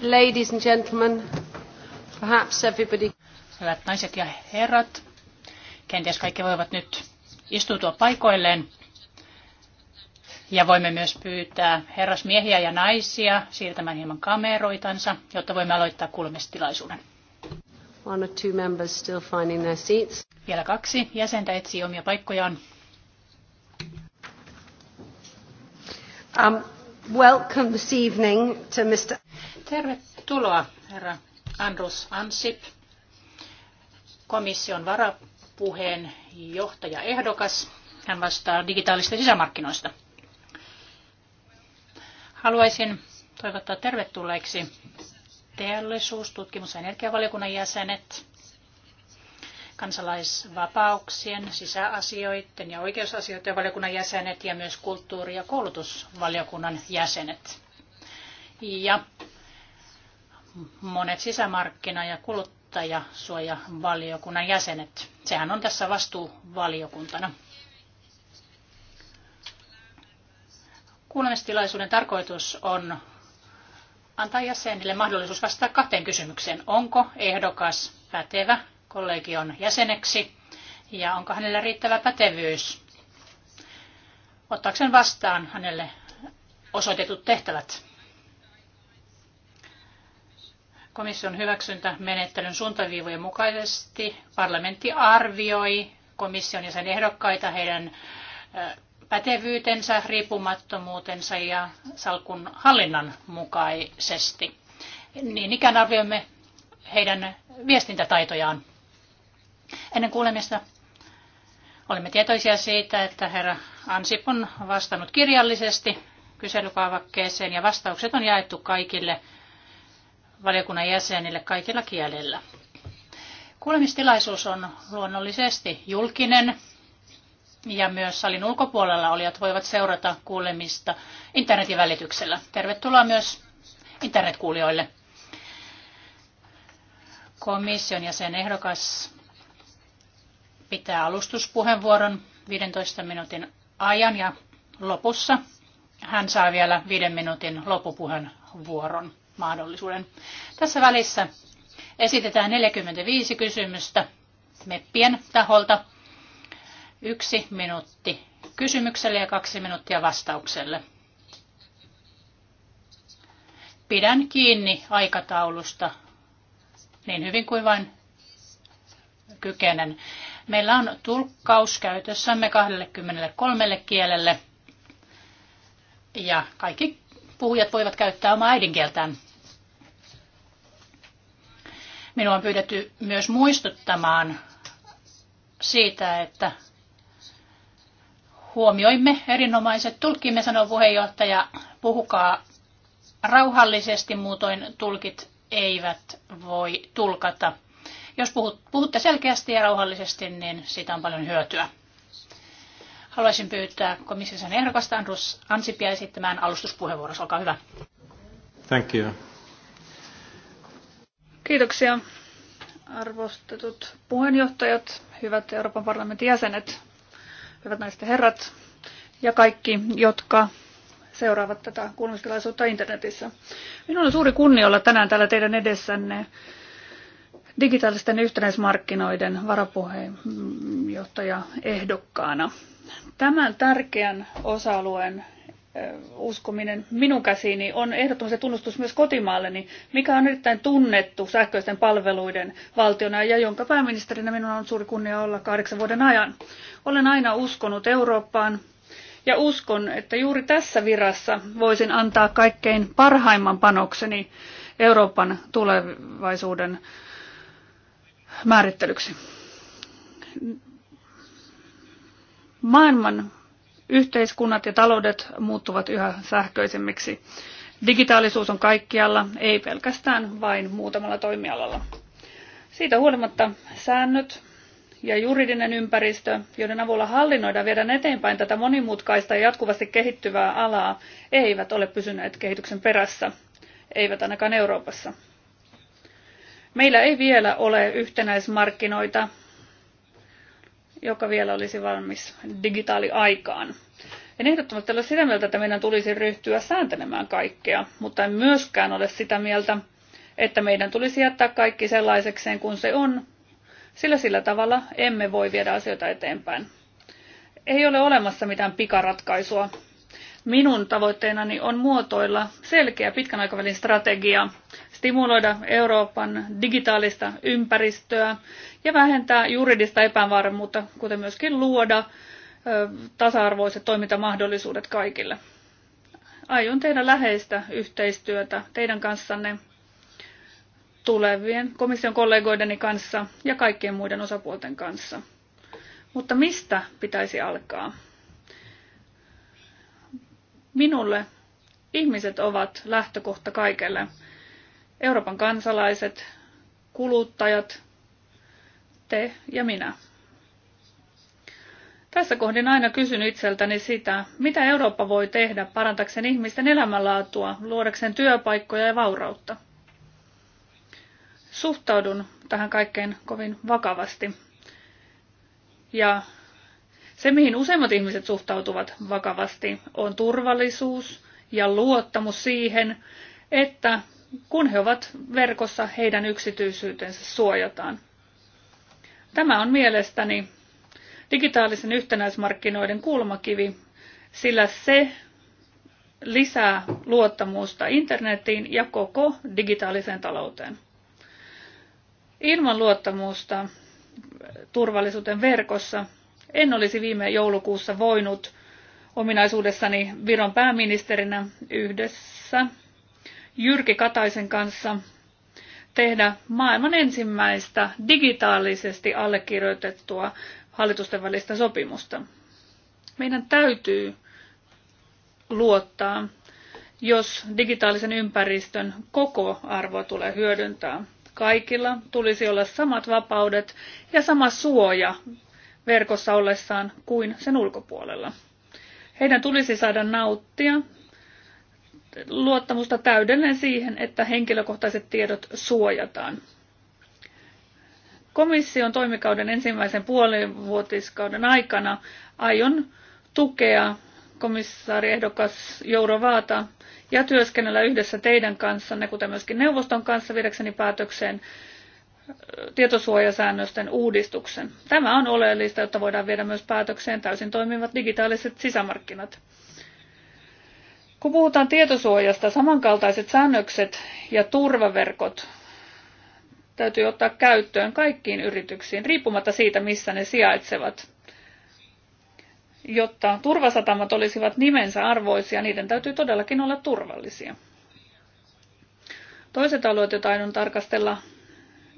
Ladies and gentlemen, perhaps everybody... Hyvät naiset ja herrat, kenties kaikki voivat nyt istutua paikoilleen. Ja voimme myös pyytää herrasmiehiä ja naisia siirtämään hieman kameroitansa, jotta voimme aloittaa kuulemistilaisuuden. One or two members still finding their seats. Vielä kaksi jäsentä etsii omia paikkojaan. Um, welcome this evening to Mr. Tervetuloa, herra Andrus Ansip, komission varapuheen johtaja ehdokas. Hän vastaa digitaalista sisämarkkinoista. Haluaisin toivottaa tervetulleeksi teollisuus-, tutkimus- ja energiavaliokunnan jäsenet, kansalaisvapauksien, sisäasioiden ja oikeusasioiden valiokunnan jäsenet ja myös kulttuuri- ja koulutusvaliokunnan jäsenet. Ja monet sisämarkkina- ja kuluttajasuojavaliokunnan jäsenet. Sehän on tässä vastuuvaliokuntana. Kuulemistilaisuuden tarkoitus on antaa jäsenille mahdollisuus vastata kahteen kysymykseen. Onko ehdokas pätevä kollegion jäseneksi ja onko hänellä riittävä pätevyys ottaakseen vastaan hänelle osoitetut tehtävät? komission hyväksyntämenettelyn suuntaviivojen mukaisesti parlamentti arvioi komission ja sen ehdokkaita heidän pätevyytensä, riippumattomuutensa ja salkun hallinnan mukaisesti. Niin ikään arvioimme heidän viestintätaitojaan. Ennen kuulemista olemme tietoisia siitä, että herra Ansip on vastannut kirjallisesti kyselykaavakkeeseen ja vastaukset on jaettu kaikille valiokunnan jäsenille kaikilla kielillä. Kuulemistilaisuus on luonnollisesti julkinen ja myös salin ulkopuolella olijat voivat seurata kuulemista internetin välityksellä. Tervetuloa myös internetkuulijoille. Komission jäsenehdokas pitää alustuspuheenvuoron 15 minuutin ajan ja lopussa hän saa vielä viiden minuutin loppupuheenvuoron mahdollisuuden. Tässä välissä esitetään 45 kysymystä meppien taholta. Yksi minuutti kysymykselle ja kaksi minuuttia vastaukselle. Pidän kiinni aikataulusta niin hyvin kuin vain kykenen. Meillä on tulkkaus käytössämme 23 kielelle ja kaikki puhujat voivat käyttää omaa äidinkieltään. Minua on pyydetty myös muistuttamaan siitä, että huomioimme erinomaiset tulkimme, sanoo puheenjohtaja, puhukaa rauhallisesti, muutoin tulkit eivät voi tulkata. Jos puhut, puhutte selkeästi ja rauhallisesti, niin siitä on paljon hyötyä. Haluaisin pyytää komission ehdokasta Andrus Ansipia esittämään alustuspuheenvuorossa. Olkaa hyvä. Thank you. Kiitoksia arvostetut puheenjohtajat, hyvät Euroopan parlamentin jäsenet, hyvät naiset ja herrat ja kaikki, jotka seuraavat tätä kuulemistilaisuutta internetissä. Minulla on suuri kunnia olla tänään täällä teidän edessänne digitaalisten yhtenäismarkkinoiden varapuheenjohtaja ehdokkaana. Tämän tärkeän osa-alueen uskominen minun käsiini on ehdottomasti tunnustus myös kotimaalleni, mikä on erittäin tunnettu sähköisten palveluiden valtiona ja jonka pääministerinä minulla on suuri kunnia olla kahdeksan vuoden ajan. Olen aina uskonut Eurooppaan ja uskon, että juuri tässä virassa voisin antaa kaikkein parhaimman panokseni Euroopan tulevaisuuden määrittelyksi. Maailman Yhteiskunnat ja taloudet muuttuvat yhä sähköisemmiksi. Digitaalisuus on kaikkialla, ei pelkästään vain muutamalla toimialalla. Siitä huolimatta säännöt ja juridinen ympäristö, joiden avulla hallinnoidaan viedään eteenpäin tätä monimutkaista ja jatkuvasti kehittyvää alaa, eivät ole pysyneet kehityksen perässä, eivät ainakaan Euroopassa. Meillä ei vielä ole yhtenäismarkkinoita joka vielä olisi valmis digitaaliaikaan. En ehdottomasti ole sitä mieltä, että meidän tulisi ryhtyä sääntelemään kaikkea, mutta en myöskään ole sitä mieltä, että meidän tulisi jättää kaikki sellaisekseen kuin se on, sillä sillä tavalla emme voi viedä asioita eteenpäin. Ei ole olemassa mitään pikaratkaisua. Minun tavoitteenani on muotoilla selkeä pitkän aikavälin strategia, stimuloida Euroopan digitaalista ympäristöä ja vähentää juridista epävarmuutta, kuten myöskin luoda tasa-arvoiset toimintamahdollisuudet kaikille. Aion tehdä läheistä yhteistyötä teidän kanssanne tulevien komission kollegoideni kanssa ja kaikkien muiden osapuolten kanssa. Mutta mistä pitäisi alkaa? Minulle ihmiset ovat lähtökohta kaikelle. Euroopan kansalaiset, kuluttajat, te ja minä. Tässä kohdin aina kysyn itseltäni sitä, mitä Eurooppa voi tehdä parantakseen ihmisten elämänlaatua, luodakseen työpaikkoja ja vaurautta. Suhtaudun tähän kaikkeen kovin vakavasti. Ja se, mihin useimmat ihmiset suhtautuvat vakavasti, on turvallisuus ja luottamus siihen, että kun he ovat verkossa, heidän yksityisyytensä suojataan. Tämä on mielestäni digitaalisen yhtenäismarkkinoiden kulmakivi, sillä se lisää luottamusta internetiin ja koko digitaaliseen talouteen. Ilman luottamusta turvallisuuteen verkossa en olisi viime joulukuussa voinut ominaisuudessani Viron pääministerinä yhdessä Jyrki Kataisen kanssa tehdä maailman ensimmäistä digitaalisesti allekirjoitettua hallitusten välistä sopimusta. Meidän täytyy luottaa, jos digitaalisen ympäristön koko arvo tulee hyödyntää. Kaikilla tulisi olla samat vapaudet ja sama suoja verkossa ollessaan kuin sen ulkopuolella. Heidän tulisi saada nauttia luottamusta täydellinen siihen, että henkilökohtaiset tiedot suojataan. Komission toimikauden ensimmäisen puolivuotiskauden aikana aion tukea komissaari ehdokas Jourovaata ja työskennellä yhdessä teidän kanssanne, kuten myöskin neuvoston kanssa viedäkseni päätökseen tietosuojasäännösten uudistuksen. Tämä on oleellista, jotta voidaan viedä myös päätökseen täysin toimivat digitaaliset sisämarkkinat. Kun puhutaan tietosuojasta, samankaltaiset säännökset ja turvaverkot täytyy ottaa käyttöön kaikkiin yrityksiin, riippumatta siitä, missä ne sijaitsevat. Jotta turvasatamat olisivat nimensä arvoisia, niiden täytyy todellakin olla turvallisia. Toiset alueet, joita aion tarkastella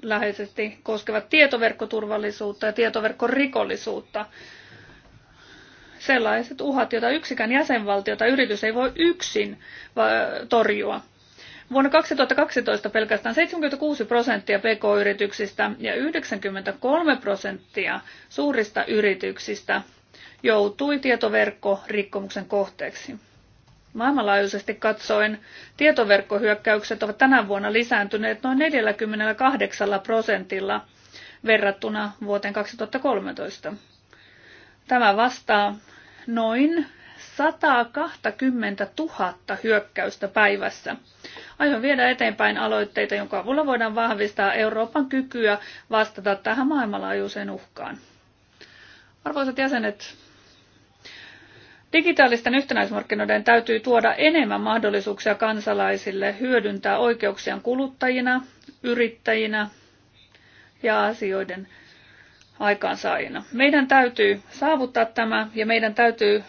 läheisesti, koskevat tietoverkkoturvallisuutta ja tietoverkkorikollisuutta sellaiset uhat, joita yksikään jäsenvaltio tai yritys ei voi yksin torjua. Vuonna 2012 pelkästään 76 prosenttia pk-yrityksistä ja 93 prosenttia suurista yrityksistä joutui tietoverkkorikkomuksen kohteeksi. Maailmanlaajuisesti katsoen tietoverkkohyökkäykset ovat tänä vuonna lisääntyneet noin 48 prosentilla verrattuna vuoteen 2013. Tämä vastaa noin 120 000 hyökkäystä päivässä. Aion viedä eteenpäin aloitteita, jonka avulla voidaan vahvistaa Euroopan kykyä vastata tähän maailmanlaajuiseen uhkaan. Arvoisat jäsenet, digitaalisten yhtenäismarkkinoiden täytyy tuoda enemmän mahdollisuuksia kansalaisille hyödyntää oikeuksiaan kuluttajina, yrittäjinä ja asioiden aikaansaajina. Meidän täytyy saavuttaa tämä ja meidän täytyy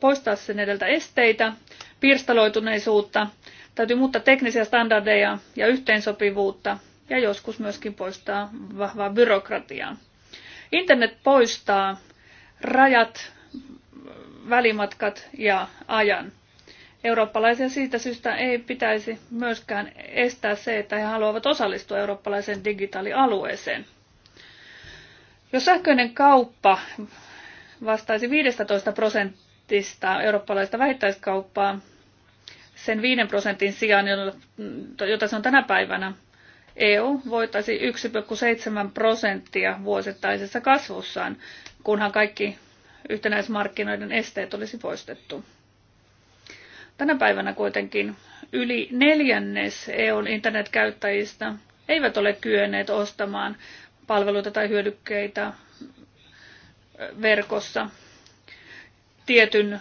poistaa sen edeltä esteitä, pirstaloituneisuutta, täytyy muuttaa teknisiä standardeja ja yhteensopivuutta ja joskus myöskin poistaa vahvaa byrokratiaa. Internet poistaa rajat, välimatkat ja ajan. Eurooppalaisia siitä syystä ei pitäisi myöskään estää se, että he haluavat osallistua eurooppalaiseen digitaalialueeseen. Jos sähköinen kauppa vastaisi 15 prosentista eurooppalaista vähittäiskauppaa sen 5 prosentin sijaan, jota se on tänä päivänä, EU voitaisi 1,7 prosenttia vuosittaisessa kasvussaan, kunhan kaikki yhtenäismarkkinoiden esteet olisi poistettu. Tänä päivänä kuitenkin yli neljännes EUn internetkäyttäjistä eivät ole kyenneet ostamaan palveluita tai hyödykkeitä verkossa tietyn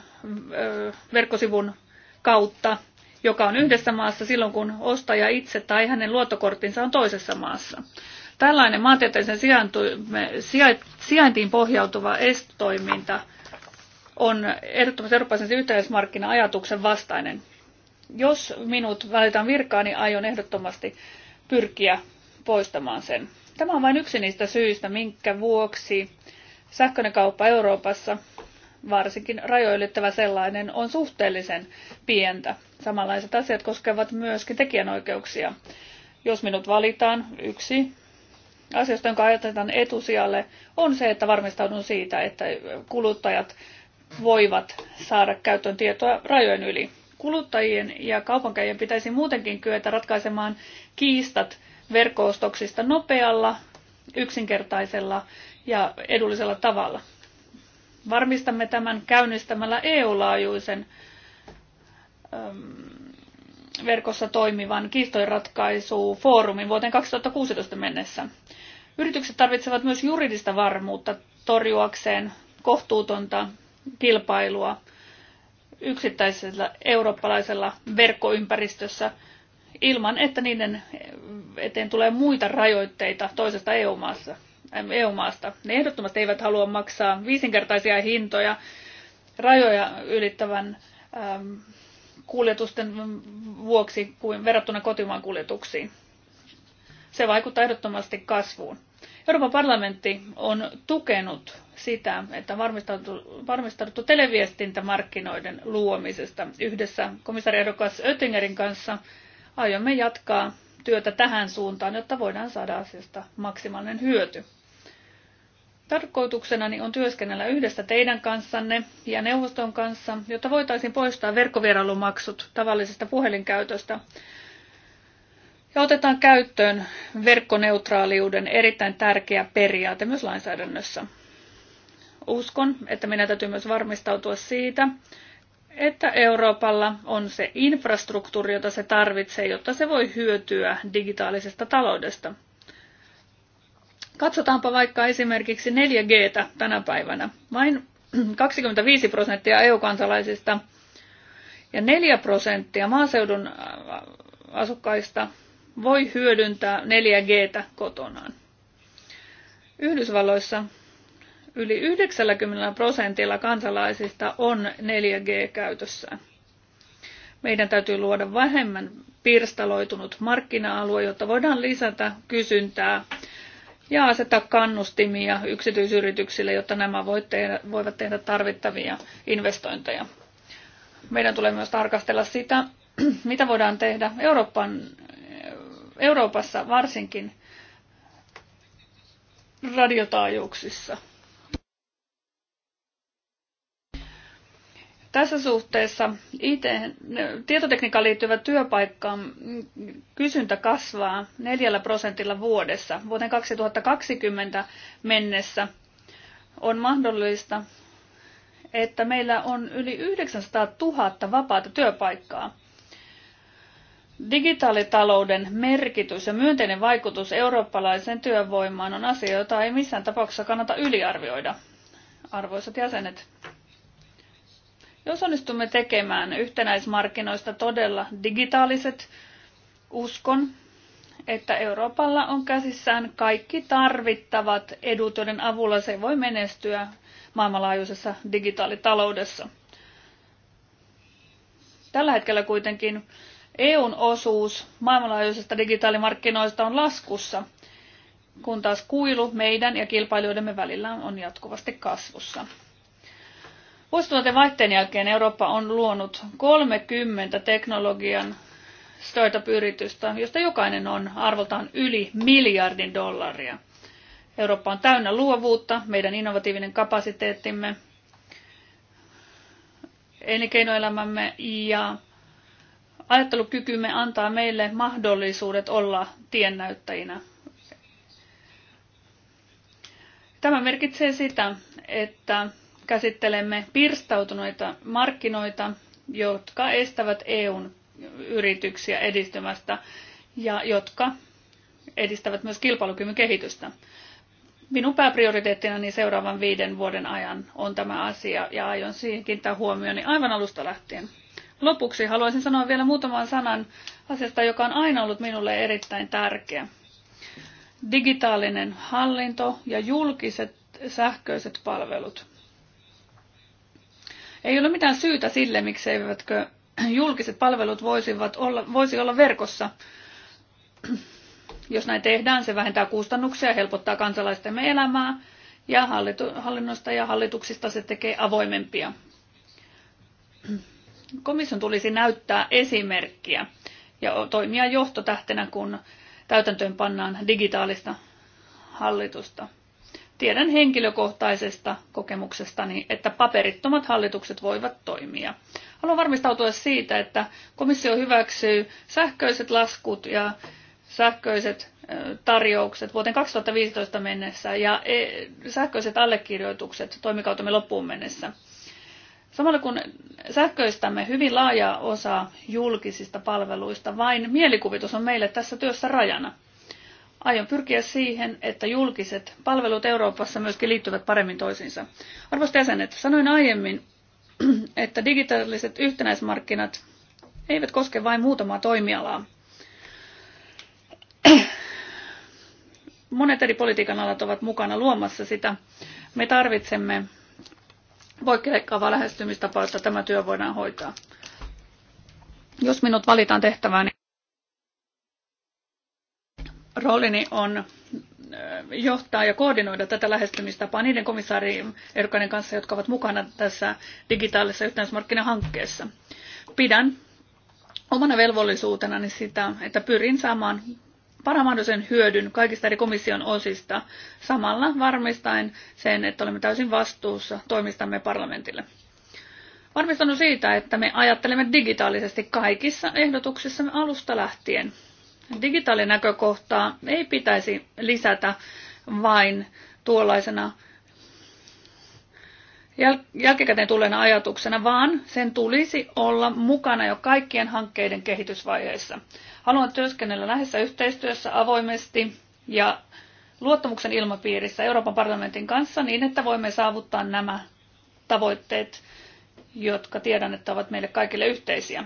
verkkosivun kautta, joka on yhdessä maassa silloin, kun ostaja itse tai hänen luottokorttinsa on toisessa maassa. Tällainen maantieteellisen sijaintiin pohjautuva estoiminta on ehdottomasti eurooppalaisen yhteismarkkina-ajatuksen vastainen. Jos minut valitaan virkaani, niin aion ehdottomasti pyrkiä poistamaan sen. Tämä on vain yksi niistä syistä, minkä vuoksi sähköinen kauppa Euroopassa, varsinkin rajoilittävä sellainen, on suhteellisen pientä. Samanlaiset asiat koskevat myöskin tekijänoikeuksia. Jos minut valitaan, yksi asioista, jonka ajatetaan etusijalle, on se, että varmistaudun siitä, että kuluttajat voivat saada käyttöön tietoa rajojen yli. Kuluttajien ja kaupankäyjien pitäisi muutenkin kyetä ratkaisemaan kiistat verkkoostoksista nopealla, yksinkertaisella ja edullisella tavalla. Varmistamme tämän käynnistämällä EU-laajuisen ähm, verkossa toimivan kiistojenratkaisufoorumin vuoteen 2016 mennessä. Yritykset tarvitsevat myös juridista varmuutta torjuakseen kohtuutonta kilpailua yksittäisellä eurooppalaisella verkkoympäristössä – ilman, että niiden eteen tulee muita rajoitteita toisesta EU-maassa. EU-maasta. Ne ehdottomasti eivät halua maksaa viisinkertaisia hintoja rajoja ylittävän kuljetusten vuoksi kuin verrattuna kotimaan kuljetuksiin. Se vaikuttaa ehdottomasti kasvuun. Euroopan parlamentti on tukenut sitä, että varmistettu varmistettu televiestintämarkkinoiden luomisesta yhdessä komissaariehdokas Oettingerin kanssa – Aiomme jatkaa työtä tähän suuntaan, jotta voidaan saada asiasta maksimaalinen hyöty. Tarkoituksenani on työskennellä yhdessä teidän kanssanne ja neuvoston kanssa, jotta voitaisiin poistaa verkkovierailumaksut tavallisesta puhelinkäytöstä ja otetaan käyttöön verkkoneutraaliuden erittäin tärkeä periaate myös lainsäädännössä. Uskon, että meidän täytyy myös varmistautua siitä, että Euroopalla on se infrastruktuuri, jota se tarvitsee, jotta se voi hyötyä digitaalisesta taloudesta. Katsotaanpa vaikka esimerkiksi 4Gtä tänä päivänä. Vain 25 prosenttia EU-kansalaisista ja 4 prosenttia maaseudun äh, asukkaista voi hyödyntää 4Gtä kotonaan. Yhdysvalloissa Yli 90 prosentilla kansalaisista on 4G käytössä. Meidän täytyy luoda vähemmän pirstaloitunut markkina-alue, jotta voidaan lisätä kysyntää ja asettaa kannustimia yksityisyrityksille, jotta nämä voivat tehdä tarvittavia investointeja. Meidän tulee myös tarkastella sitä, mitä voidaan tehdä Euroopan, Euroopassa varsinkin radiotaajuuksissa. Tässä suhteessa IT, tietotekniikkaan liittyvä työpaikka mm, kysyntä kasvaa 4 prosentilla vuodessa. Vuoteen 2020 mennessä on mahdollista, että meillä on yli 900 000 vapaata työpaikkaa. Digitaalitalouden merkitys ja myönteinen vaikutus eurooppalaiseen työvoimaan on asia, jota ei missään tapauksessa kannata yliarvioida. Arvoisat jäsenet, jos onnistumme tekemään yhtenäismarkkinoista todella digitaaliset, uskon, että Euroopalla on käsissään kaikki tarvittavat edut, joiden avulla se voi menestyä maailmanlaajuisessa digitaalitaloudessa. Tällä hetkellä kuitenkin EUn osuus maailmanlaajuisista digitaalimarkkinoista on laskussa, kun taas kuilu meidän ja kilpailijoidemme välillä on jatkuvasti kasvussa. Vuosituhannen vaihteen jälkeen Eurooppa on luonut 30 teknologian startup-yritystä, josta jokainen on arvoltaan yli miljardin dollaria. Eurooppa on täynnä luovuutta, meidän innovatiivinen kapasiteettimme, elinkeinoelämämme ja ajattelukykymme antaa meille mahdollisuudet olla tiennäyttäjinä. Tämä merkitsee sitä, että käsittelemme pirstautuneita markkinoita, jotka estävät EUn yrityksiä edistymästä ja jotka edistävät myös kilpailukyvyn kehitystä. Minun pääprioriteettina niin seuraavan viiden vuoden ajan on tämä asia ja aion siihen kiinnittää huomioni aivan alusta lähtien. Lopuksi haluaisin sanoa vielä muutaman sanan asiasta, joka on aina ollut minulle erittäin tärkeä. Digitaalinen hallinto ja julkiset sähköiset palvelut. Ei ole mitään syytä sille, mikseivätkö julkiset palvelut voisivat olla, voisi olla verkossa. Jos näin tehdään, se vähentää kustannuksia, helpottaa kansalaistemme elämää ja hallitu, hallinnosta ja hallituksista se tekee avoimempia. Komission tulisi näyttää esimerkkiä ja toimia johtotähtenä, kun täytäntöön pannaan digitaalista hallitusta. Tiedän henkilökohtaisesta kokemuksestani, että paperittomat hallitukset voivat toimia. Haluan varmistautua siitä, että komissio hyväksyy sähköiset laskut ja sähköiset tarjoukset vuoteen 2015 mennessä ja e, sähköiset allekirjoitukset toimikautemme loppuun mennessä. Samalla kun sähköistämme hyvin laaja osa julkisista palveluista, vain mielikuvitus on meille tässä työssä rajana. Aion pyrkiä siihen, että julkiset palvelut Euroopassa myöskin liittyvät paremmin toisiinsa. Arvoisat jäsenet, sanoin aiemmin, että digitaaliset yhtenäismarkkinat eivät koske vain muutamaa toimialaa. Monet eri politiikan alat ovat mukana luomassa sitä. Me tarvitsemme poikkeavaa lähestymistapaa, jotta tämä työ voidaan hoitaa. Jos minut valitaan tehtävään, roolini on johtaa ja koordinoida tätä lähestymistapaa niiden komissaariehdokkaiden kanssa, jotka ovat mukana tässä digitaalisessa yhteismarkkinahankkeessa. Pidän omana velvollisuutenani niin sitä, että pyrin saamaan parhaan mahdollisen hyödyn kaikista eri komission osista samalla varmistaen sen, että olemme täysin vastuussa toimistamme parlamentille. Varmistanut siitä, että me ajattelemme digitaalisesti kaikissa ehdotuksissamme alusta lähtien – digitaalinäkökohtaa ei pitäisi lisätä vain tuollaisena jäl- jälkikäteen tulleena ajatuksena, vaan sen tulisi olla mukana jo kaikkien hankkeiden kehitysvaiheissa. Haluan työskennellä lähessä yhteistyössä avoimesti ja luottamuksen ilmapiirissä Euroopan parlamentin kanssa niin, että voimme saavuttaa nämä tavoitteet, jotka tiedän, että ovat meille kaikille yhteisiä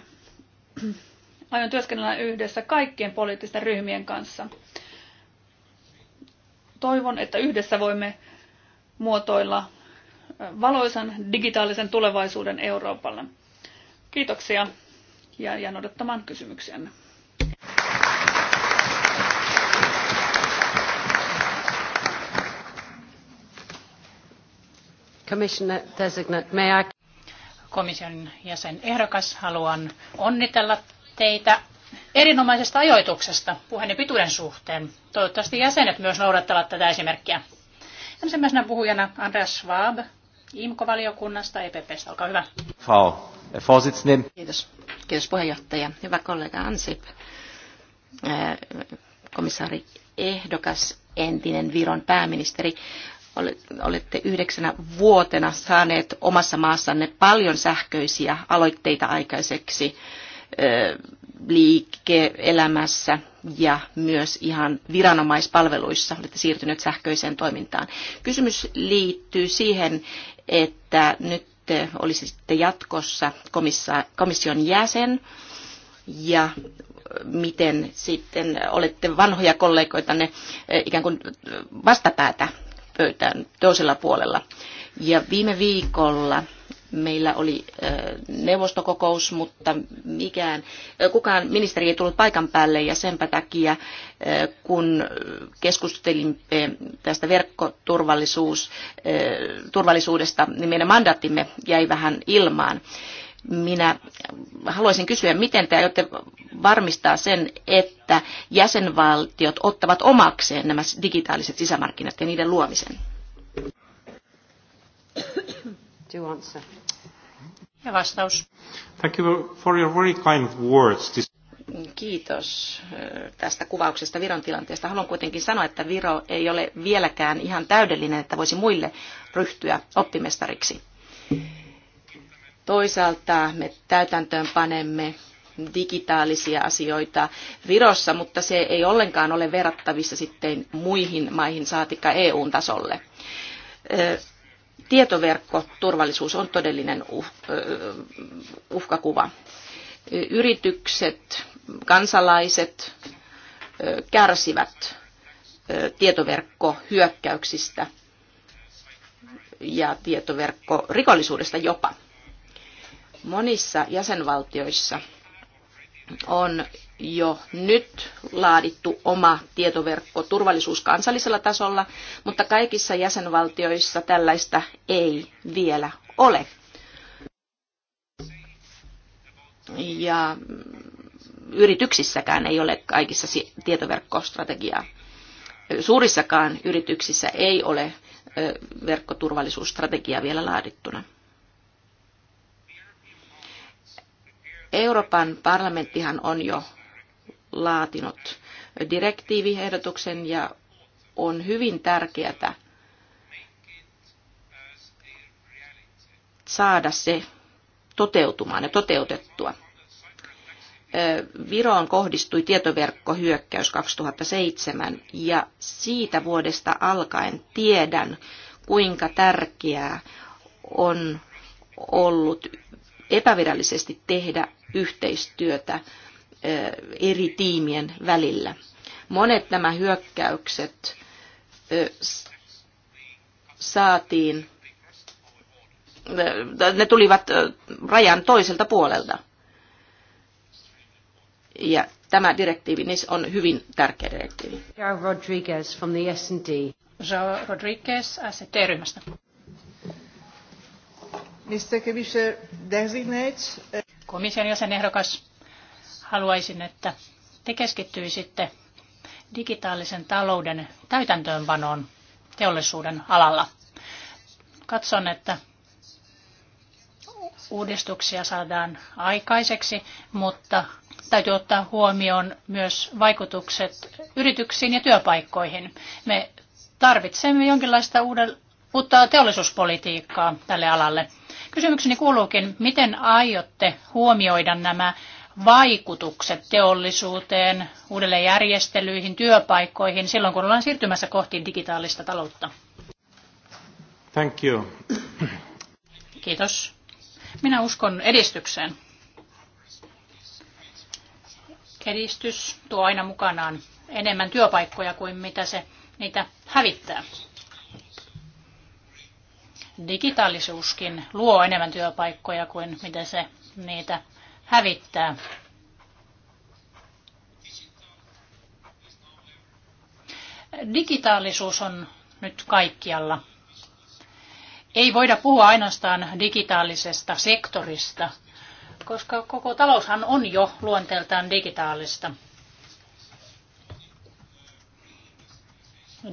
aion työskennellä yhdessä kaikkien poliittisten ryhmien kanssa. Toivon, että yhdessä voimme muotoilla valoisan digitaalisen tulevaisuuden Euroopalle. Kiitoksia ja jään odottamaan kysymyksiänne. Komission jäsen ehdokas haluan onnitella teitä erinomaisesta ajoituksesta puheen pituuden suhteen. Toivottavasti jäsenet myös noudattavat tätä esimerkkiä. Ensimmäisenä puhujana Andreas Schwab, IMKO-valiokunnasta, EPPstä. Olkaa hyvä. Frau Vorsitzende. Kiitos. Kiitos puheenjohtaja. Hyvä kollega Ansip, äh, komissaari ehdokas, entinen Viron pääministeri. Olette yhdeksänä vuotena saaneet omassa maassanne paljon sähköisiä aloitteita aikaiseksi liike-elämässä ja myös ihan viranomaispalveluissa olette siirtyneet sähköiseen toimintaan. Kysymys liittyy siihen, että nyt olisi olisitte jatkossa komission jäsen ja miten sitten olette vanhoja kollegoitanne ikään kuin vastapäätä pöytään toisella puolella. Ja viime viikolla Meillä oli neuvostokokous, mutta mikään, kukaan ministeri ei tullut paikan päälle ja senpä takia, kun keskustelimme tästä verkkoturvallisuudesta, niin meidän mandaattimme jäi vähän ilmaan. Minä haluaisin kysyä, miten te aiotte varmistaa sen, että jäsenvaltiot ottavat omakseen nämä digitaaliset sisämarkkinat ja niiden luomisen? to answer. Ja vastaus. Thank you for your very kind words. This... Kiitos tästä kuvauksesta Viron tilanteesta. Haluan kuitenkin sanoa, että Viro ei ole vieläkään ihan täydellinen, että voisi muille ryhtyä oppimestariksi. Toisaalta me täytäntöön panemme digitaalisia asioita Virossa, mutta se ei ollenkaan ole verrattavissa sitten muihin maihin saatikka EU-tasolle tietoverkkoturvallisuus on todellinen uh, uhkakuva. Yritykset, kansalaiset kärsivät tietoverkkohyökkäyksistä ja tietoverkkorikollisuudesta jopa. Monissa jäsenvaltioissa on jo nyt laadittu oma tietoverkko turvallisuus kansallisella tasolla, mutta kaikissa jäsenvaltioissa tällaista ei vielä ole. Ja yrityksissäkään ei ole kaikissa tietoverkkostrategiaa. Suurissakaan yrityksissä ei ole verkkoturvallisuusstrategiaa vielä laadittuna. Euroopan parlamenttihan on jo laatinut direktiiviehdotuksen ja on hyvin tärkeää saada se toteutumaan ja toteutettua. Viroon kohdistui tietoverkkohyökkäys 2007 ja siitä vuodesta alkaen tiedän, kuinka tärkeää on ollut epävirallisesti tehdä yhteistyötä eri tiimien välillä. Monet nämä hyökkäykset saatiin, ne tulivat rajan toiselta puolelta. Ja tämä direktiivi niin on hyvin tärkeä direktiivi. Rodriguez from the S&D. João Rodriguez, ST-ryhmästä. Mr. Commissioner Designate, uh, komission jäsenehdokas, haluaisin, että te keskittyisitte digitaalisen talouden täytäntöönpanoon teollisuuden alalla. Katson, että uudistuksia saadaan aikaiseksi, mutta täytyy ottaa huomioon myös vaikutukset yrityksiin ja työpaikkoihin. Me tarvitsemme jonkinlaista uuden, uutta teollisuuspolitiikkaa tälle alalle. Kysymykseni kuuluukin, miten aiotte huomioida nämä vaikutukset teollisuuteen, uudelleenjärjestelyihin, työpaikkoihin silloin, kun ollaan siirtymässä kohti digitaalista taloutta? Thank you. Kiitos. Minä uskon edistykseen. Edistys tuo aina mukanaan enemmän työpaikkoja kuin mitä se niitä hävittää digitaalisuuskin luo enemmän työpaikkoja kuin miten se niitä hävittää. Digitaalisuus on nyt kaikkialla. Ei voida puhua ainoastaan digitaalisesta sektorista, koska koko taloushan on jo luonteeltaan digitaalista.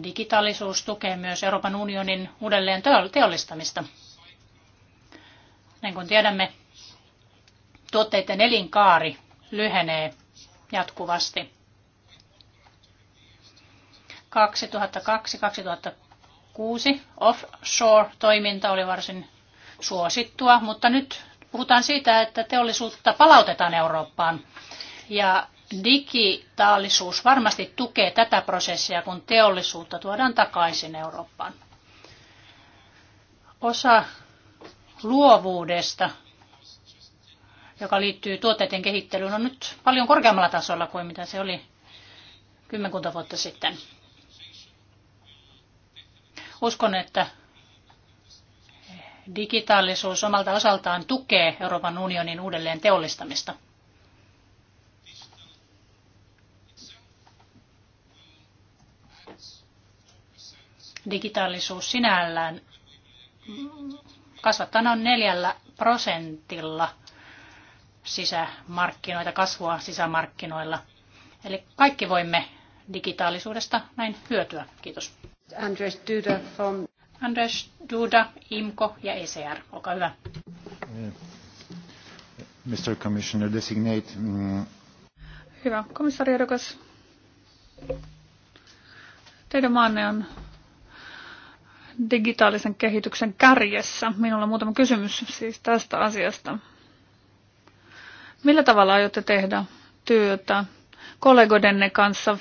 Digitaalisuus tukee myös Euroopan unionin uudelleen teollistamista. Niin kuin tiedämme, tuotteiden elinkaari lyhenee jatkuvasti. 2002-2006 offshore-toiminta oli varsin suosittua, mutta nyt puhutaan siitä, että teollisuutta palautetaan Eurooppaan. Ja digitaalisuus varmasti tukee tätä prosessia, kun teollisuutta tuodaan takaisin Eurooppaan. Osa luovuudesta, joka liittyy tuotteiden kehittelyyn, on nyt paljon korkeammalla tasolla kuin mitä se oli kymmenkunta vuotta sitten. Uskon, että digitaalisuus omalta osaltaan tukee Euroopan unionin uudelleen teollistamista. digitaalisuus sinällään kasvattaa noin neljällä prosentilla sisämarkkinoita, kasvua sisämarkkinoilla. Eli kaikki voimme digitaalisuudesta näin hyötyä. Kiitos. Andres Duda, from... Andres Duda IMKO ja ECR. Olkaa hyvä. Eh, Mr. Commissioner Designate. Mm. Hyvä. Komissaari Edokas. Teidän maanne on digitaalisen kehityksen kärjessä. Minulla on muutama kysymys siis tästä asiasta. Millä tavalla aiotte tehdä työtä kollegoidenne kanssa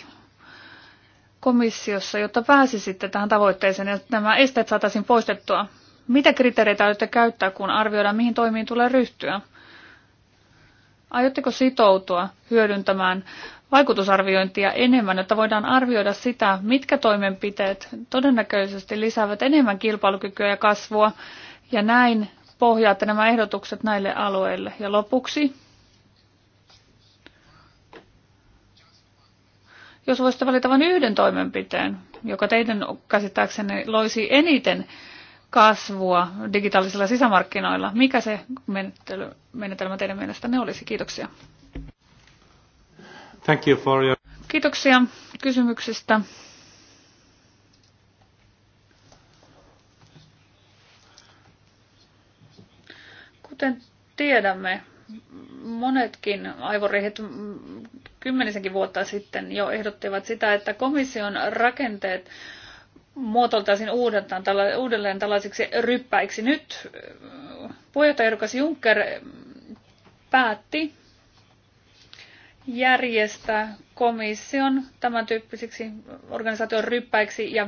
komissiossa, jotta pääsisitte tähän tavoitteeseen ja nämä esteet saataisiin poistettua? Mitä kriteereitä aiotte käyttää, kun arvioidaan, mihin toimiin tulee ryhtyä? Aiotteko sitoutua hyödyntämään vaikutusarviointia enemmän, että voidaan arvioida sitä, mitkä toimenpiteet todennäköisesti lisäävät enemmän kilpailukykyä ja kasvua, ja näin pohjaatte nämä ehdotukset näille alueille. Ja lopuksi, jos voisitte valita vain yhden toimenpiteen, joka teidän käsittääksenne loisi eniten kasvua digitaalisilla sisämarkkinoilla, mikä se menetelmä teidän mielestänne olisi? Kiitoksia. Thank you for your... Kiitoksia kysymyksestä. Kuten tiedämme, monetkin aivorehet kymmenisenkin vuotta sitten jo ehdottivat sitä, että komission rakenteet muotoiltaisiin uudelleen tällaisiksi ryppäiksi. Nyt eh, puheenjohtaja Juncker eh, päätti järjestää komission tämän tyyppisiksi organisaation ryppäiksi ja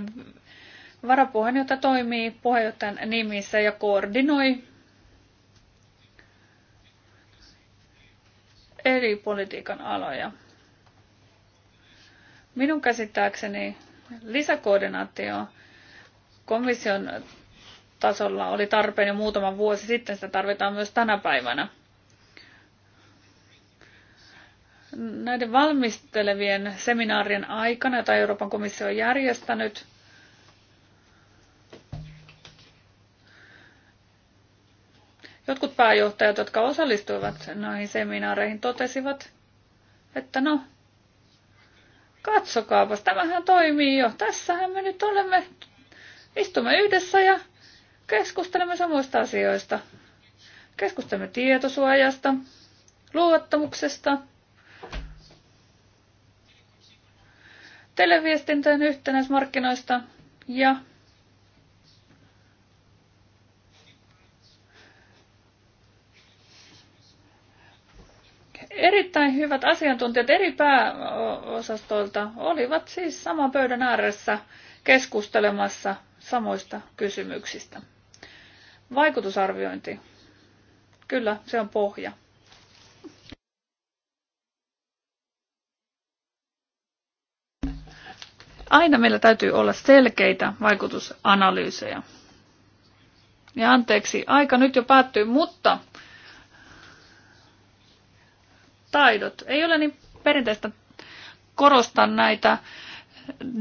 varapuheenjohtaja toimii puheenjohtajan nimissä ja koordinoi eri politiikan aloja. Minun käsittääkseni lisäkoordinaatio komission tasolla oli tarpeen jo muutama vuosi sitten, sitä tarvitaan myös tänä päivänä. näiden valmistelevien seminaarien aikana, jota Euroopan komissio on järjestänyt, jotkut pääjohtajat, jotka osallistuivat noihin seminaareihin, totesivat, että no, katsokaapas, tämähän toimii jo. Tässähän me nyt olemme, istumme yhdessä ja keskustelemme samoista asioista. Keskustelemme tietosuojasta, luottamuksesta, televiestintään yhtenäismarkkinoista ja erittäin hyvät asiantuntijat eri pääosastoilta olivat siis saman pöydän ääressä keskustelemassa samoista kysymyksistä. Vaikutusarviointi. Kyllä, se on pohja. Aina meillä täytyy olla selkeitä vaikutusanalyysejä. Ja anteeksi, aika nyt jo päättyy, mutta taidot. Ei ole niin perinteistä korostaa näitä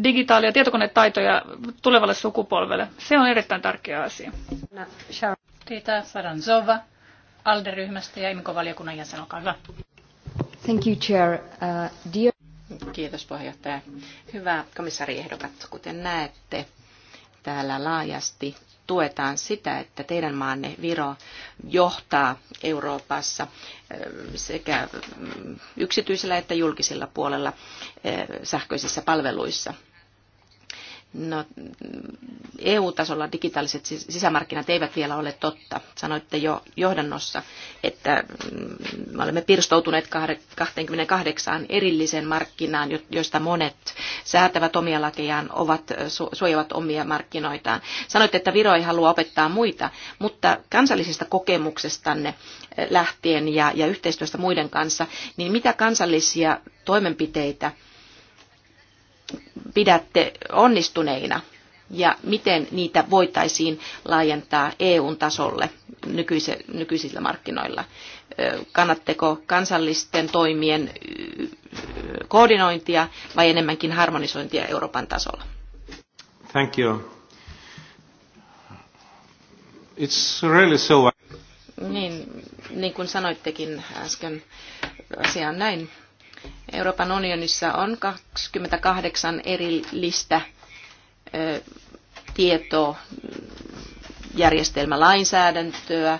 digitaali- ja tietokonetaitoja tulevalle sukupolvelle. Se on erittäin tärkeä asia. No, Tiita Saranzova, ALDE-ryhmästä ja IMKO-valiokunnan jäsen, olkaa hyvä. Thank you, Chair. Uh, dear... Kiitos puheenjohtaja. Hyvä komissariehdokat, kuten näette, täällä laajasti tuetaan sitä, että teidän maanne Viro johtaa Euroopassa ehm, sekä ehm, yksityisellä että julkisella puolella ehm, sähköisissä palveluissa. No, EU-tasolla digitaaliset sisämarkkinat eivät vielä ole totta. Sanoitte jo johdannossa, että mm, me olemme pirstoutuneet 28 erilliseen markkinaan, joista monet säätävät omia lakejaan, ovat, suojavat omia markkinoitaan. Sanoitte, että Viro ei halua opettaa muita, mutta kansallisesta kokemuksestanne eh, lähtien ja, ja yhteistyöstä muiden kanssa, niin mitä kansallisia toimenpiteitä – pidätte onnistuneina ja miten niitä voitaisiin laajentaa EUn tasolle nykyisillä markkinoilla? Kannatteko kansallisten toimien koordinointia vai enemmänkin harmonisointia Euroopan tasolla? Thank you. It's really so. Niin, niin kuin sanoittekin äsken, asia on näin Euroopan unionissa on 28 erillistä tietojärjestelmälainsäädäntöä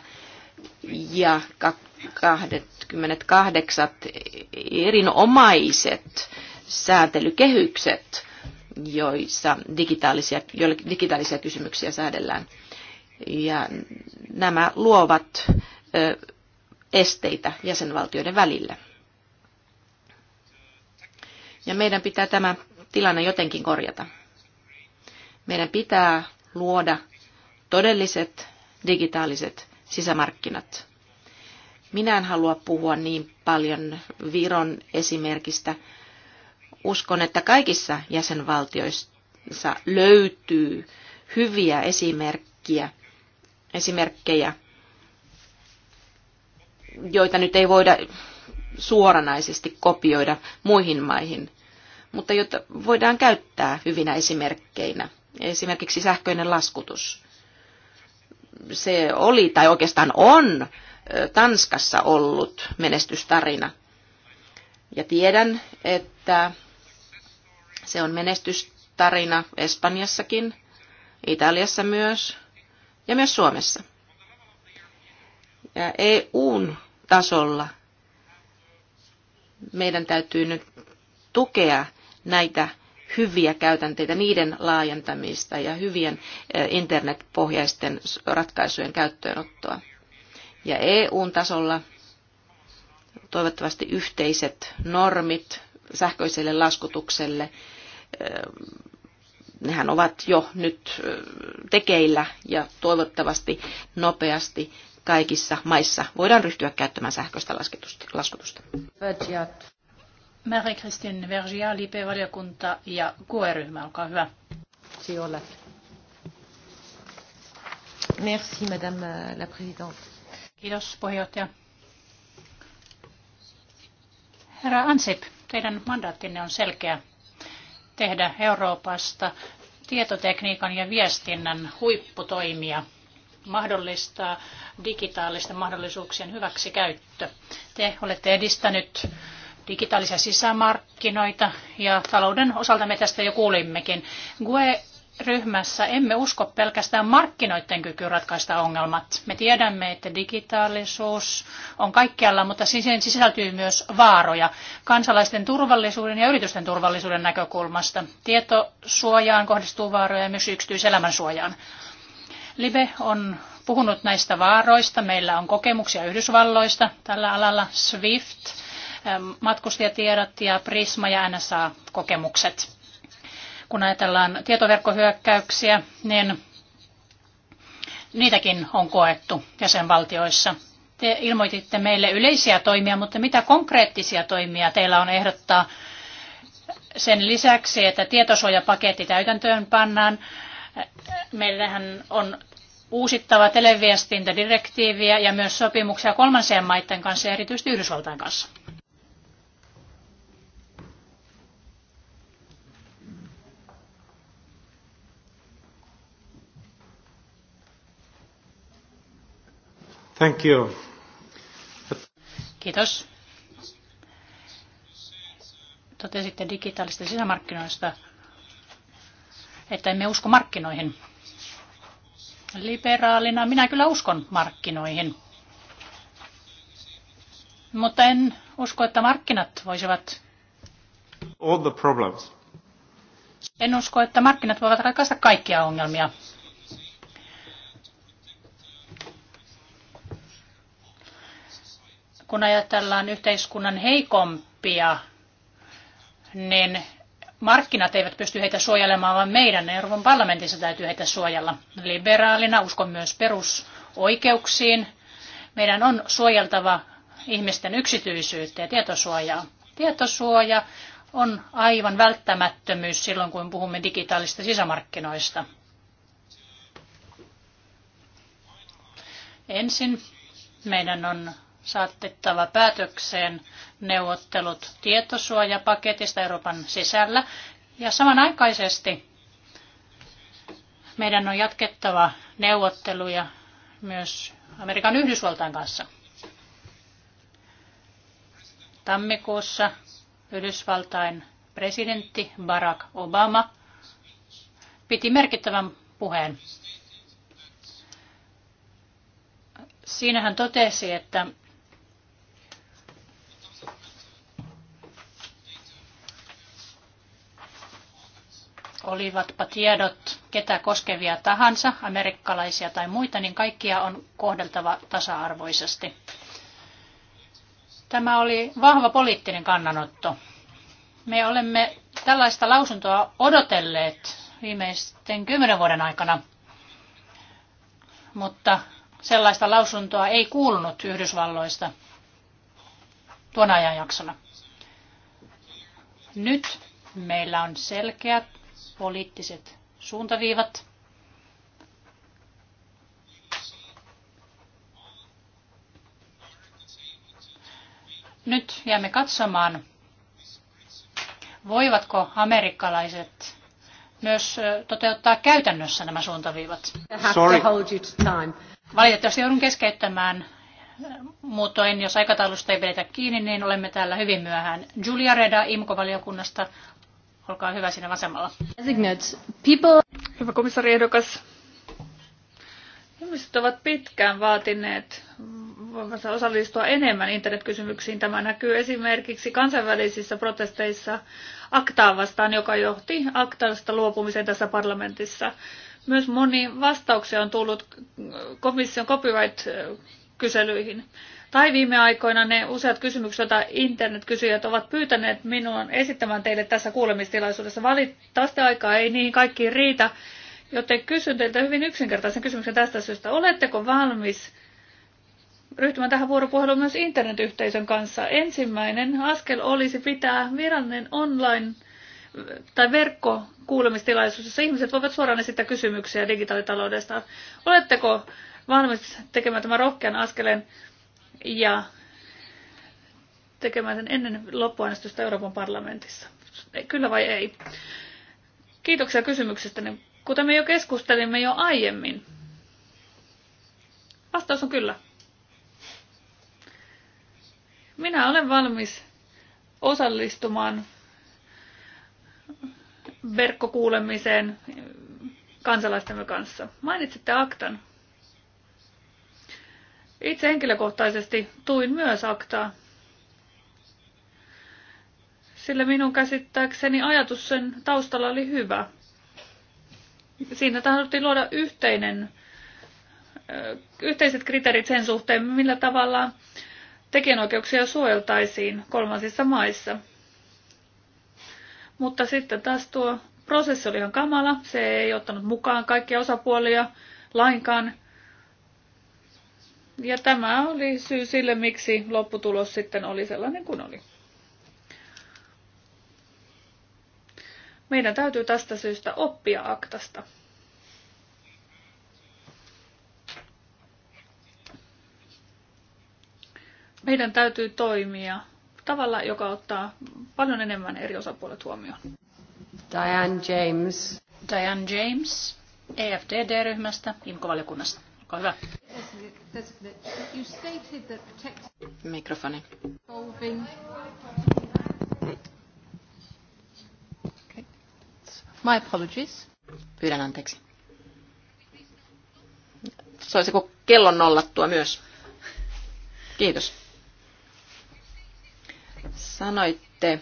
ja 28 erinomaiset säätelykehykset, joissa digitaalisia, joille digitaalisia kysymyksiä säädellään. Ja nämä luovat esteitä jäsenvaltioiden välille. Ja meidän pitää tämä tilanne jotenkin korjata. Meidän pitää luoda todelliset digitaaliset sisämarkkinat. Minä en halua puhua niin paljon Viron esimerkistä. Uskon, että kaikissa jäsenvaltioissa löytyy hyviä esimerkkiä, esimerkkejä, joita nyt ei voida suoranaisesti kopioida muihin maihin mutta jota voidaan käyttää hyvinä esimerkkeinä. Esimerkiksi sähköinen laskutus. Se oli tai oikeastaan on Tanskassa ollut menestystarina. Ja tiedän, että se on menestystarina Espanjassakin, Italiassa myös ja myös Suomessa. Ja EUn tasolla meidän täytyy nyt tukea näitä hyviä käytänteitä, niiden laajentamista ja hyvien eh, internetpohjaisten ratkaisujen käyttöönottoa. Ja EUn tasolla toivottavasti yhteiset normit sähköiselle laskutukselle, eh, nehän ovat jo nyt eh, tekeillä ja toivottavasti nopeasti kaikissa maissa voidaan ryhtyä käyttämään sähköistä laskutusta. Mari-Kristin Vergia, LIPE-valiokunta ja QE-ryhmä, olkaa hyvä. Sijoille. Merci, madame la présidente. Kiitos, puheenjohtaja. Herra Ansip, teidän mandaattinne on selkeä tehdä Euroopasta tietotekniikan ja viestinnän huipputoimia, mahdollistaa digitaalisten mahdollisuuksien hyväksikäyttö. Te olette edistänyt digitaalisia sisämarkkinoita ja talouden osalta me tästä jo kuulimmekin. GUE ryhmässä emme usko pelkästään markkinoiden kykyyn ratkaista ongelmat. Me tiedämme, että digitaalisuus on kaikkialla, mutta siihen sisältyy myös vaaroja kansalaisten turvallisuuden ja yritysten turvallisuuden näkökulmasta. Tietosuojaan kohdistuu vaaroja ja myös yksityiselämän suojaan. Libe on puhunut näistä vaaroista. Meillä on kokemuksia Yhdysvalloista tällä alalla. SWIFT matkustajatiedot ja Prisma ja NSA-kokemukset. Kun ajatellaan tietoverkkohyökkäyksiä, niin niitäkin on koettu jäsenvaltioissa. Te ilmoititte meille yleisiä toimia, mutta mitä konkreettisia toimia teillä on ehdottaa sen lisäksi, että tietosuojapaketti täytäntöön pannaan? Meillähän on uusittava televiestintädirektiiviä ja myös sopimuksia kolmansien maiden kanssa ja erityisesti Yhdysvaltain kanssa. Thank you. Kiitos. Totesitte digitaalista sisämarkkinoista, että emme usko markkinoihin. Liberaalina minä kyllä uskon markkinoihin. Mutta en usko, että markkinat voisivat... All the problems. En usko, että markkinat voivat ratkaista kaikkia ongelmia. kun ajatellaan yhteiskunnan heikompia, niin markkinat eivät pysty heitä suojelemaan, vaan meidän Euroopan parlamentissa täytyy heitä suojella. Liberaalina uskon myös perusoikeuksiin. Meidän on suojeltava ihmisten yksityisyyttä ja tietosuojaa. Tietosuoja on aivan välttämättömyys silloin, kun puhumme digitaalista sisämarkkinoista. Ensin meidän on saatettava päätökseen neuvottelut tietosuojapaketista Euroopan sisällä. Ja samanaikaisesti meidän on jatkettava neuvotteluja myös Amerikan Yhdysvaltain kanssa. Tammikuussa Yhdysvaltain presidentti Barack Obama piti merkittävän puheen. Siinä hän totesi, että olivatpa tiedot ketä koskevia tahansa, amerikkalaisia tai muita, niin kaikkia on kohdeltava tasa-arvoisesti. Tämä oli vahva poliittinen kannanotto. Me olemme tällaista lausuntoa odotelleet viimeisten kymmenen vuoden aikana, mutta sellaista lausuntoa ei kuulunut Yhdysvalloista tuona ajanjaksona. Nyt meillä on selkeät poliittiset suuntaviivat. Nyt jäämme katsomaan, voivatko amerikkalaiset myös toteuttaa käytännössä nämä suuntaviivat. Valitettavasti joudun keskeyttämään. Muutoin, jos aikataulusta ei pidetä kiinni, niin olemme täällä hyvin myöhään. Julia Reda IMKO-valiokunnasta Olkaa hyvä siinä vasemmalla. People... Hyvä komissari ehdokas. Ihmiset ovat pitkään vaatineet voimassa osallistua enemmän internetkysymyksiin. Tämä näkyy esimerkiksi kansainvälisissä protesteissa aktaa vastaan, joka johti aktaasta luopumiseen tässä parlamentissa. Myös moni vastauksia on tullut komission copyright-kyselyihin. Tai viime aikoina ne useat kysymykset, joita internetkysyjät ovat pyytäneet minua esittämään teille tässä kuulemistilaisuudessa. Valitettavasti aikaa ei niihin kaikkiin riitä, joten kysyn teiltä hyvin yksinkertaisen kysymyksen tästä syystä. Oletteko valmis ryhtymään tähän vuoropuheluun myös internetyhteisön kanssa? Ensimmäinen askel olisi pitää virallinen online tai verkkokuulemistilaisuus, jossa ihmiset voivat suoraan esittää kysymyksiä digitaalitaloudesta. Oletteko valmis tekemään tämän rohkean askeleen ja tekemään sen ennen loppuäänestystä Euroopan parlamentissa. Kyllä vai ei? Kiitoksia kysymyksestä. Niin kuten me jo keskustelimme jo aiemmin, vastaus on kyllä. Minä olen valmis osallistumaan verkkokuulemiseen kansalaistemme kanssa. Mainitsitte aktan. Itse henkilökohtaisesti tuin myös aktaa, sillä minun käsittääkseni ajatus sen taustalla oli hyvä. Siinä tahdottiin luoda yhteinen, yhteiset kriteerit sen suhteen, millä tavalla tekijänoikeuksia suojeltaisiin kolmansissa maissa. Mutta sitten taas tuo prosessi oli ihan kamala. Se ei ottanut mukaan kaikkia osapuolia lainkaan. Ja tämä oli syy sille, miksi lopputulos sitten oli sellainen kuin oli. Meidän täytyy tästä syystä oppia aktasta. Meidän täytyy toimia tavalla, joka ottaa paljon enemmän eri osapuolet huomioon. Diane James. Diane James, EFDD-ryhmästä, imkovaliokunnasta. Olkaa hyvä. Mikrofoni. My apologies. Pyydän anteeksi. Saisiko kellon nollattua myös? Kiitos. Sanoitte,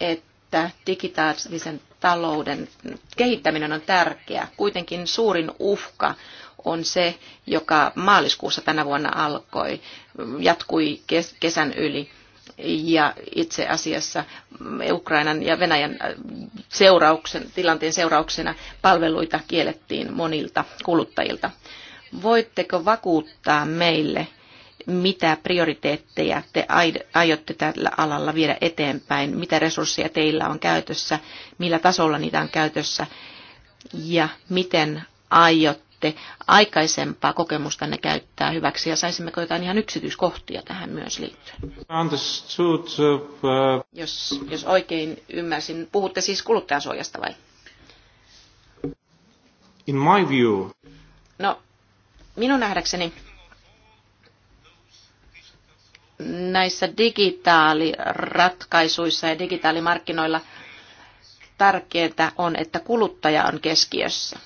että digitaalisen talouden kehittäminen on tärkeää. Kuitenkin suurin uhka on se, joka maaliskuussa tänä vuonna alkoi, jatkui kesän yli. Ja itse asiassa Ukrainan ja Venäjän äh, seurauksen, tilanteen seurauksena palveluita kiellettiin monilta kuluttajilta. Voitteko vakuuttaa meille, mitä prioriteetteja te aiotte tällä alalla viedä eteenpäin, mitä resursseja teillä on käytössä, millä tasolla niitä on käytössä ja miten aiot voisitte aikaisempaa kokemustanne käyttää hyväksi ja saisimmeko jotain ihan yksityiskohtia tähän myös liittyen? Uh, jos, jos oikein ymmärsin, puhutte siis kuluttajansuojasta vai? In my view. No, minun nähdäkseni näissä digitaaliratkaisuissa ja digitaalimarkkinoilla tärkeintä on, että kuluttaja on keskiössä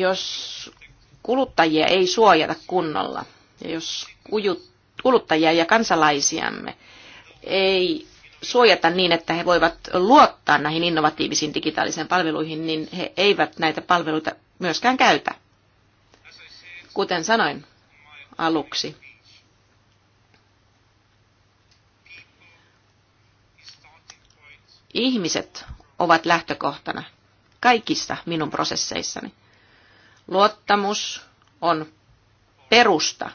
jos kuluttajia ei suojata kunnolla, ja jos kuluttajia ja kansalaisiamme ei suojata niin, että he voivat luottaa näihin innovatiivisiin digitaalisiin palveluihin, niin he eivät näitä palveluita myöskään käytä. Kuten sanoin aluksi, ihmiset ovat lähtökohtana kaikissa minun prosesseissani. Luottamus on perusta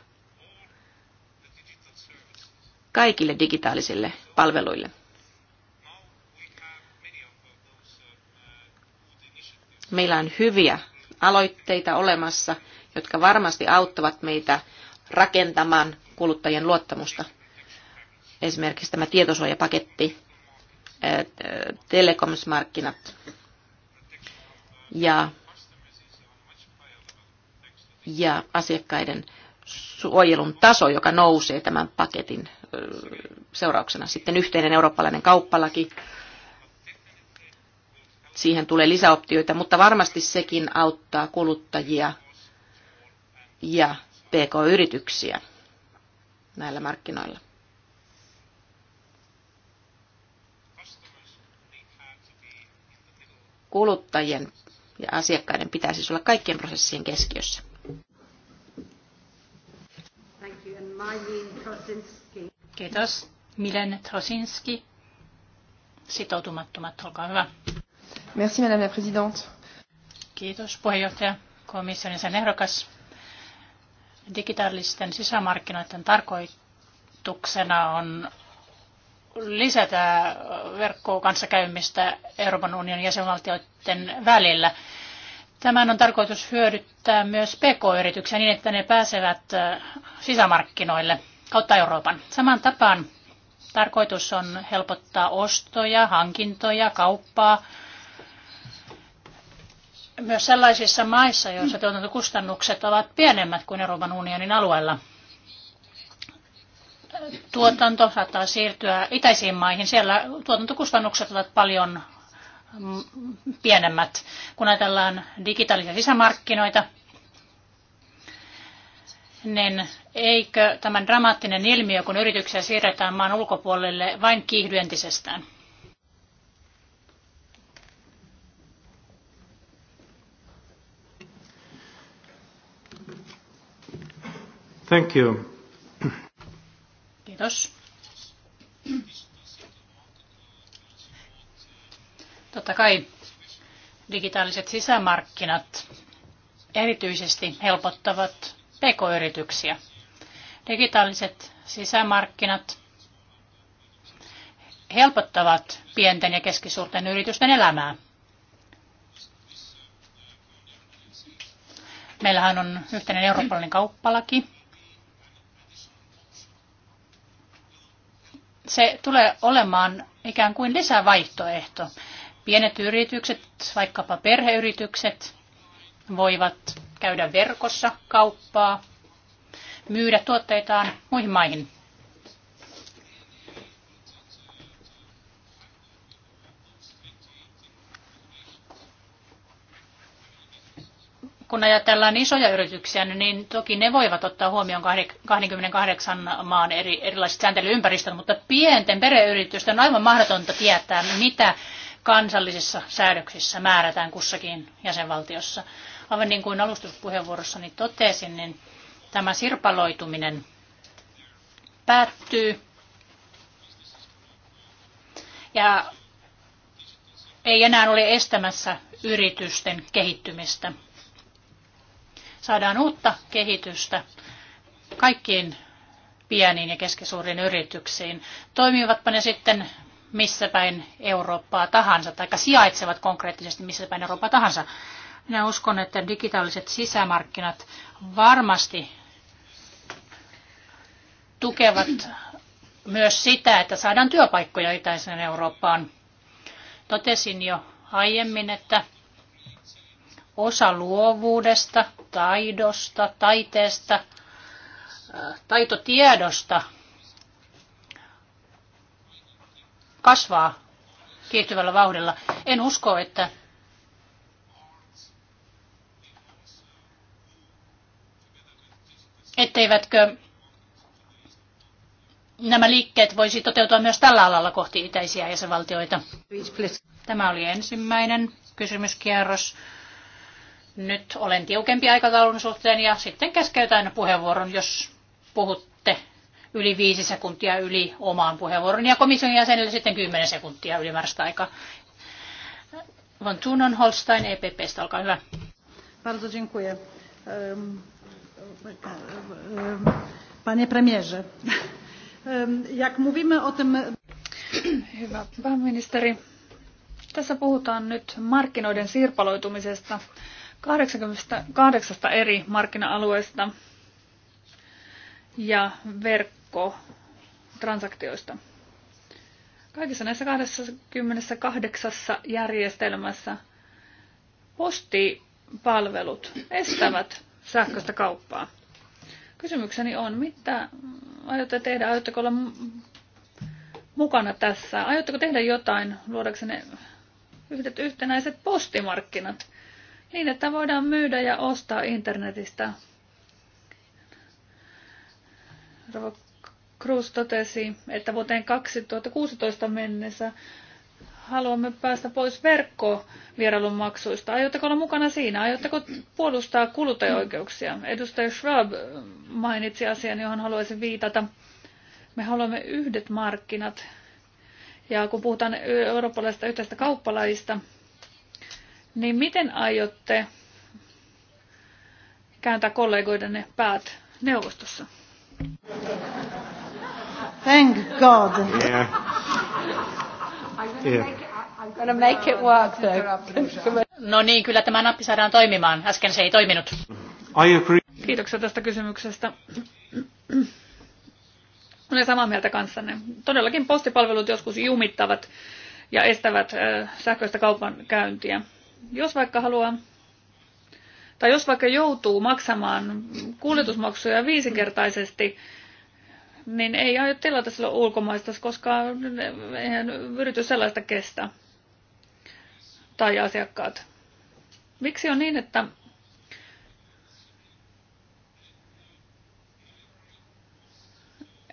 kaikille digitaalisille palveluille. Meillä on hyviä aloitteita olemassa, jotka varmasti auttavat meitä rakentamaan kuluttajien luottamusta. Esimerkiksi tämä tietosuojapaketti, eh, telekomsmarkkinat ja ja asiakkaiden suojelun taso, joka nousee tämän paketin seurauksena. Sitten yhteinen eurooppalainen kauppalaki, siihen tulee lisäoptioita, mutta varmasti sekin auttaa kuluttajia ja pk-yrityksiä näillä markkinoilla. Kuluttajien ja asiakkaiden pitäisi olla kaikkien prosessien keskiössä. Kiitos. Milen Trosinski. Sitoutumattomat, olkaa hyvä. Merci, madame la présidente. Kiitos, puheenjohtaja. Komission sen ehdokas. Digitaalisten sisämarkkinoiden tarkoituksena on lisätä verkkokanssakäymistä Euroopan unionin jäsenvaltioiden välillä. Tämän on tarkoitus hyödyttää myös PK-yrityksiä niin, että ne pääsevät sisämarkkinoille kautta Euroopan. Saman tapaan tarkoitus on helpottaa ostoja, hankintoja, kauppaa myös sellaisissa maissa, joissa tuotantokustannukset ovat pienemmät kuin Euroopan unionin alueella. Tuotanto saattaa siirtyä itäisiin maihin. Siellä tuotantokustannukset ovat paljon pienemmät. Kun ajatellaan digitaalisia sisämarkkinoita, niin eikö tämän dramaattinen ilmiö, kun yrityksiä siirretään maan ulkopuolelle, vain kiihdy entisestään? Thank you. Kiitos. Totta kai digitaaliset sisämarkkinat erityisesti helpottavat pk-yrityksiä. Digitaaliset sisämarkkinat helpottavat pienten ja keskisuurten yritysten elämää. Meillähän on yhteinen eurooppalainen kauppalaki. Se tulee olemaan ikään kuin lisävaihtoehto. Pienet yritykset, vaikkapa perheyritykset, voivat käydä verkossa kauppaa, myydä tuotteitaan muihin maihin. kun ajatellaan isoja yrityksiä, niin toki ne voivat ottaa huomioon 28 maan eri, erilaiset sääntelyympäristöt, mutta pienten pereyritysten on aivan mahdotonta tietää, mitä kansallisissa säädöksissä määrätään kussakin jäsenvaltiossa. Aivan niin kuin alustuspuheenvuorossani totesin, niin tämä sirpaloituminen päättyy. Ja ei enää ole estämässä yritysten kehittymistä. Saadaan uutta kehitystä kaikkiin pieniin ja keskisuuriin yrityksiin. Toimivatpa ne sitten missä päin Eurooppaa tahansa, tai sijaitsevat konkreettisesti missä päin Eurooppaa tahansa. Minä uskon, että digitaaliset sisämarkkinat varmasti tukevat myös sitä, että saadaan työpaikkoja itäiseen Eurooppaan. Totesin jo aiemmin, että osa luovuudesta, taidosta, taiteesta, taitotiedosta – kasvaa kiihtyvällä vauhdilla. En usko, että etteivätkö nämä liikkeet voisi toteutua myös tällä alalla kohti itäisiä jäsenvaltioita. Tämä oli ensimmäinen kysymyskierros. Nyt olen tiukempi aikataulun suhteen ja sitten keskeytän puheenvuoron, jos puhut yli viisi sekuntia yli omaan puheenvuoroni ja komission jäsenelle sitten kymmenen sekuntia ylimääräistä aikaa. Von Tunon Holstein EPPstä, olkaa hyvä. Bardzo dziękuję. Panie premierze, jak mówimy o tym... Hyvä pääministeri, tässä puhutaan nyt markkinoiden sirpaloitumisesta 88 eri markkina-alueesta ja verkkoon transaktioista. Kaikissa näissä 28 järjestelmässä postipalvelut estävät sähköistä kauppaa. Kysymykseni on, mitä aiotte tehdä? Aiotteko olla mukana tässä? Aiotteko tehdä jotain luodaksenne yhdet yhtenäiset postimarkkinat niin, että voidaan myydä ja ostaa internetistä? Cruz totesi, että vuoteen 2016 mennessä haluamme päästä pois verkkovierailun maksuista. Aiotteko olla mukana siinä? Aiotteko puolustaa kuluttajaoikeuksia? Edustaja Schwab mainitsi asian, johon haluaisin viitata. Me haluamme yhdet markkinat. Ja kun puhutaan eurooppalaisesta yhteistä kauppalaista, niin miten aiotte kääntää kollegoidenne päät neuvostossa? Thank God. Yeah. yeah. to make it work though. No niin, kyllä tämä nappi saadaan toimimaan. Äsken se ei toiminut. I agree. Kiitoksia tästä kysymyksestä. Olen samaa mieltä kanssanne. Todellakin postipalvelut joskus jumittavat ja estävät sähköistä kaupan käyntiä. Jos vaikka haluaa tai jos vaikka joutuu maksamaan kuljetusmaksuja viisinkertaisesti, niin ei aio tilata silloin ulkomaista, koska eihän yritys sellaista kestä. Tai asiakkaat. Miksi on niin, että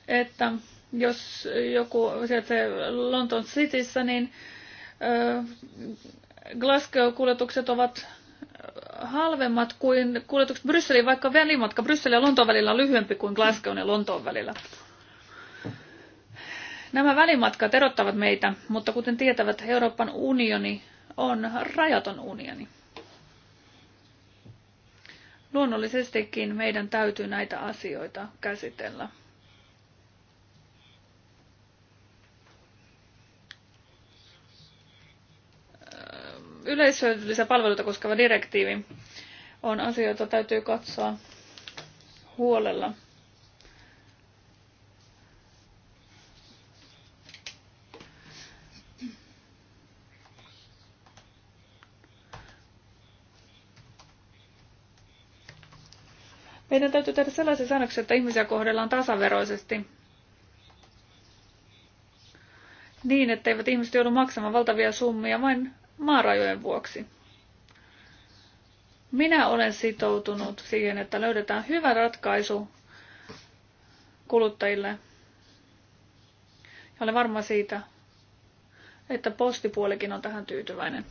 että jos joku sieltä Lontoon Cityssä, niin Glasgow-kuljetukset ovat halvemmat kuin kuljetukset Brysseliin, vaikka välimatka Brysselin ja Lontoon välillä on lyhyempi kuin Glasgow ja Lontoon välillä. Nämä välimatkat erottavat meitä, mutta kuten tietävät, Euroopan unioni on rajaton unioni. Luonnollisestikin meidän täytyy näitä asioita käsitellä. Yleishyödyllisiä palveluita koskeva direktiivi on asioita, täytyy katsoa huolella. Meidän täytyy tehdä sellaisia säännöksiä, että ihmisiä kohdellaan tasaveroisesti niin, etteivät ihmiset joudu maksamaan valtavia summia vain maarajojen vuoksi. Minä olen sitoutunut siihen, että löydetään hyvä ratkaisu kuluttajille. Ja olen varma siitä, että postipuolikin on tähän tyytyväinen.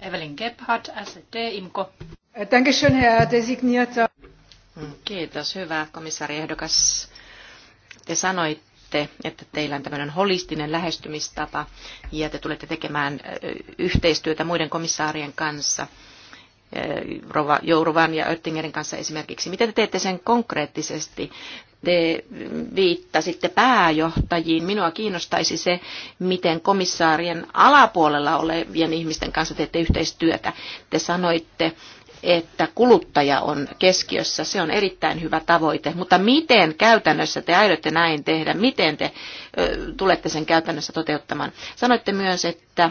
Evelyn Gebhardt, SD, IMKO. Dankeschön, Herr designierter. Mm. Kiitos, hyvä komissaari ehdokas. Te sanoitte, että teillä on tämmöinen holistinen lähestymistapa ja te tulette tekemään yhteistyötä muiden komissaarien kanssa. Jouruvan ja Oettingerin kanssa esimerkiksi. Miten te teette sen konkreettisesti? Te viittasitte pääjohtajiin. Minua kiinnostaisi se, miten komissaarien alapuolella olevien ihmisten kanssa teette yhteistyötä. Te sanoitte, että kuluttaja on keskiössä. Se on erittäin hyvä tavoite, mutta miten käytännössä te aiotte näin tehdä? Miten te tulette sen käytännössä toteuttamaan? Sanoitte myös, että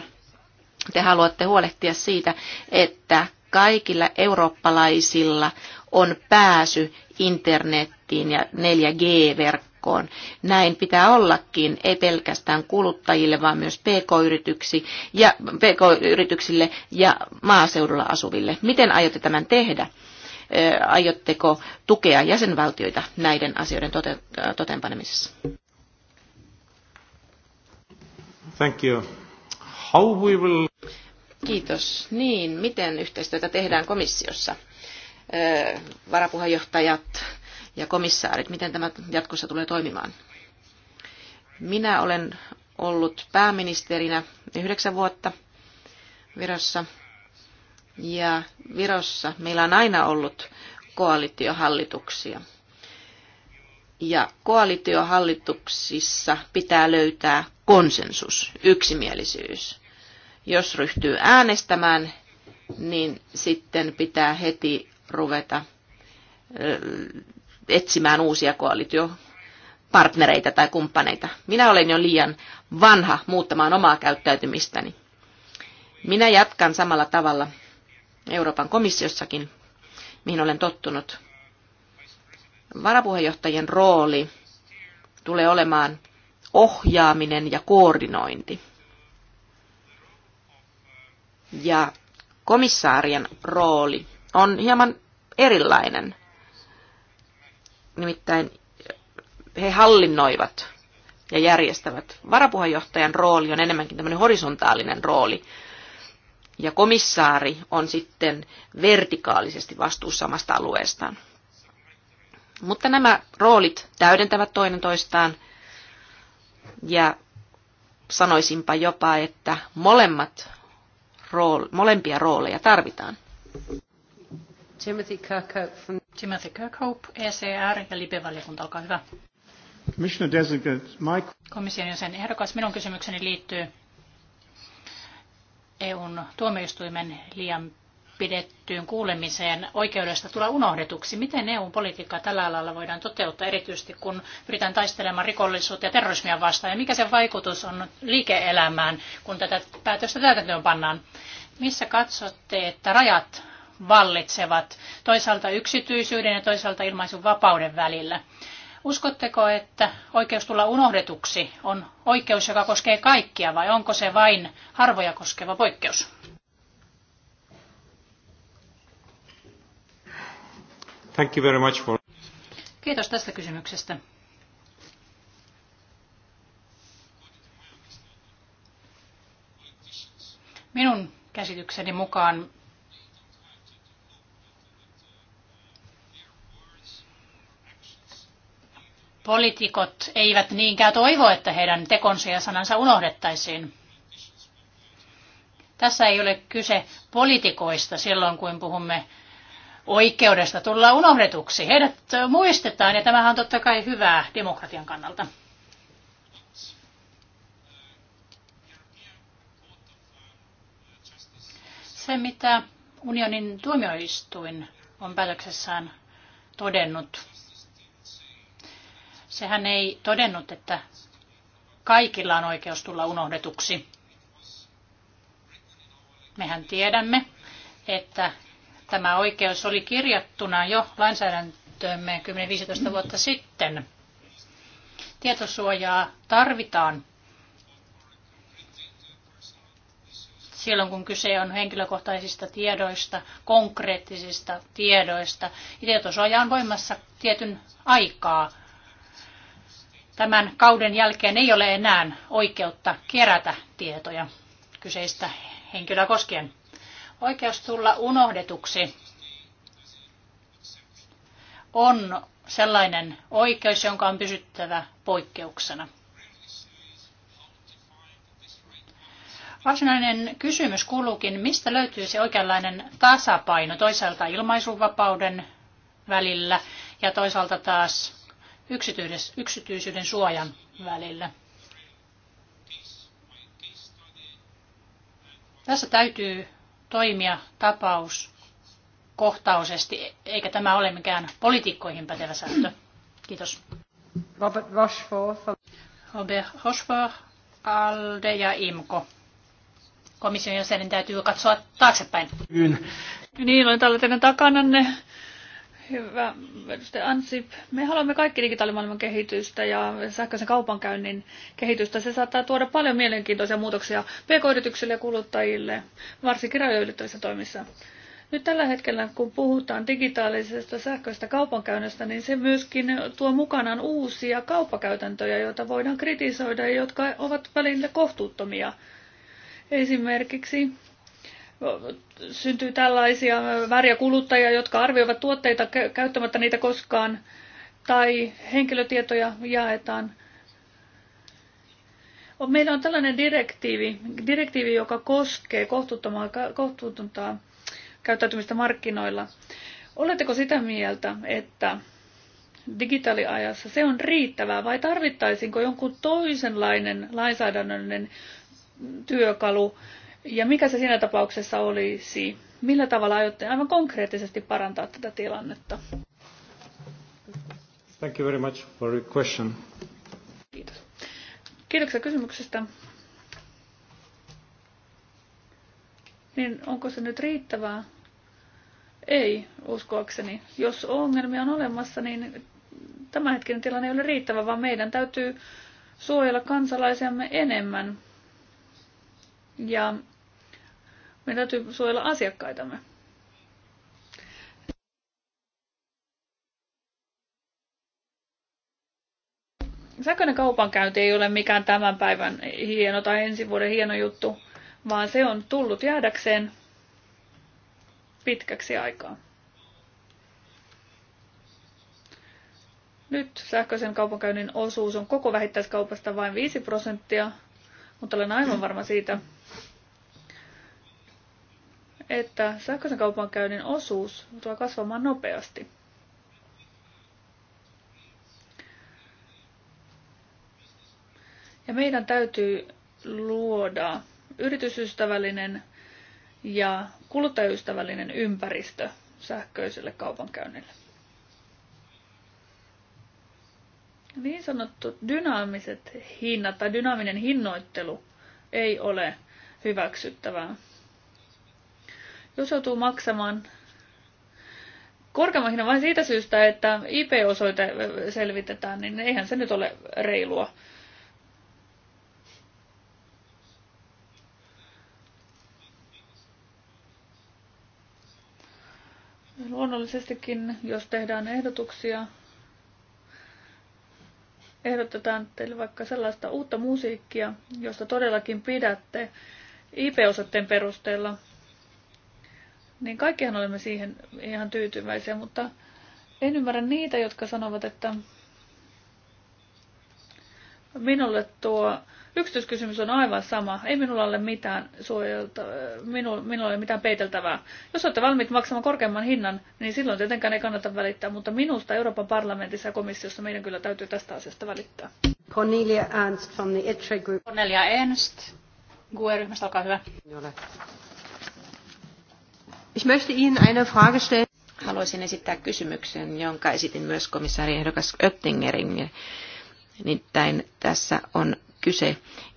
te haluatte huolehtia siitä, että kaikilla eurooppalaisilla on pääsy internettiin ja 4G-verkkoon verkkoon. Näin pitää ollakin, ei pelkästään kuluttajille, vaan myös pk-yrityksille ja, PK-yrityksille ja maaseudulla asuville. Miten aiotte tämän tehdä? Aiotteko tukea jäsenvaltioita näiden asioiden tote- toteenpanemisessa? Thank you. How we will... Kiitos. Niin, miten yhteistyötä tehdään komissiossa? varapuheenjohtajat ja komissaarit, miten tämä jatkossa tulee toimimaan. Minä olen ollut pääministerinä yhdeksän vuotta Virossa. Ja Virossa meillä on aina ollut koalitiohallituksia. Ja koalitiohallituksissa pitää löytää konsensus, yksimielisyys. Jos ryhtyy äänestämään, niin sitten pitää heti ruveta etsimään uusia koalitiopartnereita tai kumppaneita. Minä olen jo liian vanha muuttamaan omaa käyttäytymistäni. Minä jatkan samalla tavalla Euroopan komissiossakin, mihin olen tottunut. Varapuheenjohtajien rooli tulee olemaan ohjaaminen ja koordinointi. Ja komissaarien rooli on hieman erilainen. Nimittäin he hallinnoivat ja järjestävät. Varapuheenjohtajan rooli on enemmänkin tämmöinen horisontaalinen rooli. Ja komissaari on sitten vertikaalisesti vastuussa samasta alueestaan. Mutta nämä roolit täydentävät toinen toistaan. Ja sanoisinpa jopa, että molemmat rool, molempia rooleja tarvitaan. Timothy Kirkhope, from... Timothy Kirkhope ECR ja Libe-valiokunta, olkaa hyvä. Komission jäsen ehdokas, minun kysymykseni liittyy EUn tuomioistuimen liian pidettyyn kuulemiseen oikeudesta tulla unohdetuksi. Miten EUn politiikkaa tällä alalla voidaan toteuttaa, erityisesti kun pyritään taistelemaan rikollisuutta ja terrorismia vastaan, ja mikä sen vaikutus on liike-elämään, kun tätä päätöstä täytäntöön pannaan? Missä katsotte, että rajat vallitsevat toisaalta yksityisyyden ja toisaalta ilmaisun vapauden välillä. Uskotteko, että oikeus tulla unohdetuksi on oikeus, joka koskee kaikkia, vai onko se vain harvoja koskeva poikkeus? Thank you very much for... Kiitos tästä kysymyksestä. Minun käsitykseni mukaan poliitikot eivät niinkään toivo, että heidän tekonsa ja sanansa unohdettaisiin. Tässä ei ole kyse poliitikoista silloin, kun puhumme oikeudesta tulla unohdetuksi. Heidät muistetaan ja tämähän on totta kai hyvää demokratian kannalta. Se, mitä unionin tuomioistuin on päätöksessään todennut, Sehän ei todennut, että kaikilla on oikeus tulla unohdetuksi. Mehän tiedämme, että tämä oikeus oli kirjattuna jo lainsäädäntöömme 10-15 vuotta sitten. Tietosuojaa tarvitaan silloin, kun kyse on henkilökohtaisista tiedoista, konkreettisista tiedoista. Tietosuoja on voimassa tietyn aikaa tämän kauden jälkeen ei ole enää oikeutta kerätä tietoja kyseistä henkilöä koskien. Oikeus tulla unohdetuksi on sellainen oikeus, jonka on pysyttävä poikkeuksena. Varsinainen kysymys kuuluukin, mistä löytyy se oikeanlainen tasapaino toisaalta ilmaisuvapauden välillä ja toisaalta taas yksityisyyden suojan välillä. Tässä täytyy toimia tapaus kohtausesti, eikä tämä ole mikään poliitikkoihin pätevä sääntö. Kiitos. Robert Rochefort. Robert Rochefort, ALDE ja IMKO. Komission jäsenen täytyy katsoa taaksepäin. Kyllä. Niin, olen tällä teidän takananne. Hyvä, edustaja Ansi, Me haluamme kaikki digitaalimaailman kehitystä ja sähköisen kaupankäynnin kehitystä. Se saattaa tuoda paljon mielenkiintoisia muutoksia pk-yrityksille ja kuluttajille, varsinkin rajoilyttävissä toimissa. Nyt tällä hetkellä, kun puhutaan digitaalisesta sähköistä kaupankäynnöstä, niin se myöskin tuo mukanaan uusia kauppakäytäntöjä, joita voidaan kritisoida ja jotka ovat välillä kohtuuttomia. Esimerkiksi syntyy tällaisia vääriä kuluttajia, jotka arvioivat tuotteita käyttämättä niitä koskaan, tai henkilötietoja jaetaan. Meillä on tällainen direktiivi, direktiivi joka koskee kohtuutonta käyttäytymistä markkinoilla. Oletteko sitä mieltä, että digitaaliajassa se on riittävää vai tarvittaisinko jonkun toisenlainen lainsäädännöllinen työkalu, ja mikä se siinä tapauksessa olisi? Millä tavalla aiotte aivan konkreettisesti parantaa tätä tilannetta? Thank you very much for your question. Kiitos. Kiitoksia kysymyksestä. Niin onko se nyt riittävää? Ei, uskoakseni. Jos ongelmia on olemassa, niin tämänhetkinen tilanne ei ole riittävä, vaan meidän täytyy suojella kansalaisiamme enemmän. Ja meidän täytyy suojella asiakkaitamme. Sähköinen kaupankäynti ei ole mikään tämän päivän hieno tai ensi vuoden hieno juttu, vaan se on tullut jäädäkseen pitkäksi aikaa. Nyt sähköisen kaupankäynnin osuus on koko vähittäiskaupasta vain 5 prosenttia, mutta olen aivan varma siitä, että sähköisen kaupankäynnin osuus tulee kasvamaan nopeasti. Ja meidän täytyy luoda yritysystävällinen ja kuluttajaystävällinen ympäristö sähköiselle kaupankäynnille. Niin sanottu dynaamiset hinnat tai dynaaminen hinnoittelu ei ole hyväksyttävää jos joutuu maksamaan korkeamman hinnan vain siitä syystä, että IP-osoite selvitetään, niin eihän se nyt ole reilua. Luonnollisestikin, jos tehdään ehdotuksia, ehdotetaan teille vaikka sellaista uutta musiikkia, josta todellakin pidätte IP-osoitteen perusteella, niin kaikkihan olemme siihen ihan tyytyväisiä, mutta en ymmärrä niitä, jotka sanovat, että minulle tuo yksityiskysymys on aivan sama. Ei minulla ole mitään suojelta, minu, minulla ei ole mitään peiteltävää. Jos olette valmiit maksamaan korkeamman hinnan, niin silloin tietenkään ei kannata välittää, mutta minusta Euroopan parlamentissa ja komissiossa meidän kyllä täytyy tästä asiasta välittää. Cornelia Ernst from the ITRE Group. Cornelia Ernst, GUE-ryhmästä, olkaa hyvä. Ich möchte Ihnen eine Frage stellen. Haluaisin esittää kysymyksen, jonka esitin myös komissaari ehdokas Oettingerin. Nimittäin tässä on kyse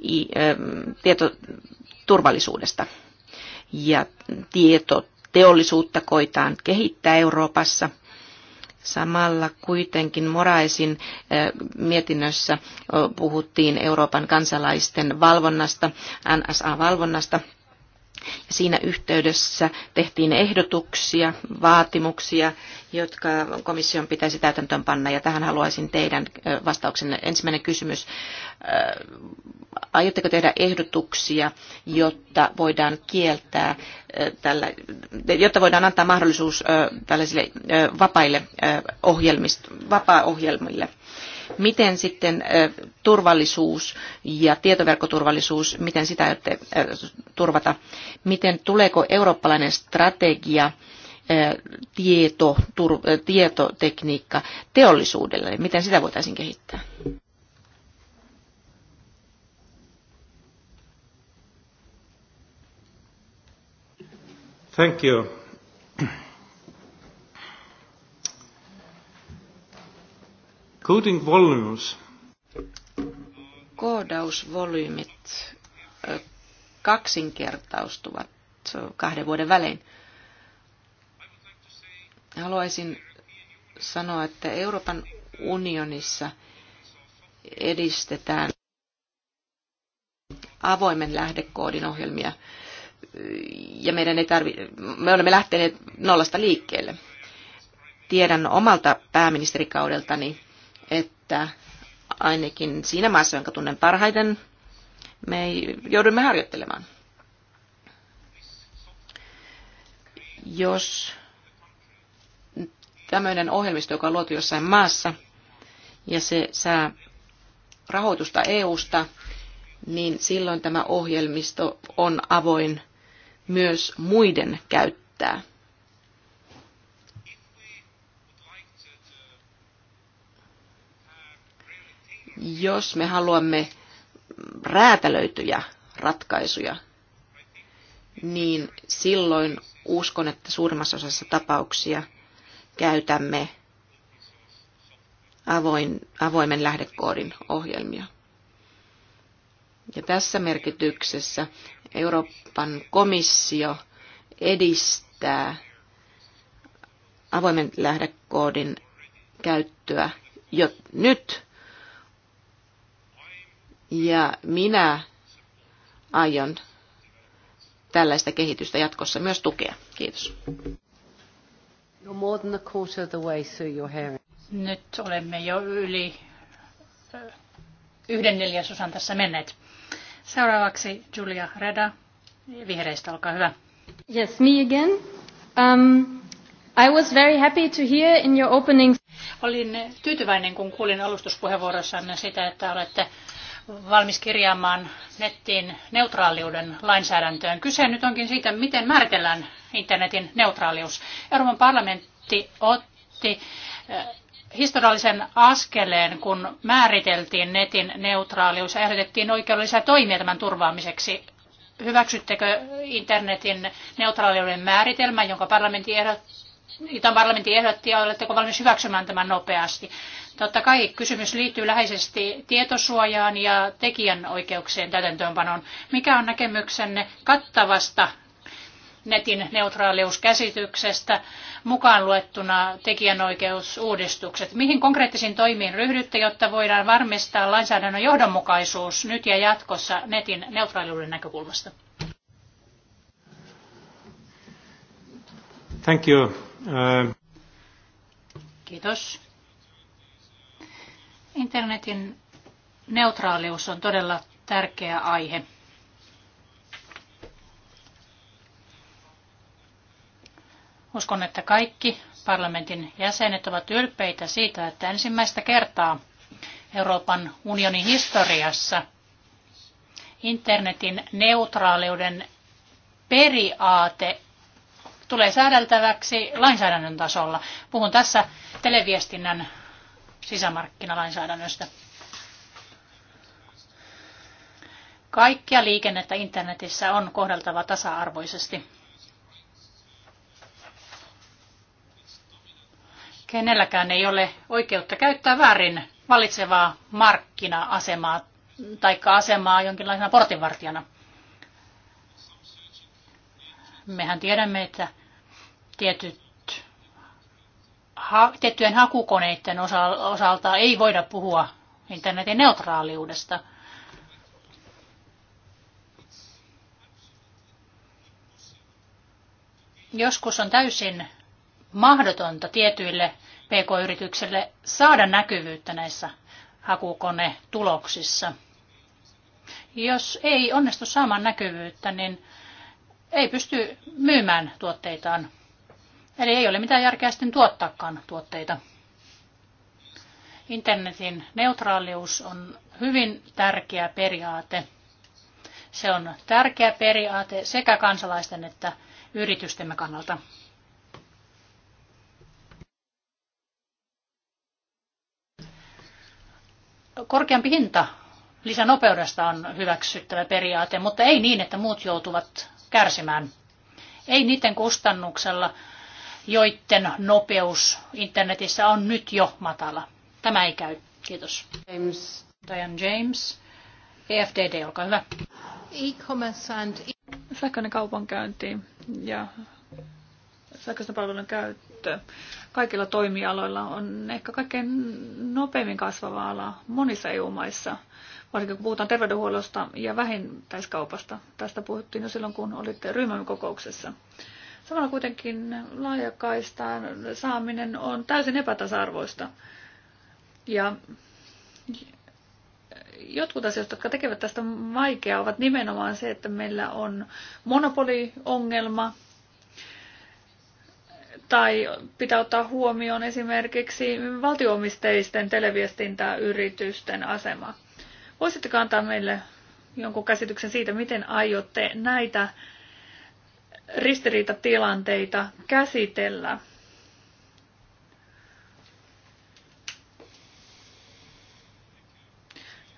ähm, tietoturvallisuudesta. Ja tietoteollisuutta koitaan kehittää Euroopassa. Samalla kuitenkin Moraisin äh, mietinnössä puhuttiin Euroopan kansalaisten valvonnasta, NSA-valvonnasta, Siinä yhteydessä tehtiin ehdotuksia, vaatimuksia, jotka komission pitäisi täytäntöönpanna, ja tähän haluaisin teidän vastauksen Ensimmäinen kysymys. Aiotteko tehdä ehdotuksia, jotta voidaan kieltää, tällä, jotta voidaan antaa mahdollisuus tällaisille vapaille ohjelmille Miten sitten turvallisuus ja tietoverkkoturvallisuus, miten sitä aiotte turvata? Miten tuleeko eurooppalainen strategia tieto, tur, tietotekniikka teollisuudelle? Miten sitä voitaisiin kehittää? Thank you. Coding volumes. Koodausvolyymit kaksinkertaistuvat kahden vuoden välein. Haluaisin sanoa, että Euroopan unionissa edistetään avoimen lähdekoodin ohjelmia ja meidän ei tarvi, me olemme lähteneet nollasta liikkeelle. Tiedän omalta pääministerikaudeltani, että ainakin siinä maassa, jonka tunnen parhaiten, me joudumme harjoittelemaan. Jos tämmöinen ohjelmisto, joka on luotu jossain maassa, ja se saa rahoitusta EUsta, niin silloin tämä ohjelmisto on avoin myös muiden käyttää. Jos me haluamme räätälöityjä ratkaisuja, niin silloin uskon, että suurimmassa osassa tapauksia käytämme avoin, avoimen lähdekoodin ohjelmia. Ja tässä merkityksessä Euroopan komissio edistää avoimen lähdekoodin käyttöä jo nyt ja minä aion tällaista kehitystä jatkossa myös tukea. Kiitos. Nyt olemme jo yli eh, yhden neljäsosan tässä menneet. Seuraavaksi Julia Reda, vihreistä, olkaa hyvä. Yes, me again. Um, I was very happy to hear in your opening. Olin tyytyväinen, kun kuulin alustuspuheenvuorossanne sitä, että olette valmis kirjaamaan nettiin neutraaliuden lainsäädäntöön. Kyse nyt onkin siitä, miten määritellään internetin neutraalius. Euroopan parlamentti otti eh, historiallisen askeleen, kun määriteltiin netin neutraalius ja ehdotettiin oikeudellisia toimia tämän turvaamiseksi. Hyväksyttekö internetin neutraaliuden määritelmän, jonka parlamentti ehdotti? jota parlamentti ehdotti ja oletteko valmis hyväksymään tämän nopeasti. Totta kai kysymys liittyy läheisesti tietosuojaan ja tekijänoikeuksien täytäntöönpanoon. Mikä on näkemyksenne kattavasta netin neutraaliuskäsityksestä mukaan luettuna tekijänoikeusuudistukset. Mihin konkreettisiin toimiin ryhdytte, jotta voidaan varmistaa lainsäädännön johdonmukaisuus nyt ja jatkossa netin neutraaliuden näkökulmasta? Thank you. Kiitos. Internetin neutraalius on todella tärkeä aihe. Uskon, että kaikki parlamentin jäsenet ovat ylpeitä siitä, että ensimmäistä kertaa Euroopan unionin historiassa internetin neutraaliuden periaate tulee säädeltäväksi lainsäädännön tasolla. Puhun tässä televiestinnän sisämarkkinalainsäädännöstä. Kaikkia liikennettä internetissä on kohdeltava tasa-arvoisesti. Kenelläkään ei ole oikeutta käyttää väärin valitsevaa markkina-asemaa tai asemaa jonkinlaisena portinvartijana. Mehän tiedämme, että tietyt ha, tiettyjen hakukoneiden osalta ei voida puhua internetin neutraaliudesta. Joskus on täysin mahdotonta tietyille pk-yrityksille saada näkyvyyttä näissä hakukone-tuloksissa. Jos ei onnistu saamaan näkyvyyttä, niin ei pysty myymään tuotteitaan. Eli ei ole mitään järkeä sitten tuottaakaan tuotteita. Internetin neutraalius on hyvin tärkeä periaate. Se on tärkeä periaate sekä kansalaisten että yritystemme kannalta. Korkeampi hinta lisänopeudesta on hyväksyttävä periaate, mutta ei niin, että muut joutuvat kärsimään. Ei niiden kustannuksella, joiden nopeus internetissä on nyt jo matala. Tämä ei käy. Kiitos. James. Diane James. EFDD, olkaa hyvä. E-commerce and... E- Sähköinen kaupankäynti ja sähköisten palvelujen käyttö kaikilla toimialoilla on ehkä kaikkein nopeimmin kasvava ala monissa EU-maissa varsinkin kun puhutaan terveydenhuollosta ja vähintäiskaupasta. Tästä puhuttiin jo silloin, kun olitte ryhmän kokouksessa. Samalla kuitenkin laajakaistaan saaminen on täysin epätasa-arvoista. Ja jotkut asiat, jotka tekevät tästä vaikeaa, ovat nimenomaan se, että meillä on monopoliongelma, tai pitää ottaa huomioon esimerkiksi valtioomisteisten televiestintäyritysten asema. Voisitteko antaa meille jonkun käsityksen siitä, miten aiotte näitä ristiriitatilanteita käsitellä?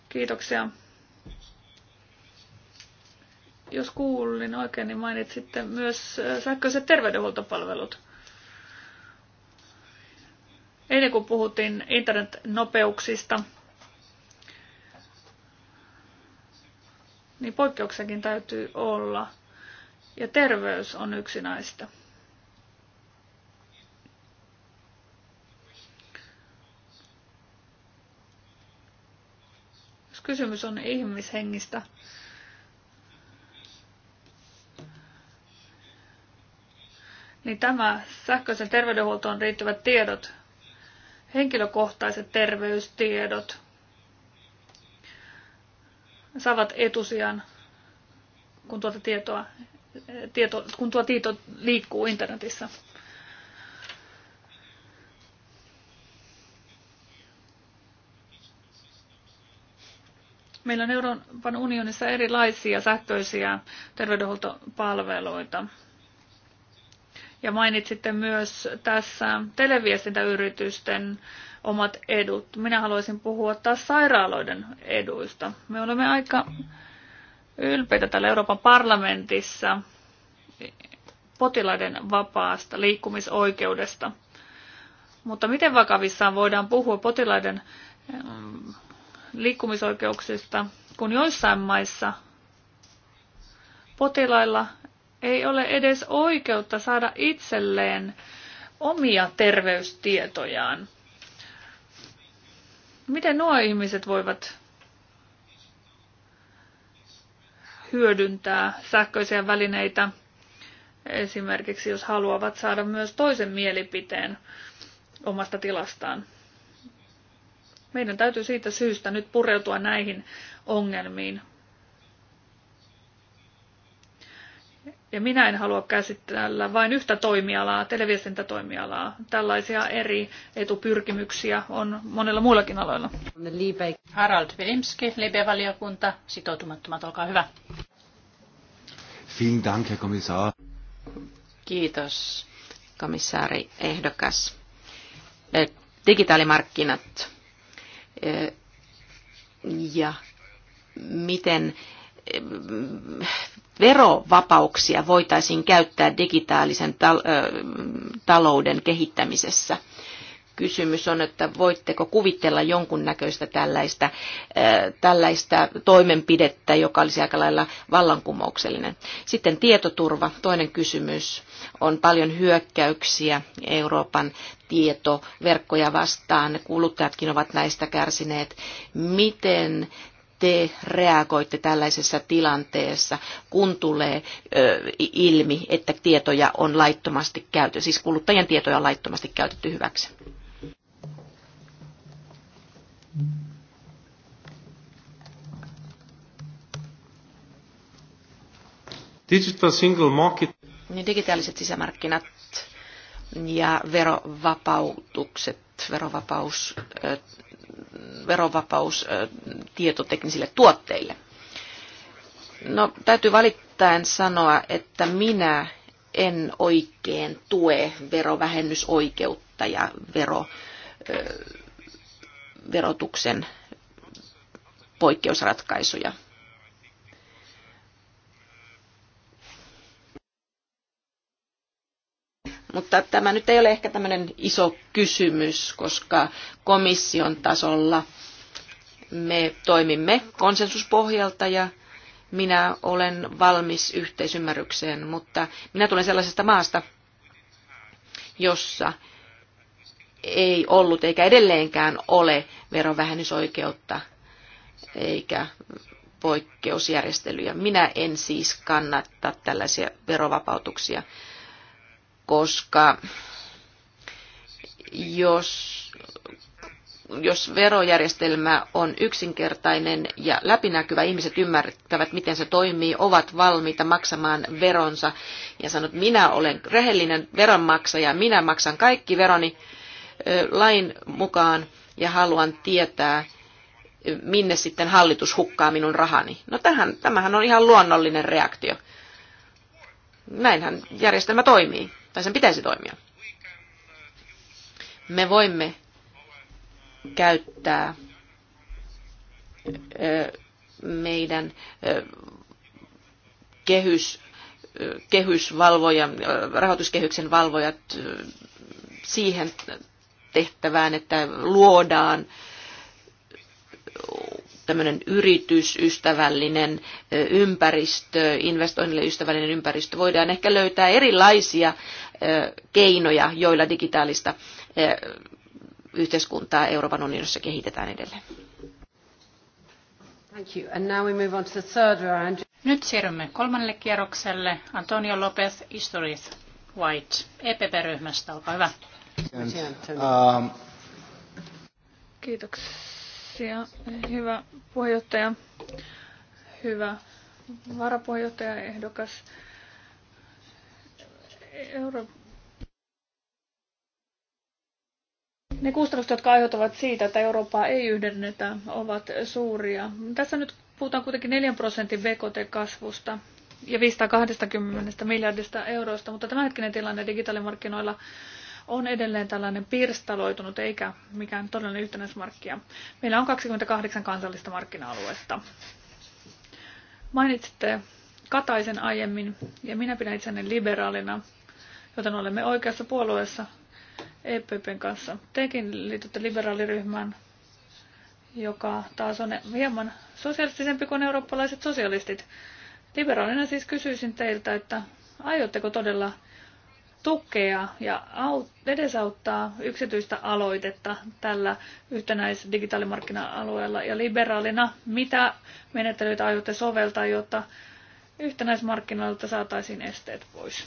Kiitoksia. Jos kuulin oikein, niin mainitsitte myös äh, sähköiset terveydenhuoltopalvelut. Ennen kuin puhuttiin internetnopeuksista, niin poikkeuksiakin täytyy olla. Ja terveys on yksi näistä. Jos kysymys on ihmishengistä, niin tämä sähköisen terveydenhuoltoon riittävät tiedot, henkilökohtaiset terveystiedot, saavat etusijan, kun tuota tietoa, tieto, kun tuo tieto liikkuu internetissä. Meillä on Euroopan unionissa erilaisia sähköisiä terveydenhuoltopalveluita. Ja mainitsitte myös tässä televiestintäyritysten omat edut. Minä haluaisin puhua taas sairaaloiden eduista. Me olemme aika ylpeitä täällä Euroopan parlamentissa potilaiden vapaasta liikkumisoikeudesta. Mutta miten vakavissaan voidaan puhua potilaiden mm, liikkumisoikeuksista, kun joissain maissa potilailla ei ole edes oikeutta saada itselleen omia terveystietojaan. Miten nuo ihmiset voivat hyödyntää sähköisiä välineitä, esimerkiksi jos haluavat saada myös toisen mielipiteen omasta tilastaan? Meidän täytyy siitä syystä nyt pureutua näihin ongelmiin ja minä en halua käsitellä vain yhtä toimialaa, televiestintätoimialaa. Tällaisia eri etupyrkimyksiä on monella muillakin aloilla. Harald Vilimski, Libe-valiokunta, sitoutumattomat, olkaa hyvä. Vielen Dank, Herr Kommissar. Kiitos, komissaari ehdokas. Eh, digitaalimarkkinat eh, ja miten verovapauksia voitaisiin käyttää digitaalisen talouden kehittämisessä. Kysymys on, että voitteko kuvitella jonkunnäköistä tällaista, tällaista toimenpidettä, joka olisi aika lailla vallankumouksellinen. Sitten tietoturva, toinen kysymys. On paljon hyökkäyksiä Euroopan tietoverkkoja vastaan. Kuluttajatkin ovat näistä kärsineet. Miten te reagoitte tällaisessa tilanteessa, kun tulee ö, ilmi, että tietoja on laittomasti käytetty, siis kuluttajien tietoja on laittomasti käytetty hyväksi? Digital single market. Niin digitaaliset sisämarkkinat ja verovapautukset, verovapaus verovapaus tietoteknisille tuotteille. No, täytyy valittain sanoa, että minä en oikein tue verovähennysoikeutta ja vero, verotuksen poikkeusratkaisuja. Mutta tämä nyt ei ole ehkä tämmöinen iso kysymys, koska komission tasolla me toimimme konsensuspohjalta ja minä olen valmis yhteisymmärrykseen, mutta minä tulen sellaisesta maasta, jossa ei ollut eikä edelleenkään ole verovähennysoikeutta eikä poikkeusjärjestelyjä. Minä en siis kannata tällaisia verovapautuksia koska jos, jos verojärjestelmä on yksinkertainen ja läpinäkyvä, ihmiset ymmärtävät, miten se toimii, ovat valmiita maksamaan veronsa ja sanot, minä olen rehellinen veronmaksaja, minä maksan kaikki veroni lain mukaan ja haluan tietää, minne sitten hallitus hukkaa minun rahani. No tähän, tämähän on ihan luonnollinen reaktio. Näinhän järjestelmä toimii tai sen pitäisi toimia. Me voimme käyttää meidän kehys, kehysvalvojan, rahoituskehyksen valvojat siihen tehtävään, että luodaan tämmöinen yritysystävällinen ympäristö, investoinnille ystävällinen ympäristö. Voidaan ehkä löytää erilaisia keinoja, joilla digitaalista yhteiskuntaa Euroopan unionissa kehitetään edelleen. Nyt siirrymme kolmannelle kierrokselle. Antonio López Istoriz White EPP-ryhmästä, olkaa hyvä. Um, Kiitoksia. Kiitoksia, hyvä puheenjohtaja, hyvä varapuheenjohtaja ehdokas. Euro... Ne kustannukset, jotka aiheutuvat siitä, että Eurooppaa ei yhdennetä, ovat suuria. Tässä nyt puhutaan kuitenkin 4 prosentin BKT-kasvusta ja 520 miljardista eurosta, mutta tämänhetkinen tilanne digitaalimarkkinoilla on edelleen tällainen pirstaloitunut eikä mikään todellinen yhtenäismarkkia. Meillä on 28 kansallista markkina-aluetta. Mainitsitte Kataisen aiemmin, ja minä pidän itseäni liberaalina, joten olemme oikeassa puolueessa EPPn kanssa. Tekin liitytte liberaaliryhmään, joka taas on hieman sosialistisempi kuin eurooppalaiset sosialistit. Liberaalina siis kysyisin teiltä, että aiotteko todella tukea ja edesauttaa yksityistä aloitetta tällä yhtenäis digitaalimarkkina-alueella ja liberaalina, mitä menettelyitä aiotte soveltaa, jotta yhtenäismarkkinoilta saataisiin esteet pois?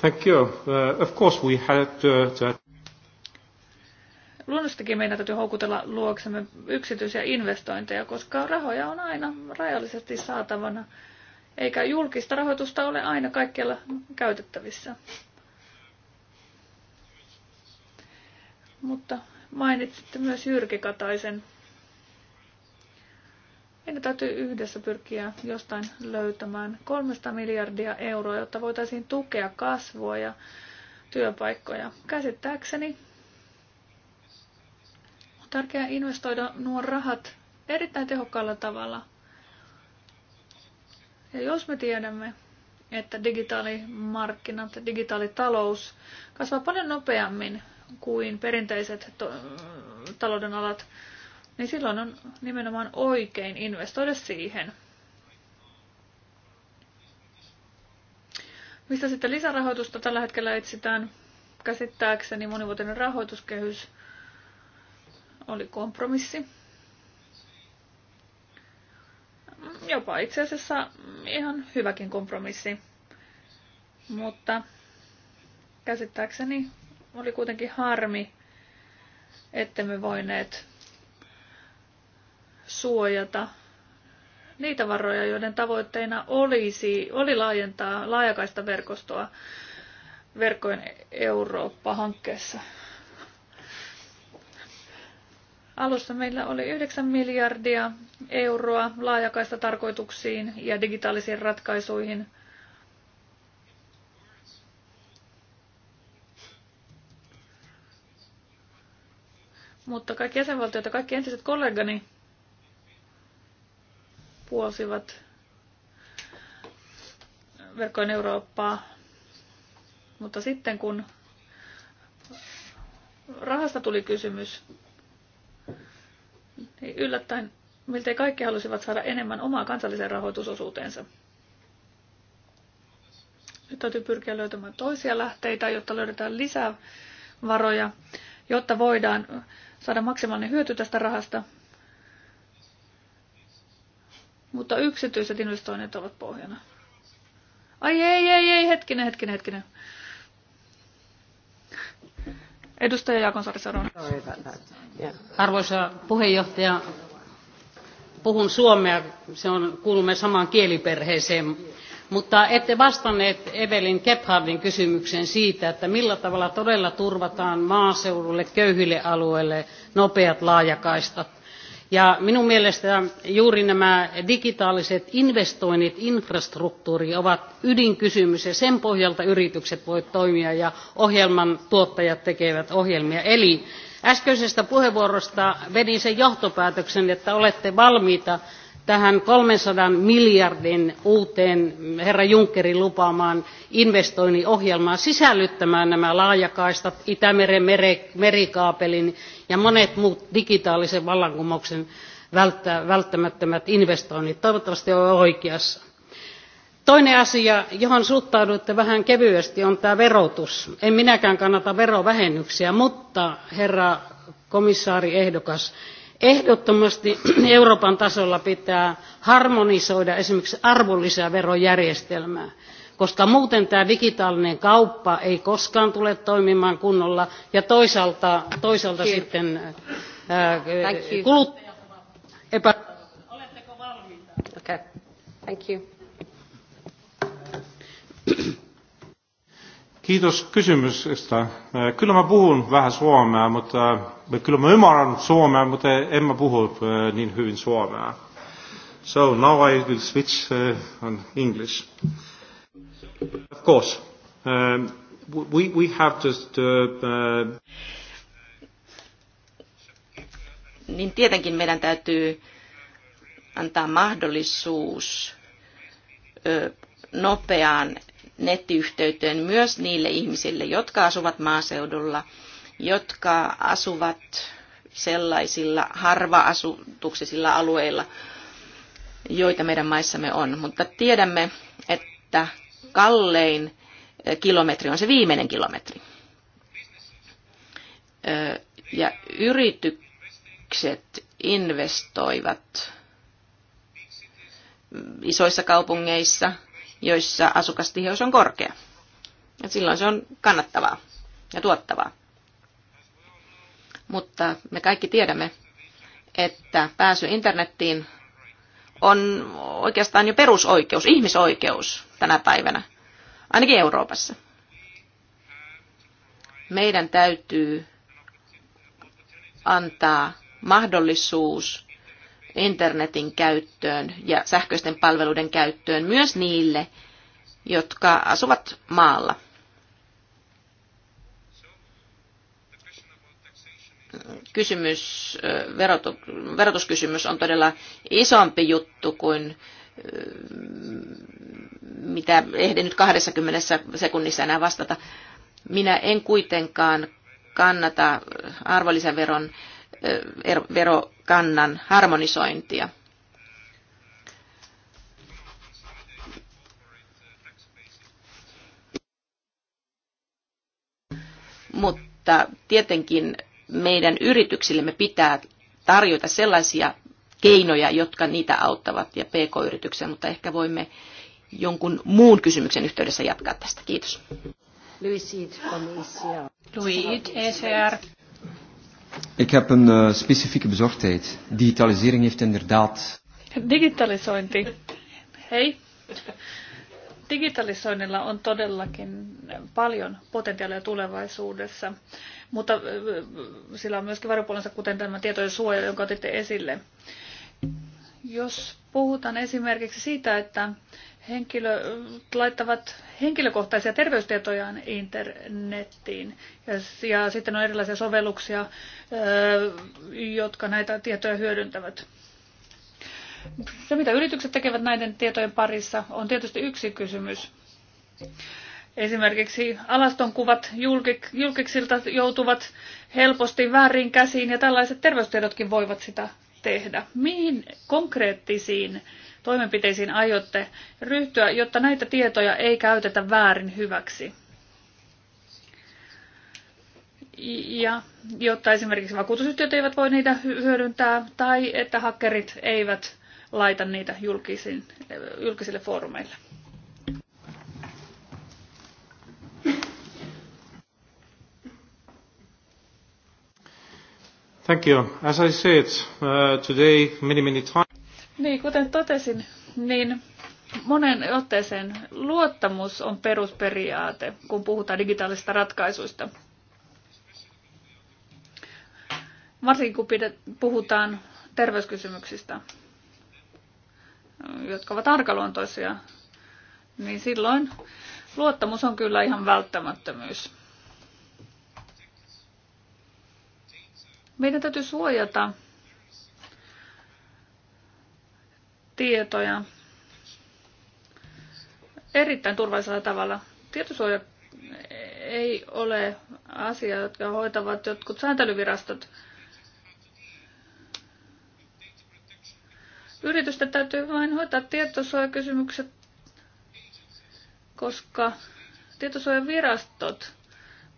Thank you. Uh, of course we had to, uh, to... Luonnostakin meidän täytyy houkutella luoksemme yksityisiä investointeja, koska rahoja on aina rajallisesti saatavana. Eikä julkista rahoitusta ole aina kaikkialla käytettävissä. Mutta mainitsitte myös Jyrki Kataisen. Meidän täytyy yhdessä pyrkiä jostain löytämään 300 miljardia euroa, jotta voitaisiin tukea kasvua ja työpaikkoja. Käsittääkseni on tärkeää investoida nuo rahat erittäin tehokkaalla tavalla ja jos me tiedämme, että digitaalimarkkinat, digitaalitalous kasvaa paljon nopeammin kuin perinteiset to- talouden alat, niin silloin on nimenomaan oikein investoida siihen. Mistä sitten lisärahoitusta tällä hetkellä etsitään? Käsittääkseni monivuotinen rahoituskehys oli kompromissi jopa itse asiassa ihan hyväkin kompromissi. Mutta käsittääkseni oli kuitenkin harmi, että me voineet suojata niitä varoja, joiden tavoitteena olisi, oli laajentaa laajakaista verkostoa verkkojen Eurooppa-hankkeessa alussa meillä oli 9 miljardia euroa laajakaista tarkoituksiin ja digitaalisiin ratkaisuihin. Mutta kaikki jäsenvaltiot ja kaikki entiset kollegani puolsivat verkkojen Eurooppaa. Mutta sitten kun rahasta tuli kysymys, Yllättäen miltei kaikki halusivat saada enemmän omaa kansalliseen rahoitusosuuteensa. Nyt täytyy pyrkiä löytämään toisia lähteitä, jotta löydetään lisää varoja, jotta voidaan saada maksimaalinen hyöty tästä rahasta. Mutta yksityiset investoinnit ovat pohjana. Ai ei, ei, ei, hetkinen, hetkinen, hetkinen. Edustaja Jaakonsaari Arvoisa puheenjohtaja, puhun suomea, se on, kuulumme samaan kieliperheeseen, mutta ette vastanneet Evelin Gebhardin kysymykseen siitä, että millä tavalla todella turvataan maaseudulle, köyhille alueille nopeat laajakaistat ja minun mielestä juuri nämä digitaaliset investoinnit infrastruktuuriin ovat ydinkysymys ja sen pohjalta yritykset voivat toimia ja ohjelman tuottajat tekevät ohjelmia. Eli äskeisestä puheenvuorosta vedin sen johtopäätöksen, että olette valmiita tähän 300 miljardin uuteen herra Junckerin lupaamaan ohjelmaan sisällyttämään nämä laajakaistat, Itämeren merikaapelin ja monet muut digitaalisen vallankumouksen välttämättömät investoinnit. Toivottavasti olen oikeassa. Toinen asia, johon suhtauduitte vähän kevyesti, on tämä verotus. En minäkään kannata verovähennyksiä, mutta herra komissaari ehdokas, ehdottomasti Euroopan tasolla pitää harmonisoida esimerkiksi arvonlisäverojärjestelmää, koska muuten tämä digitaalinen kauppa ei koskaan tule toimimaan kunnolla ja toisaalta, toisaalta sitten ää, äh, kuluttajat ovat epä... Oletteko valmiita? Okay. Thank you. Kiitos kysymyksestä. Äh, kyllä mä puhun vähän suomea, mutta me kyllä mä ymmärrän suomea, mutta en mä puhu äh, niin hyvin suomea. So now I will switch uh, on English. Of course, um, we, we have just... uh, uh niin tietenkin meidän täytyy antaa mahdollisuus nopeaan nettiyhteyteen myös niille ihmisille, jotka asuvat maaseudulla – jotka asuvat sellaisilla harva-asutuksisilla alueilla, joita meidän maissamme on. Mutta tiedämme, että kallein eh, kilometri on se viimeinen kilometri. Eh, ja yritykset investoivat isoissa kaupungeissa, joissa asukastiheys on korkea. Ja silloin se on kannattavaa ja tuottavaa mutta me kaikki tiedämme, että pääsy internettiin on oikeastaan jo perusoikeus, ihmisoikeus tänä päivänä, ainakin Euroopassa. Meidän täytyy antaa mahdollisuus internetin käyttöön ja sähköisten palveluiden käyttöön myös niille, jotka asuvat maalla – kysymys, verotuskysymys on todella isompi juttu kuin mitä ehdin nyt 20 sekunnissa enää vastata. Minä en kuitenkaan kannata arvonlisäveron er, verokannan harmonisointia. Mutta tietenkin meidän yrityksillemme pitää tarjota sellaisia keinoja, jotka niitä auttavat ja pk-yrityksiä, mutta ehkä voimme jonkun muun kysymyksen yhteydessä jatkaa tästä. Kiitos. Luisit, e eh, Luid, Digitalisointi. Hei. Digitalisoinnilla on todellakin paljon potentiaalia tulevaisuudessa mutta sillä on myöskin varjopuolensa, kuten tämä tietojen suoja, jonka otitte esille. Jos puhutaan esimerkiksi siitä, että henkilö, laittavat henkilökohtaisia terveystietojaan internettiin. Ja, ja sitten on erilaisia sovelluksia, jotka näitä tietoja hyödyntävät. Se, mitä yritykset tekevät näiden tietojen parissa, on tietysti yksi kysymys. Esimerkiksi kuvat julkik, julkiksilta joutuvat helposti väärin käsiin ja tällaiset terveystiedotkin voivat sitä tehdä. Mihin konkreettisiin toimenpiteisiin aiotte ryhtyä, jotta näitä tietoja ei käytetä väärin hyväksi? Ja jotta esimerkiksi vakuutusyhtiöt eivät voi niitä hyödyntää tai että hakkerit eivät laita niitä julkisille foorumeille. Thank you. As I said uh, today many, many times. Niin, kuten totesin, niin monen otteeseen luottamus on perusperiaate, kun puhutaan digitaalisista ratkaisuista. Varsinkin kun puhutaan terveyskysymyksistä, jotka ovat arkaluontoisia, niin silloin luottamus on kyllä ihan välttämättömyys. Meidän täytyy suojata tietoja erittäin turvallisella tavalla. Tietosuoja ei ole asia, jotka hoitavat jotkut sääntelyvirastot. Yritysten täytyy vain hoitaa tietosuojakysymykset, koska tietosuojavirastot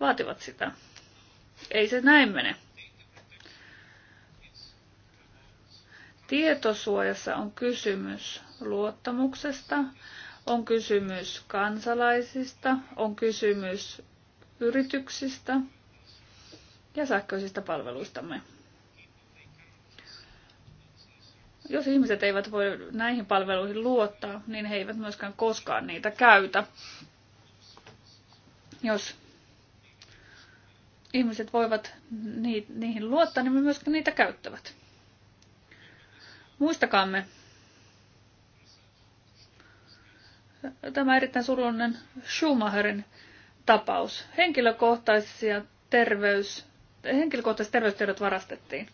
vaativat sitä. Ei se näin mene. Tietosuojassa on kysymys luottamuksesta, on kysymys kansalaisista, on kysymys yrityksistä ja sähköisistä palveluistamme. Jos ihmiset eivät voi näihin palveluihin luottaa, niin he eivät myöskään koskaan niitä käytä. Jos ihmiset voivat niihin luottaa, niin me myöskään niitä käyttävät. Muistakaamme tämä erittäin surullinen Schumacherin tapaus. Henkilökohtaisia terveys, henkilökohtaiset terveystiedot varastettiin.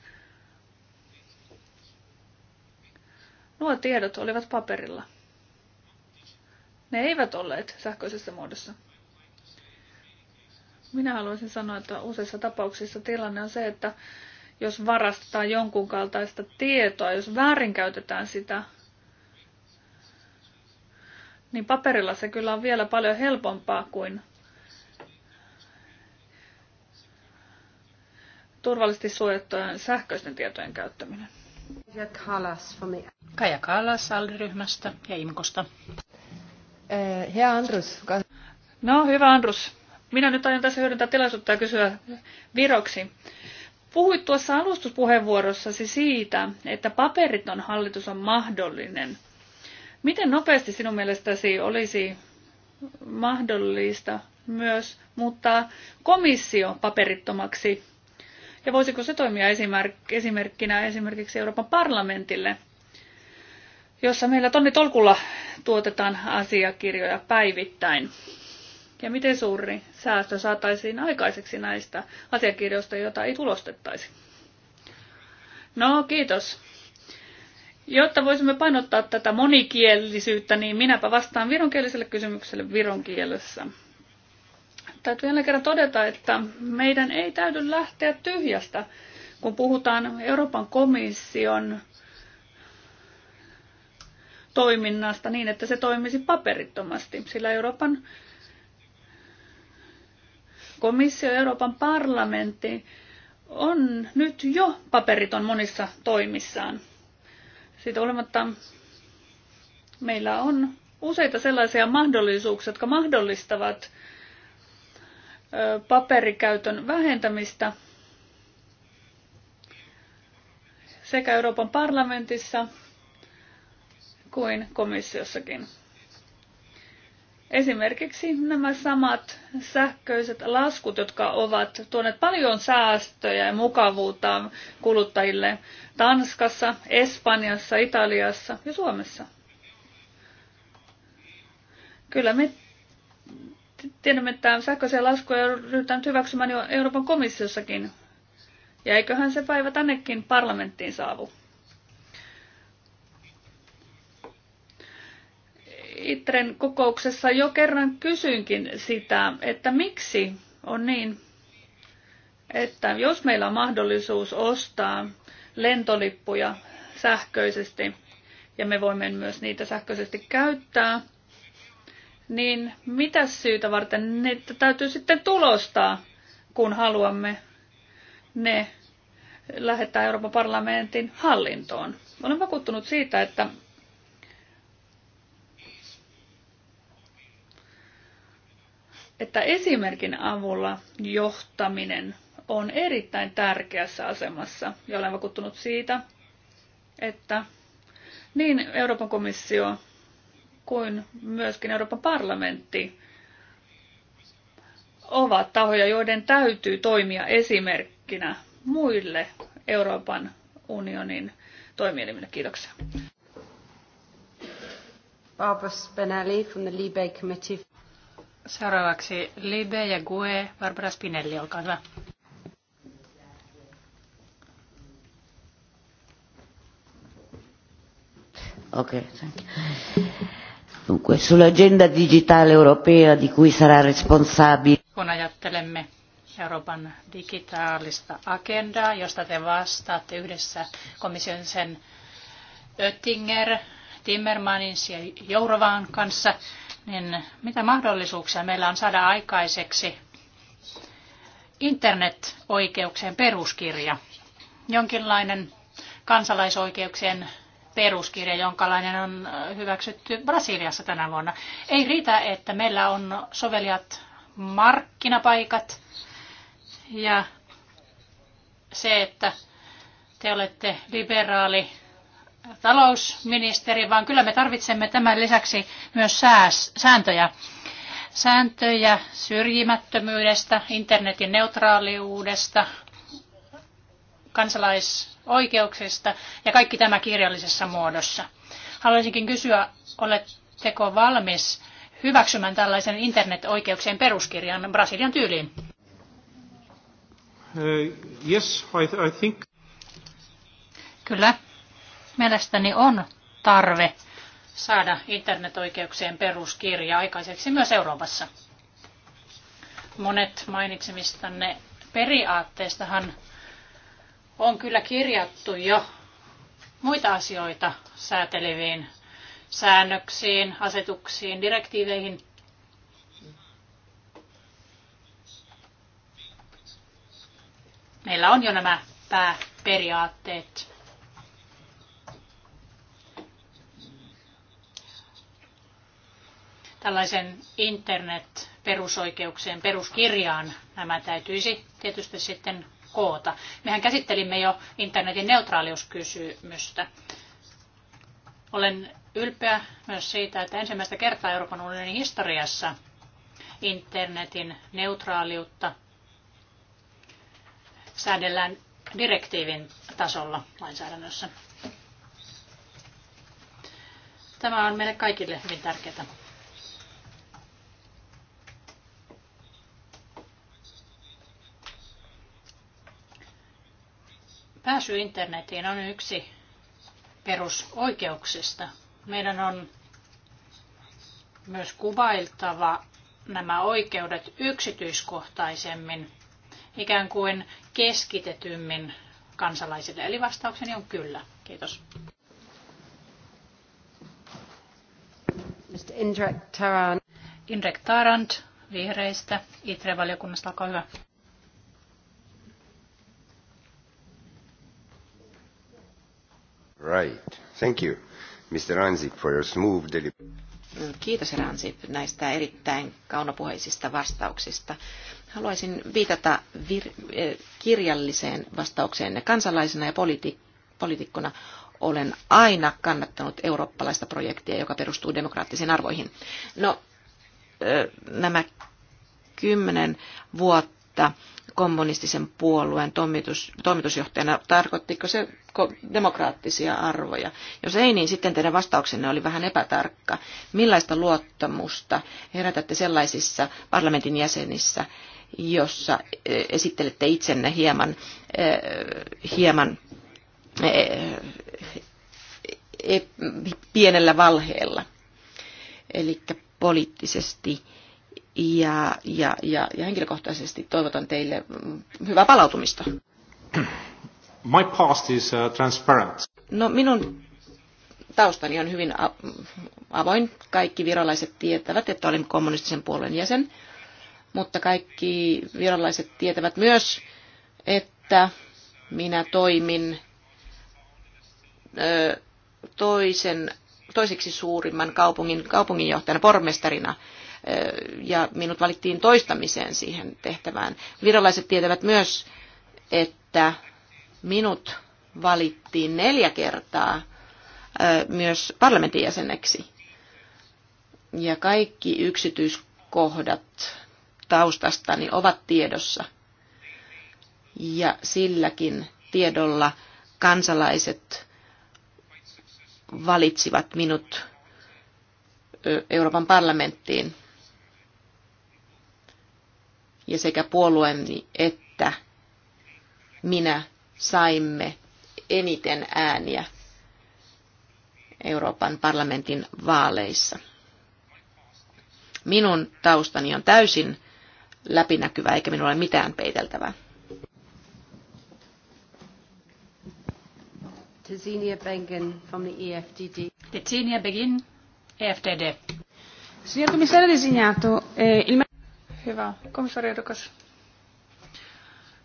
Nuo tiedot olivat paperilla. Ne eivät olleet sähköisessä muodossa. Minä haluaisin sanoa, että useissa tapauksissa tilanne on se, että jos varastetaan jonkun kaltaista tietoa, jos väärinkäytetään sitä, niin paperilla se kyllä on vielä paljon helpompaa kuin turvallisesti suojattujen sähköisten tietojen käyttäminen. Kaja Kallas, Kaja ryhmästä ja Imkosta. Eh, hea Andrus. No, hyvä Andrus. Minä nyt aion tässä hyödyntää tilaisuutta ja kysyä viroksi. Puhuit tuossa alustuspuheenvuorossasi siitä, että paperiton hallitus on mahdollinen. Miten nopeasti sinun mielestäsi olisi mahdollista myös muuttaa komissio paperittomaksi? Ja voisiko se toimia esimerkkinä esimerkiksi Euroopan parlamentille, jossa meillä tonni tolkulla tuotetaan asiakirjoja päivittäin? ja miten suuri säästö saataisiin aikaiseksi näistä asiakirjoista, joita ei tulostettaisi. No, kiitos. Jotta voisimme painottaa tätä monikielisyyttä, niin minäpä vastaan vironkieliselle kysymykselle vironkielessä. Täytyy jälleen kerran todeta, että meidän ei täydy lähteä tyhjästä, kun puhutaan Euroopan komission toiminnasta niin, että se toimisi paperittomasti, sillä Euroopan komissio ja Euroopan parlamentti on nyt jo paperiton monissa toimissaan. Siitä olematta meillä on useita sellaisia mahdollisuuksia, jotka mahdollistavat paperikäytön vähentämistä sekä Euroopan parlamentissa kuin komissiossakin. Esimerkiksi nämä samat sähköiset laskut, jotka ovat tuoneet paljon säästöjä ja mukavuutta kuluttajille Tanskassa, Espanjassa, Italiassa ja Suomessa. Kyllä me tiedämme, että sähköisiä laskuja ryhdytään hyväksymään jo Euroopan komissiossakin. Ja eiköhän se päivä tännekin parlamenttiin saavu. Itren kokouksessa jo kerran kysyinkin sitä, että miksi on niin, että jos meillä on mahdollisuus ostaa lentolippuja sähköisesti ja me voimme myös niitä sähköisesti käyttää, niin mitä syytä varten niitä täytyy sitten tulostaa, kun haluamme ne lähettää Euroopan parlamentin hallintoon. Olen vakuuttunut siitä, että että esimerkin avulla johtaminen on erittäin tärkeässä asemassa ja olen vakuuttunut siitä, että niin Euroopan komissio kuin myöskin Euroopan parlamentti ovat tahoja, joiden täytyy toimia esimerkkinä muille Euroopan unionin toimielimille. Kiitoksia. Barbara Spinelli from the Libe Committee. Seuraavaksi Libe ja Gue, Barbara Spinelli, olkaa hyvä. Okay, Dunque, sull'agenda digitale europea di cui sarà responsabile. Kun ajattelemme Euroopan digitaalista agendaa, josta te vastaatte yhdessä komission sen Oettinger, Timmermanin ja Jourovaan kanssa, niin mitä mahdollisuuksia meillä on saada aikaiseksi internet-oikeuksien peruskirja, jonkinlainen kansalaisoikeuksien peruskirja, jonkalainen on äh, hyväksytty Brasiliassa tänä vuonna. Ei riitä, että meillä on sovelijat markkinapaikat ja se, että te olette liberaali talousministeri, vaan kyllä me tarvitsemme tämän lisäksi myös sääntöjä. Sääntöjä syrjimättömyydestä, internetin neutraaliudesta, kansalaisoikeuksista ja kaikki tämä kirjallisessa muodossa. Haluaisinkin kysyä, oletteko valmis hyväksymään tällaisen internetoikeuksien peruskirjan Brasilian tyyliin? Uh, yes, I, I think... Kyllä, Mielestäni on tarve saada internetoikeuksien peruskirja aikaiseksi myös Euroopassa. Monet mainitsemistanne periaatteistahan on kyllä kirjattu jo muita asioita sääteleviin säännöksiin, asetuksiin, direktiiveihin. Meillä on jo nämä pääperiaatteet tällaisen internet-perusoikeuksien peruskirjaan nämä täytyisi tietysti sitten koota. Mehän käsittelimme jo internetin neutraaliuskysymystä. Olen ylpeä myös siitä, että ensimmäistä kertaa Euroopan unionin historiassa internetin neutraaliutta säädellään direktiivin tasolla lainsäädännössä. Tämä on meille kaikille hyvin tärkeää. Pääsy internetiin on yksi perusoikeuksista. Meidän on myös kuvailtava nämä oikeudet yksityiskohtaisemmin, ikään kuin keskitetymmin kansalaisille. Eli vastaukseni on kyllä. Kiitos. Mr. Indrek Tarant. Indrek Tarant vihreistä. ITRE-valiokunnasta, olkaa hyvä. Right. Thank you, Mr. for your smooth delivery. Kiitos, Ransip, näistä erittäin kaunopuheisista vastauksista. Haluaisin viitata vir- eh, kirjalliseen vastaukseenne kansalaisena ja politi- poliitikkona olen aina kannattanut eurooppalaista projektia, joka perustuu demokraattisiin arvoihin. No, eh, nämä kymmenen vuotta että kommunistisen puolueen toimitus, toimitusjohtajana. Tarkoittiko se demokraattisia arvoja? Jos ei, niin sitten teidän vastauksenne oli vähän epätarkka. Millaista luottamusta herätätte sellaisissa parlamentin jäsenissä, jossa e, esittelette itsenne hieman, e, hieman e, pienellä valheella? Eli poliittisesti ja, ja, ja, ja henkilökohtaisesti toivotan teille hyvää palautumista. My past is uh, transparent. No minun taustani on hyvin avoin. Kaikki virolaiset tietävät, että olin kommunistisen puolueen jäsen, mutta kaikki virolaiset tietävät myös, että minä toimin toisen, toiseksi suurimman kaupungin kaupunginjohtajana, pormestarina – ja minut valittiin toistamiseen siihen tehtävään. Virolaiset tietävät myös, että minut valittiin neljä kertaa myös parlamentin jäseneksi. Ja kaikki yksityiskohdat taustastani ovat tiedossa. Ja silläkin tiedolla kansalaiset valitsivat minut Euroopan parlamenttiin ja sekä puolueeni että minä saimme eniten ääniä Euroopan parlamentin vaaleissa. Minun taustani on täysin läpinäkyvä eikä minulla ole mitään peiteltävää. Tizinia Begin from the EFDD. Tizinia Begin, EFDD. Signor Commissario designato, eh, il... Hyvä edukas.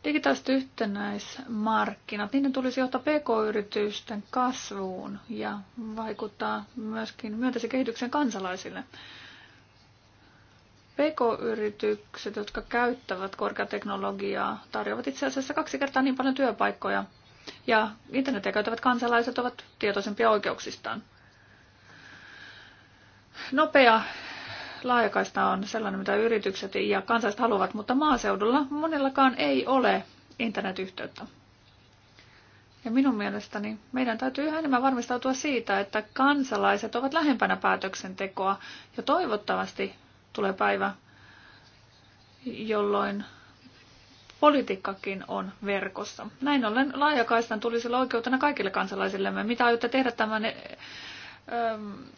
Digitaaliset yhtenäismarkkinat, niiden tulisi johtaa pk-yritysten kasvuun ja vaikuttaa myöskin myönteisen kehityksen kansalaisille. PK-yritykset, jotka käyttävät korkeateknologiaa, tarjoavat itse asiassa kaksi kertaa niin paljon työpaikkoja. Ja internetiä käyttävät kansalaiset ovat tietoisempia oikeuksistaan. Nopea laajakaista on sellainen, mitä yritykset ja kansalaiset haluavat, mutta maaseudulla monellakaan ei ole internetyhteyttä. Ja minun mielestäni meidän täytyy yhä enemmän varmistautua siitä, että kansalaiset ovat lähempänä päätöksentekoa ja toivottavasti tulee päivä, jolloin politiikkakin on verkossa. Näin ollen laajakaistan tulisi olla oikeutena kaikille kansalaisillemme. Mitä aiotte tehdä tämän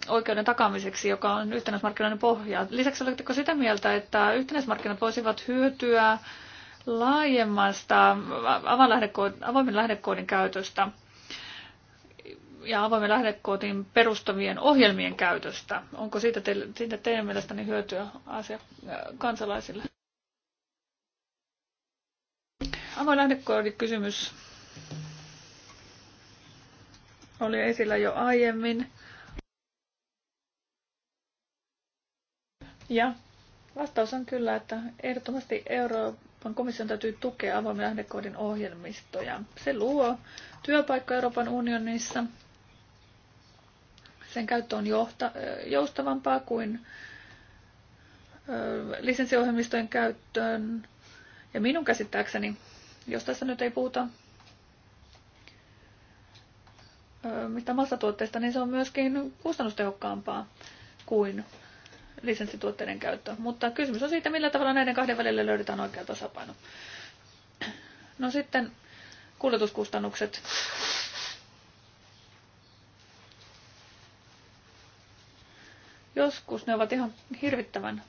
oikeuden takaamiseksi, joka on yhtenäismarkkinoiden pohja. Lisäksi oletteko sitä mieltä, että yhtenäismarkkinat voisivat hyötyä laajemmasta avoimen lähdekoodin käytöstä ja avoimen lähdekoodin perustavien ohjelmien käytöstä? Onko siitä, teille, siitä teidän mielestäni hyötyä asia kansalaisille? Avoin lähdekoodin kysymys oli esillä jo aiemmin. Ja vastaus on kyllä, että ehdottomasti Euroopan komission täytyy tukea avoimen lähdekoodin ohjelmistoja. Se luo työpaikka Euroopan unionissa. Sen käyttö on johta, joustavampaa kuin lisenssiohjelmistojen käyttöön. Ja minun käsittääkseni, jos tässä nyt ei puhuta mistä massatuotteista, niin se on myöskin kustannustehokkaampaa kuin lisenssituotteiden käyttö. Mutta kysymys on siitä, millä tavalla näiden kahden välillä löydetään oikea tasapaino. No sitten kuljetuskustannukset. Joskus ne ovat ihan hirvittävän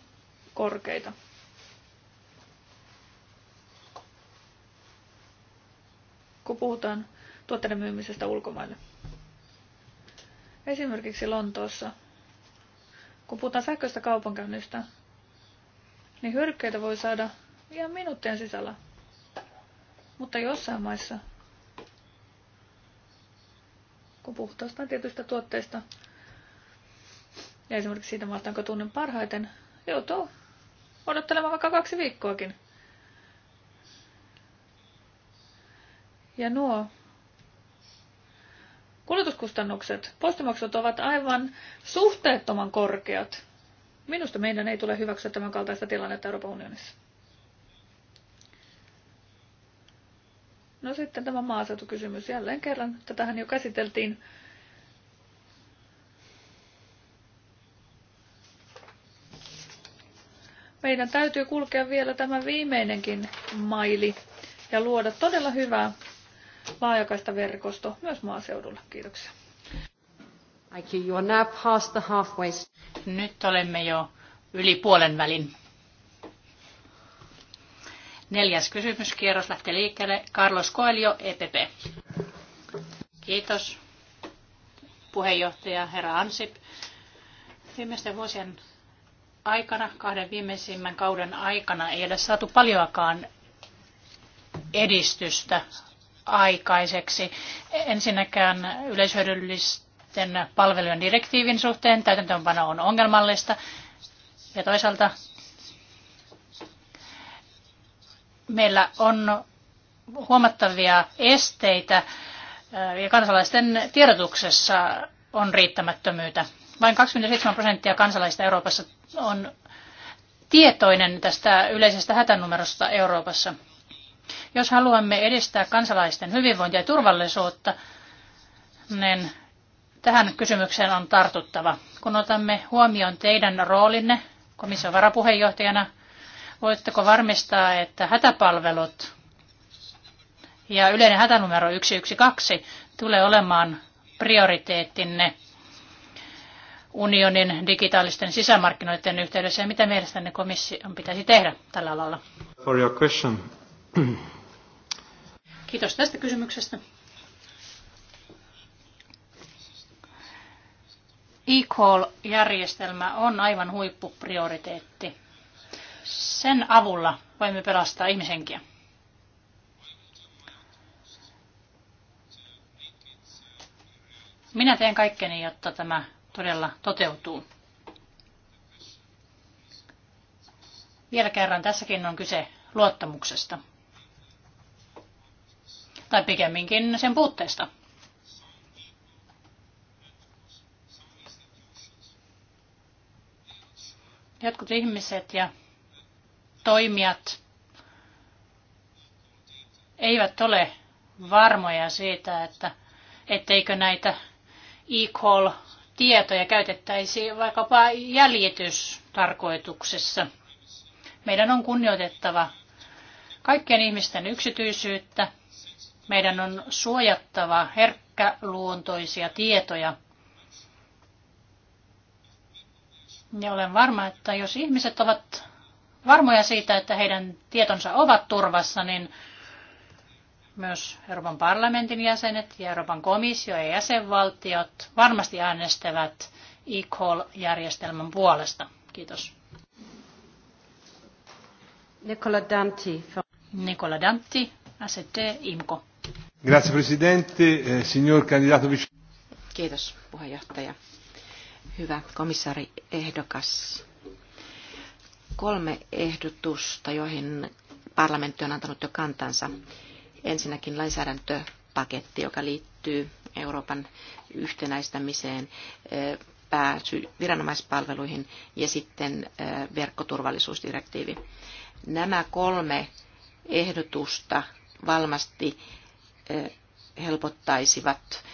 korkeita. Kun puhutaan tuotteiden myymisestä ulkomaille. Esimerkiksi Lontoossa kun puhutaan sähköistä kaupankäynnistä, niin hyödykkeitä voi saada ihan minuuttien sisällä. Mutta jossain maissa, kun puhutaan tietystä tuotteista, ja esimerkiksi siitä maasta, jonka tunnen parhaiten, joutuu odottelemaan vaikka kaksi viikkoakin. Ja nuo Kuljetuskustannukset, postimaksut ovat aivan suhteettoman korkeat. Minusta meidän ei tule hyväksyä tämän kaltaista tilannetta Euroopan unionissa. No sitten tämä maaseutukysymys jälleen kerran. Tätähän jo käsiteltiin. Meidän täytyy kulkea vielä tämä viimeinenkin maili ja luoda todella hyvää laajakaista verkosto myös maaseudulla. Kiitoksia. You are now past the halfway. Nyt olemme jo yli puolen välin. Neljäs kysymyskierros lähtee liikkeelle. Carlos Coelho, EPP. Kiitos puheenjohtaja herra Ansip. Viimeisten vuosien aikana, kahden viimeisimmän kauden aikana, ei ole saatu paljoakaan edistystä aikaiseksi. Ensinnäkään yleishyödyllisten palvelujen direktiivin suhteen täytäntöönpano on ongelmallista ja toisaalta meillä on huomattavia esteitä ja kansalaisten tiedotuksessa on riittämättömyyttä. Vain 27 prosenttia kansalaista Euroopassa on tietoinen tästä yleisestä hätänumerosta Euroopassa – jos haluamme edistää kansalaisten hyvinvointia ja turvallisuutta, niin tähän kysymykseen on tartuttava. Kun otamme huomioon teidän roolinne komission varapuheenjohtajana, voitteko varmistaa, että hätäpalvelut ja yleinen hätänumero 112 tulee olemaan prioriteettinne unionin digitaalisten sisämarkkinoiden yhteydessä ja mitä mielestänne komission pitäisi tehdä tällä alalla? For your question. Kiitos tästä kysymyksestä. E-call-järjestelmä on aivan huippuprioriteetti. Sen avulla voimme pelastaa ihmishenkiä. Minä teen kaikkeni, jotta tämä todella toteutuu. Vielä kerran tässäkin on kyse luottamuksesta tai pikemminkin sen puutteesta. Jotkut ihmiset ja toimijat eivät ole varmoja siitä, että etteikö näitä e-call-tietoja käytettäisi vaikkapa jäljitystarkoituksessa. Meidän on kunnioitettava kaikkien ihmisten yksityisyyttä meidän on suojattava herkkäluontoisia tietoja. Ja olen varma, että jos ihmiset ovat varmoja siitä, että heidän tietonsa ovat turvassa, niin myös Euroopan parlamentin jäsenet ja Euroopan komissio ja jäsenvaltiot varmasti äänestävät e järjestelmän puolesta. Kiitos. Nicola Danti. Nicola Danti, ACT IMCO. Grazie Presidente, eh, signor candidato Kiitos puheenjohtaja. Hyvä komissaari ehdokas. Kolme ehdotusta, joihin parlamentti on antanut jo kantansa. Ensinnäkin lainsäädäntöpaketti, joka liittyy Euroopan yhtenäistämiseen, eh, pääsy viranomaispalveluihin ja sitten eh, verkkoturvallisuusdirektiivi. Nämä kolme ehdotusta varmasti helpottaisivat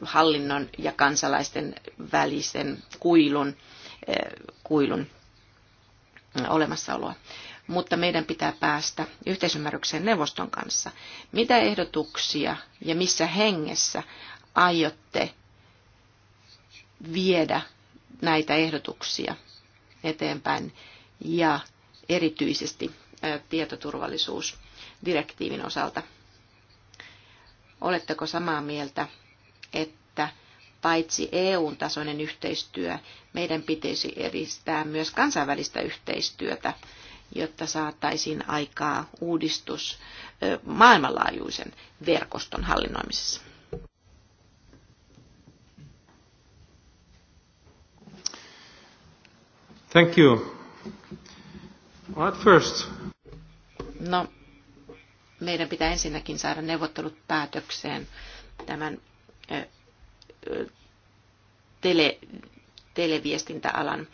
hallinnon ja kansalaisten välisen kuilun, kuilun olemassaoloa. Mutta meidän pitää päästä yhteisymmärrykseen neuvoston kanssa. Mitä ehdotuksia ja missä hengessä aiotte viedä näitä ehdotuksia eteenpäin ja erityisesti tietoturvallisuusdirektiivin osalta – Oletteko samaa mieltä, että paitsi EU-tasoinen yhteistyö, meidän pitäisi edistää myös kansainvälistä yhteistyötä, jotta saataisiin aikaa uudistus maailmanlaajuisen verkoston hallinnoimisessa? Thank you. At first? No, meidän pitää ensinnäkin saada neuvottelut päätökseen tämän tele, televiestintäalan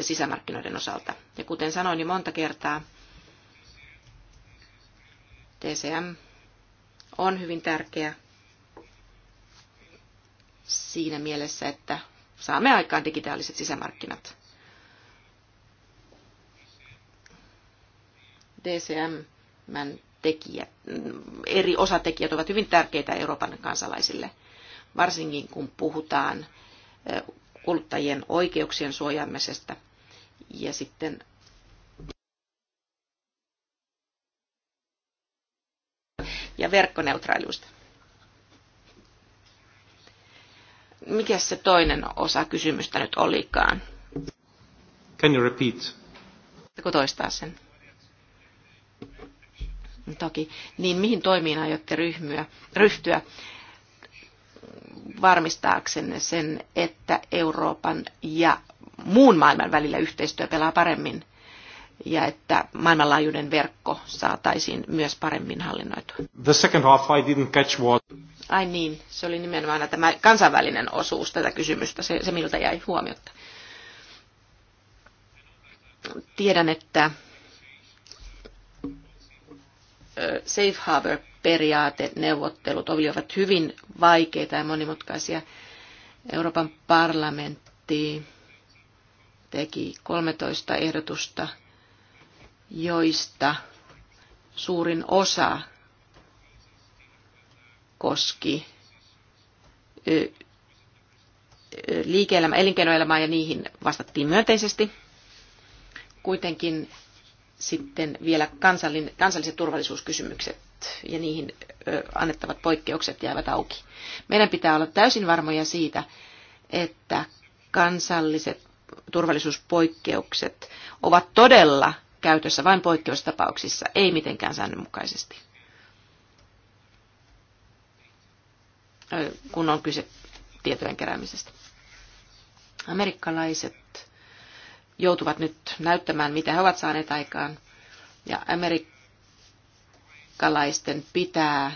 sisämarkkinoiden osalta. Ja kuten sanoin niin monta kertaa, TCM on hyvin tärkeä siinä mielessä, että saamme aikaan digitaaliset sisämarkkinat. DCM tekijät, mm, eri osatekijät ovat hyvin tärkeitä Euroopan kansalaisille, varsinkin kun puhutaan kuluttajien oikeuksien suojaamisesta ja sitten ja verkkoneutraaliusta. Mikä se toinen osa kysymystä nyt olikaan? Can you repeat? Voitteko toistaa sen? toki, niin mihin toimiin aiotte ryhmyä, ryhtyä varmistaaksenne sen, että Euroopan ja muun maailman välillä yhteistyö pelaa paremmin ja että maailmanlaajuinen verkko saataisiin myös paremmin hallinnoitua. The second half I didn't catch what... Ai niin, se oli nimenomaan tämä kansainvälinen osuus tätä kysymystä, se, se miltä jäi huomiota. Tiedän, että safe harbor neuvottelut olivat hyvin vaikeita ja monimutkaisia. Euroopan parlamentti teki 13 ehdotusta, joista suurin osa koski liike-elämä, elinkeinoelämää ja niihin vastattiin myönteisesti. Kuitenkin sitten vielä kansallin, kansalliset turvallisuuskysymykset ja niihin annettavat poikkeukset jäävät auki. Meidän pitää olla täysin varmoja siitä, että kansalliset turvallisuuspoikkeukset ovat todella käytössä vain poikkeustapauksissa, ei mitenkään säännönmukaisesti. kun on kyse tietojen keräämisestä. Amerikkalaiset joutuvat nyt näyttämään, mitä he ovat saaneet aikaan. Ja amerikkalaisten pitää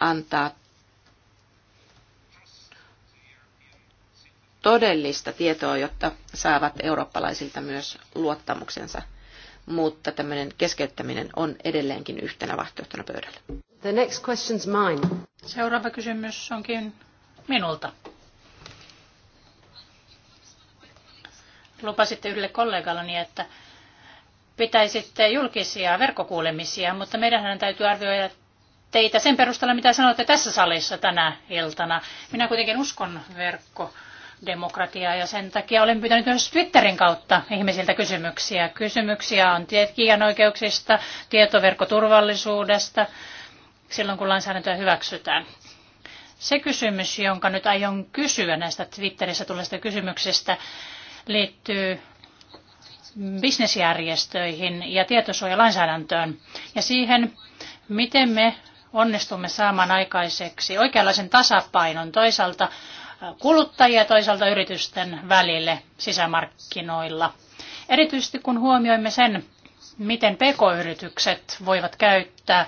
antaa todellista tietoa, jotta saavat eurooppalaisilta myös luottamuksensa. Mutta tämmöinen keskeyttäminen on edelleenkin yhtenä vaihtoehtona pöydällä. The next question's mine. Seuraava kysymys onkin minulta. lupasitte yhdelle kollegalleni, että pitäisitte julkisia verkkokuulemisia, mutta meidän täytyy arvioida teitä sen perusteella, mitä sanotte tässä salissa tänä iltana. Minä kuitenkin uskon verkko demokratiaa ja sen takia olen pyytänyt myös Twitterin kautta ihmisiltä kysymyksiä. Kysymyksiä on tekijänoikeuksista, tietoverkkoturvallisuudesta, silloin kun lainsäädäntöä hyväksytään. Se kysymys, jonka nyt aion kysyä näistä Twitterissä tulleista kysymyksistä, liittyy bisnesjärjestöihin ja tietosuojalainsäädäntöön ja siihen, miten me onnistumme saamaan aikaiseksi oikeanlaisen tasapainon toisaalta kuluttajia toisaalta yritysten välille sisämarkkinoilla. Erityisesti kun huomioimme sen, miten pk-yritykset voivat käyttää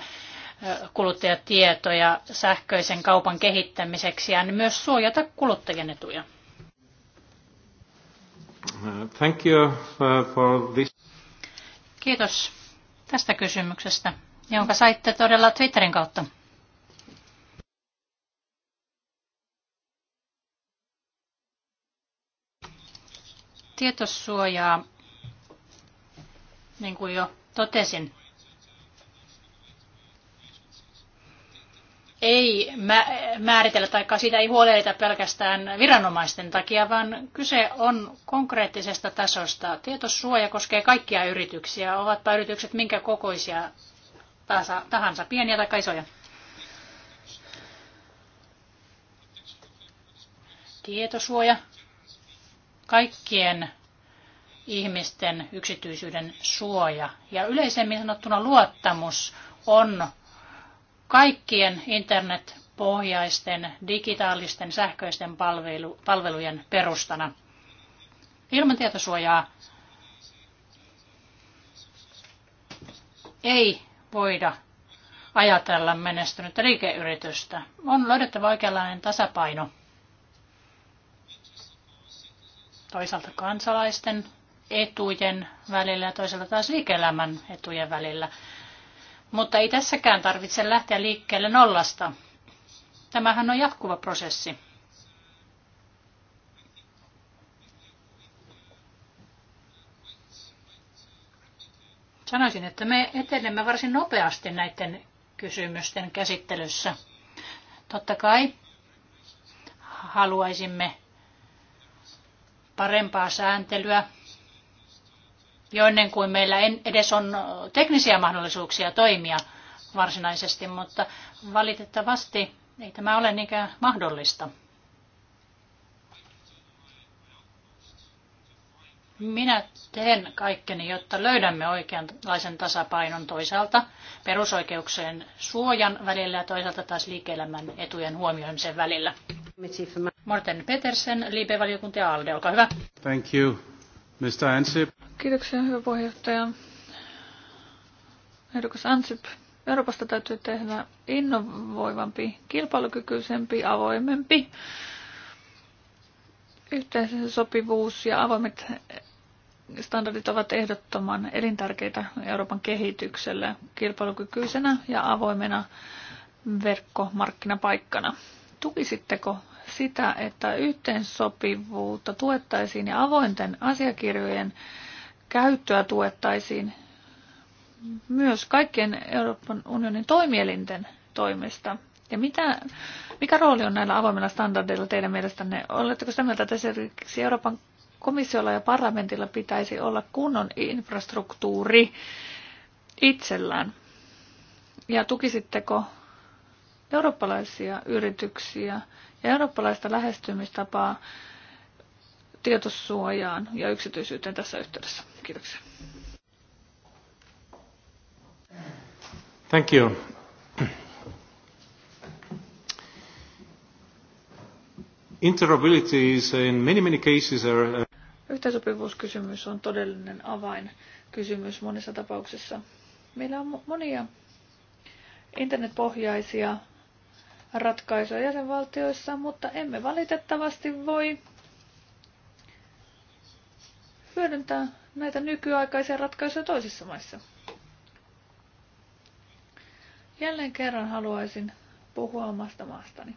kuluttajatietoja sähköisen kaupan kehittämiseksi ja myös suojata kuluttajien etuja. Thank you uh, for this. Kiitos tästä kysymyksestä, jonka saitte todella Twitterin kautta. Tietosuojaa, niin kuin jo totesin, ei määritellä tai siitä ei huolehdita pelkästään viranomaisten takia, vaan kyse on konkreettisesta tasosta. Tietosuoja koskee kaikkia yrityksiä, ovatpa yritykset minkä kokoisia tahansa, pieniä tai isoja. Tietosuoja kaikkien ihmisten yksityisyyden suoja ja yleisemmin sanottuna luottamus on kaikkien internetpohjaisten digitaalisten sähköisten palvelu, palvelujen perustana. Ilman tietosuojaa ei voida ajatella menestynyttä liikeyritystä. On löydettävä oikeanlainen tasapaino toisaalta kansalaisten etujen välillä ja toisaalta taas liike-elämän etujen välillä. Mutta ei tässäkään tarvitse lähteä liikkeelle nollasta. Tämähän on jatkuva prosessi. Sanoisin, että me etenemme varsin nopeasti näiden kysymysten käsittelyssä. Totta kai haluaisimme parempaa sääntelyä, jo ennen kuin meillä en edes on teknisiä mahdollisuuksia toimia varsinaisesti, mutta valitettavasti ei tämä ole niinkään mahdollista. Minä teen kaikkeni, jotta löydämme oikeanlaisen tasapainon toisaalta perusoikeuksien suojan välillä ja toisaalta taas liike-elämän etujen huomioimisen välillä. Morten Petersen, Liipevaliokunta ja ALDE, olkaa hyvä. Thank you, Mr. Ansip. Kiitoksia, hyvä puheenjohtaja. Ehdokas Ansip, Euroopasta täytyy tehdä innovoivampi, kilpailukykyisempi, avoimempi. Yhteisö sopivuus ja avoimet standardit ovat ehdottoman elintärkeitä Euroopan kehitykselle kilpailukykyisenä ja avoimena verkkomarkkinapaikkana. Tukisitteko sitä, että yhteensopivuutta tuettaisiin ja avointen asiakirjojen käyttöä tuettaisiin myös kaikkien Euroopan unionin toimielinten toimesta. Ja mitä, mikä rooli on näillä avoimilla standardeilla teidän mielestänne? Oletteko sitä mieltä, että esimerkiksi Euroopan komissiolla ja parlamentilla pitäisi olla kunnon infrastruktuuri itsellään? Ja tukisitteko eurooppalaisia yrityksiä ja eurooppalaista lähestymistapaa tietosuojaan ja yksityisyyteen tässä yhteydessä? Kiitoksia. Thank you. Interoperability is uh, in many, many cases are... Yhteensopivuuskysymys on todellinen avainkysymys monissa tapauksissa. Meillä on monia internetpohjaisia ratkaisuja jäsenvaltioissa, mutta emme valitettavasti voi hyödyntää näitä nykyaikaisia ratkaisuja toisissa maissa. Jälleen kerran haluaisin puhua omasta maastani.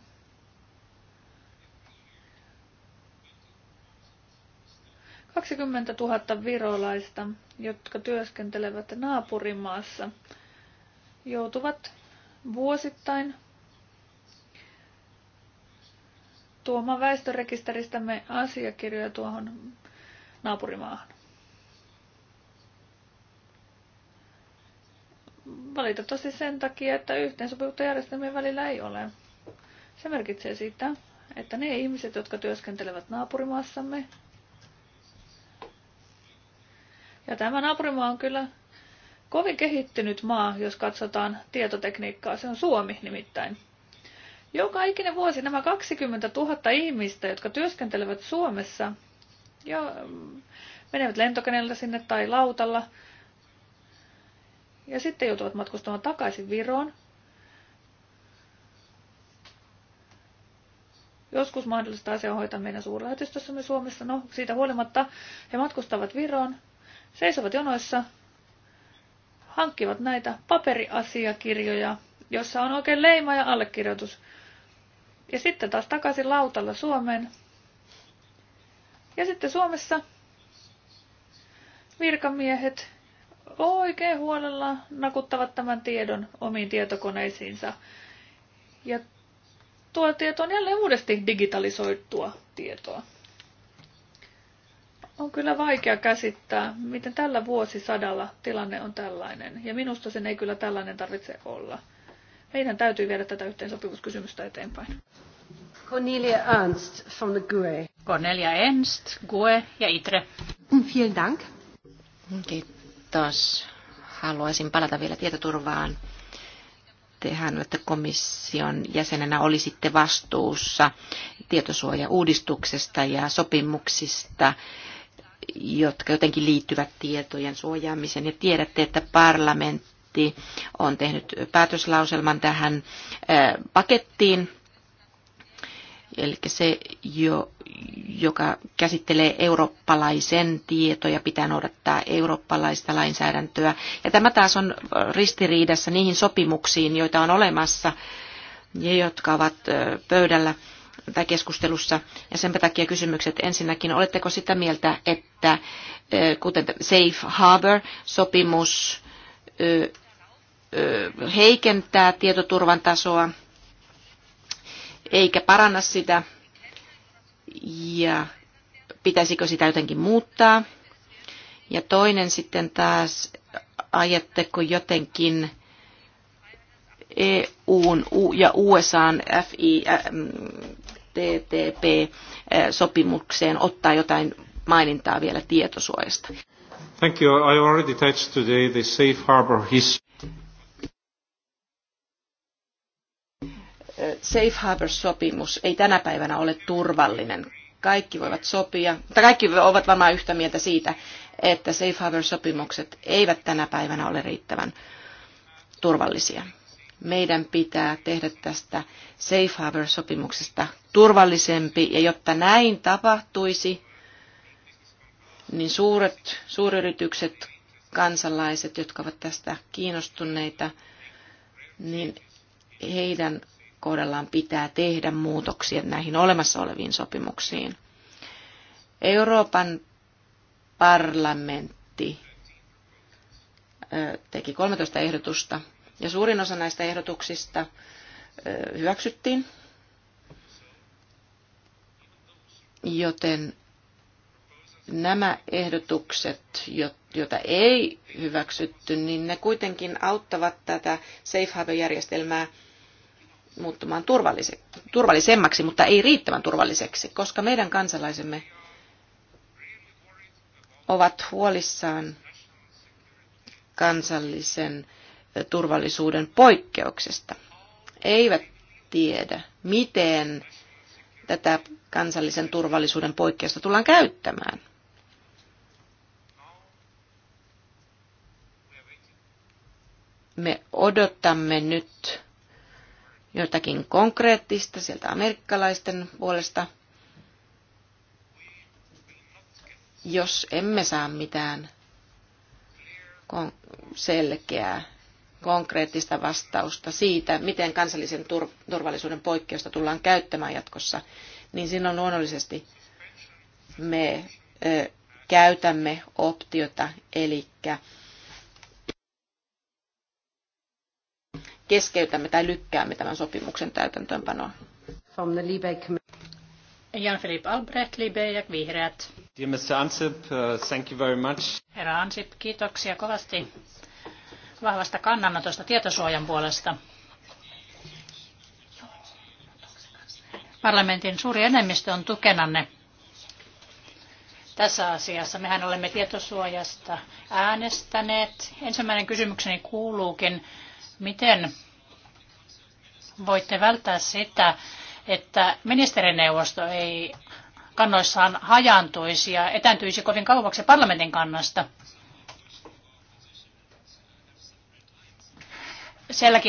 Kaksikymmentä tuhatta virolaista, jotka työskentelevät naapurimaassa, joutuvat vuosittain tuomaan väestörekisteristämme asiakirjoja tuohon naapurimaahan. Valitettavasti sen takia, että yhteensopivuutta järjestelmien välillä ei ole. Se merkitsee sitä, että ne ihmiset, jotka työskentelevät naapurimaassamme, ja tämä naapurimaa on kyllä kovin kehittynyt maa, jos katsotaan tietotekniikkaa, se on Suomi nimittäin. Joka ikinen vuosi nämä 20 000 ihmistä, jotka työskentelevät Suomessa, ja menevät lentokoneella sinne tai lautalla. Ja sitten joutuvat matkustamaan takaisin Viroon. Joskus mahdollista asiaa hoitaa meidän suurlähetystössämme Suomessa. No, siitä huolimatta he matkustavat Viroon, seisovat jonoissa, hankkivat näitä paperiasiakirjoja, jossa on oikein leima ja allekirjoitus. Ja sitten taas takaisin lautalla Suomeen ja sitten Suomessa virkamiehet oikein huolella nakuttavat tämän tiedon omiin tietokoneisiinsa. Ja tuo tieto on jälleen uudesti digitalisoitua tietoa. On kyllä vaikea käsittää, miten tällä vuosisadalla tilanne on tällainen. Ja minusta sen ei kyllä tällainen tarvitse olla. Meidän täytyy viedä tätä yhteensopivuuskysymystä eteenpäin. Cornelia Ernst from the GUE. Cornelia Ernst, GUE ja ITRE. Mm, vielen Dank. Kiitos. Haluaisin palata vielä tietoturvaan. Tehän että komission jäsenenä olisitte vastuussa tietosuojauudistuksesta ja sopimuksista jotka jotenkin liittyvät tietojen suojaamiseen. Ja tiedätte, että parlamentti on tehnyt päätöslauselman tähän äh, pakettiin Eli se, jo, joka käsittelee eurooppalaisen tietoja, pitää noudattaa eurooppalaista lainsäädäntöä. Ja tämä taas on ristiriidassa niihin sopimuksiin, joita on olemassa ja jotka ovat pöydällä tai keskustelussa. Ja sen takia kysymykset ensinnäkin, oletteko sitä mieltä, että kuten Safe Harbor-sopimus heikentää tietoturvan tasoa – eikä paranna sitä. Ja pitäisikö sitä jotenkin muuttaa? Ja toinen sitten taas, ajatteko jotenkin EUn ja USAn FITTP-sopimukseen äh, mm, äh, ottaa jotain mainintaa vielä tietosuojasta? Thank you. I already touched today the safe harbor history. Safe Harbor-sopimus ei tänä päivänä ole turvallinen. Kaikki voivat sopia, mutta kaikki ovat varmaan yhtä mieltä siitä, että Safe Harbor-sopimukset eivät tänä päivänä ole riittävän turvallisia. Meidän pitää tehdä tästä Safe Harbor-sopimuksesta turvallisempi, ja jotta näin tapahtuisi, niin suuret, suuryritykset, kansalaiset, jotka ovat tästä kiinnostuneita, niin heidän kohdallaan pitää tehdä muutoksia näihin olemassa oleviin sopimuksiin. Euroopan parlamentti teki 13 ehdotusta ja suurin osa näistä ehdotuksista hyväksyttiin, joten nämä ehdotukset, joita ei hyväksytty, niin ne kuitenkin auttavat tätä safe harbor-järjestelmää – muuttumaan turvallise- turvallisemmaksi, mutta ei riittävän turvalliseksi, koska meidän kansalaisemme ovat huolissaan kansallisen turvallisuuden poikkeuksesta. Eivät tiedä, miten tätä kansallisen turvallisuuden poikkeusta tullaan käyttämään. Me odotamme nyt jotakin konkreettista sieltä amerikkalaisten puolesta. Jos emme saa mitään selkeää, konkreettista vastausta siitä, miten kansallisen turvallisuuden poikkeusta tullaan käyttämään jatkossa, niin silloin luonnollisesti me käytämme optiota, eli keskeytämme tai lykkäämme tämän sopimuksen täytäntöönpanoa. From the Libe Jan-Philipp Albrecht, Libe ja Vihreät. Dear Ansip, uh, thank you very much. Herra Ansip, kiitoksia kovasti vahvasta kannanotosta tietosuojan puolesta. Parlamentin suuri enemmistö on tukenanne tässä asiassa. Mehän olemme tietosuojasta äänestäneet. Ensimmäinen kysymykseni kuuluukin, Miten voitte välttää sitä, että ministerineuvosto ei kannoissaan hajantuisi ja etääntyisi kovin kauaksi parlamentin kannasta?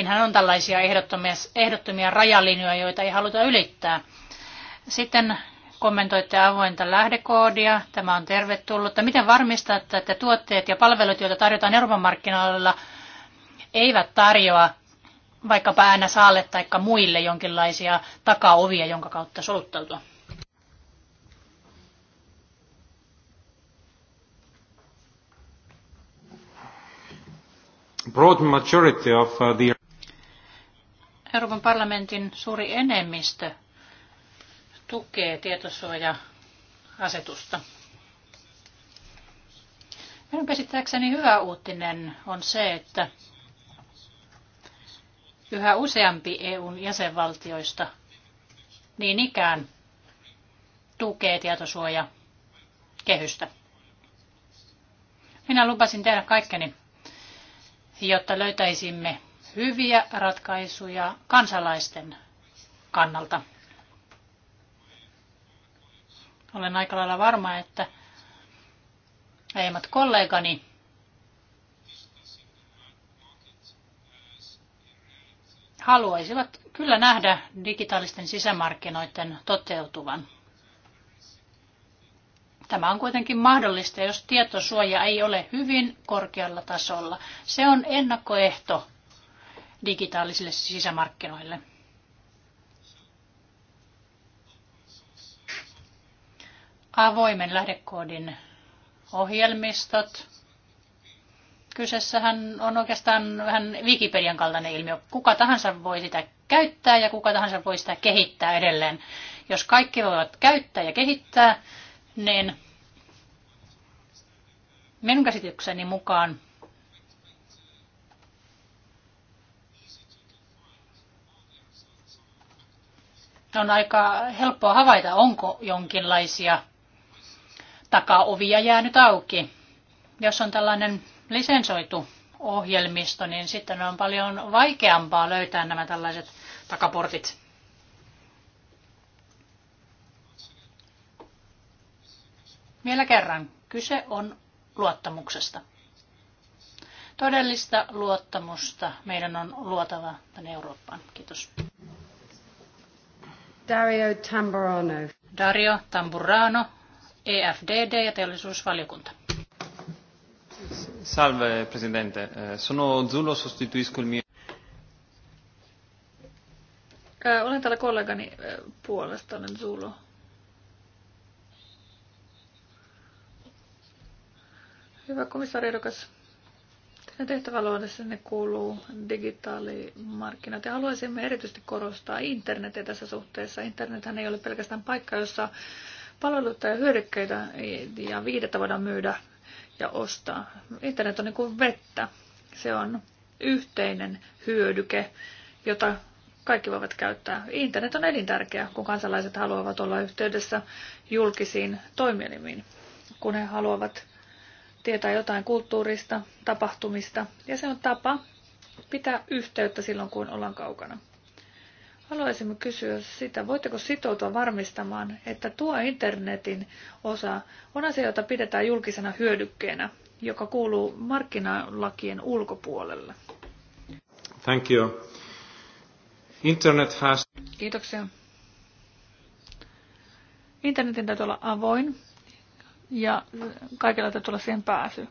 hän on tällaisia ehdottomia, ehdottomia rajalinjoja, joita ei haluta ylittää. Sitten kommentoitte avointa lähdekoodia. Tämä on tervetullut. Miten varmistatte, että tuotteet ja palvelut, joita tarjotaan Euroopan markkinoilla, eivät tarjoa vaikkapa NSAlle tai muille jonkinlaisia takaovia, jonka kautta soluttautua. Broad majority of uh, the... Euroopan parlamentin suuri enemmistö tukee tietosuoja-asetusta. Minun käsittääkseni hyvä uutinen on se, että Yhä useampi EUn jäsenvaltioista niin ikään tukee tietosuoja kehystä. Minä lupasin tehdä kaikkeni, jotta löytäisimme hyviä ratkaisuja kansalaisten kannalta. Olen aika lailla varma, että aiemmat kollegani haluaisivat kyllä nähdä digitaalisten sisämarkkinoiden toteutuvan. Tämä on kuitenkin mahdollista, jos tietosuoja ei ole hyvin korkealla tasolla. Se on ennakkoehto digitaalisille sisämarkkinoille. Avoimen lähdekoodin ohjelmistot Kyseessähän on oikeastaan vähän Wikipedian kaltainen ilmiö. Kuka tahansa voi sitä käyttää ja kuka tahansa voi sitä kehittää edelleen. Jos kaikki voivat käyttää ja kehittää, niin minun käsitykseni mukaan on aika helppoa havaita, onko jonkinlaisia takaovia jäänyt auki. Jos on tällainen lisensoitu ohjelmisto, niin sitten on paljon vaikeampaa löytää nämä tällaiset takaportit. Vielä kerran, kyse on luottamuksesta. Todellista luottamusta meidän on luotava tänne Eurooppaan. Kiitos. Dario Tamburano. Dario Tamburano, EFDD ja teollisuusvaliokunta. Salve Presidente, eh, sono Zullo, sostituisco il mio... Olen täällä kollegani puolesta, olen Zulo. Hyvä komissaari ehdokas. Teidän tehtäväluodessanne kuuluu digitaalimarkkinat ja haluaisimme erityisesti korostaa internetiä tässä suhteessa. Internethän ei ole pelkästään paikka, jossa palveluita ja hyödykkeitä ja viidettä voidaan myydä ja ostaa. Internet on niin kuin vettä. Se on yhteinen hyödyke, jota kaikki voivat käyttää. Internet on elintärkeä, kun kansalaiset haluavat olla yhteydessä julkisiin toimielimiin, kun he haluavat tietää jotain kulttuurista, tapahtumista, ja se on tapa pitää yhteyttä silloin, kun ollaan kaukana. Haluaisimme kysyä sitä, voitteko sitoutua varmistamaan, että tuo internetin osa on asia, jota pidetään julkisena hyödykkeenä, joka kuuluu markkinalakien ulkopuolelle? Thank you. Internet has... Kiitoksia. Internetin täytyy olla avoin ja kaikilla täytyy olla siihen pääsy.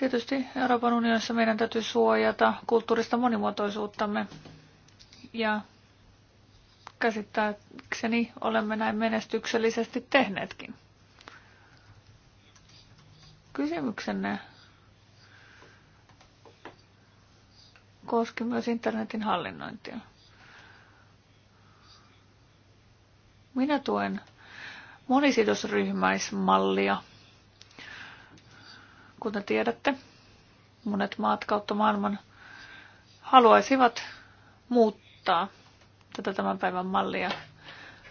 Tietysti Euroopan unionissa meidän täytyy suojata kulttuurista monimuotoisuuttamme ja käsittääkseni olemme näin menestyksellisesti tehneetkin. Kysymyksenne koski myös internetin hallinnointia. Minä tuen monisidosryhmäismallia – Kuten tiedätte, monet maat kautta maailman haluaisivat muuttaa tätä tämän päivän mallia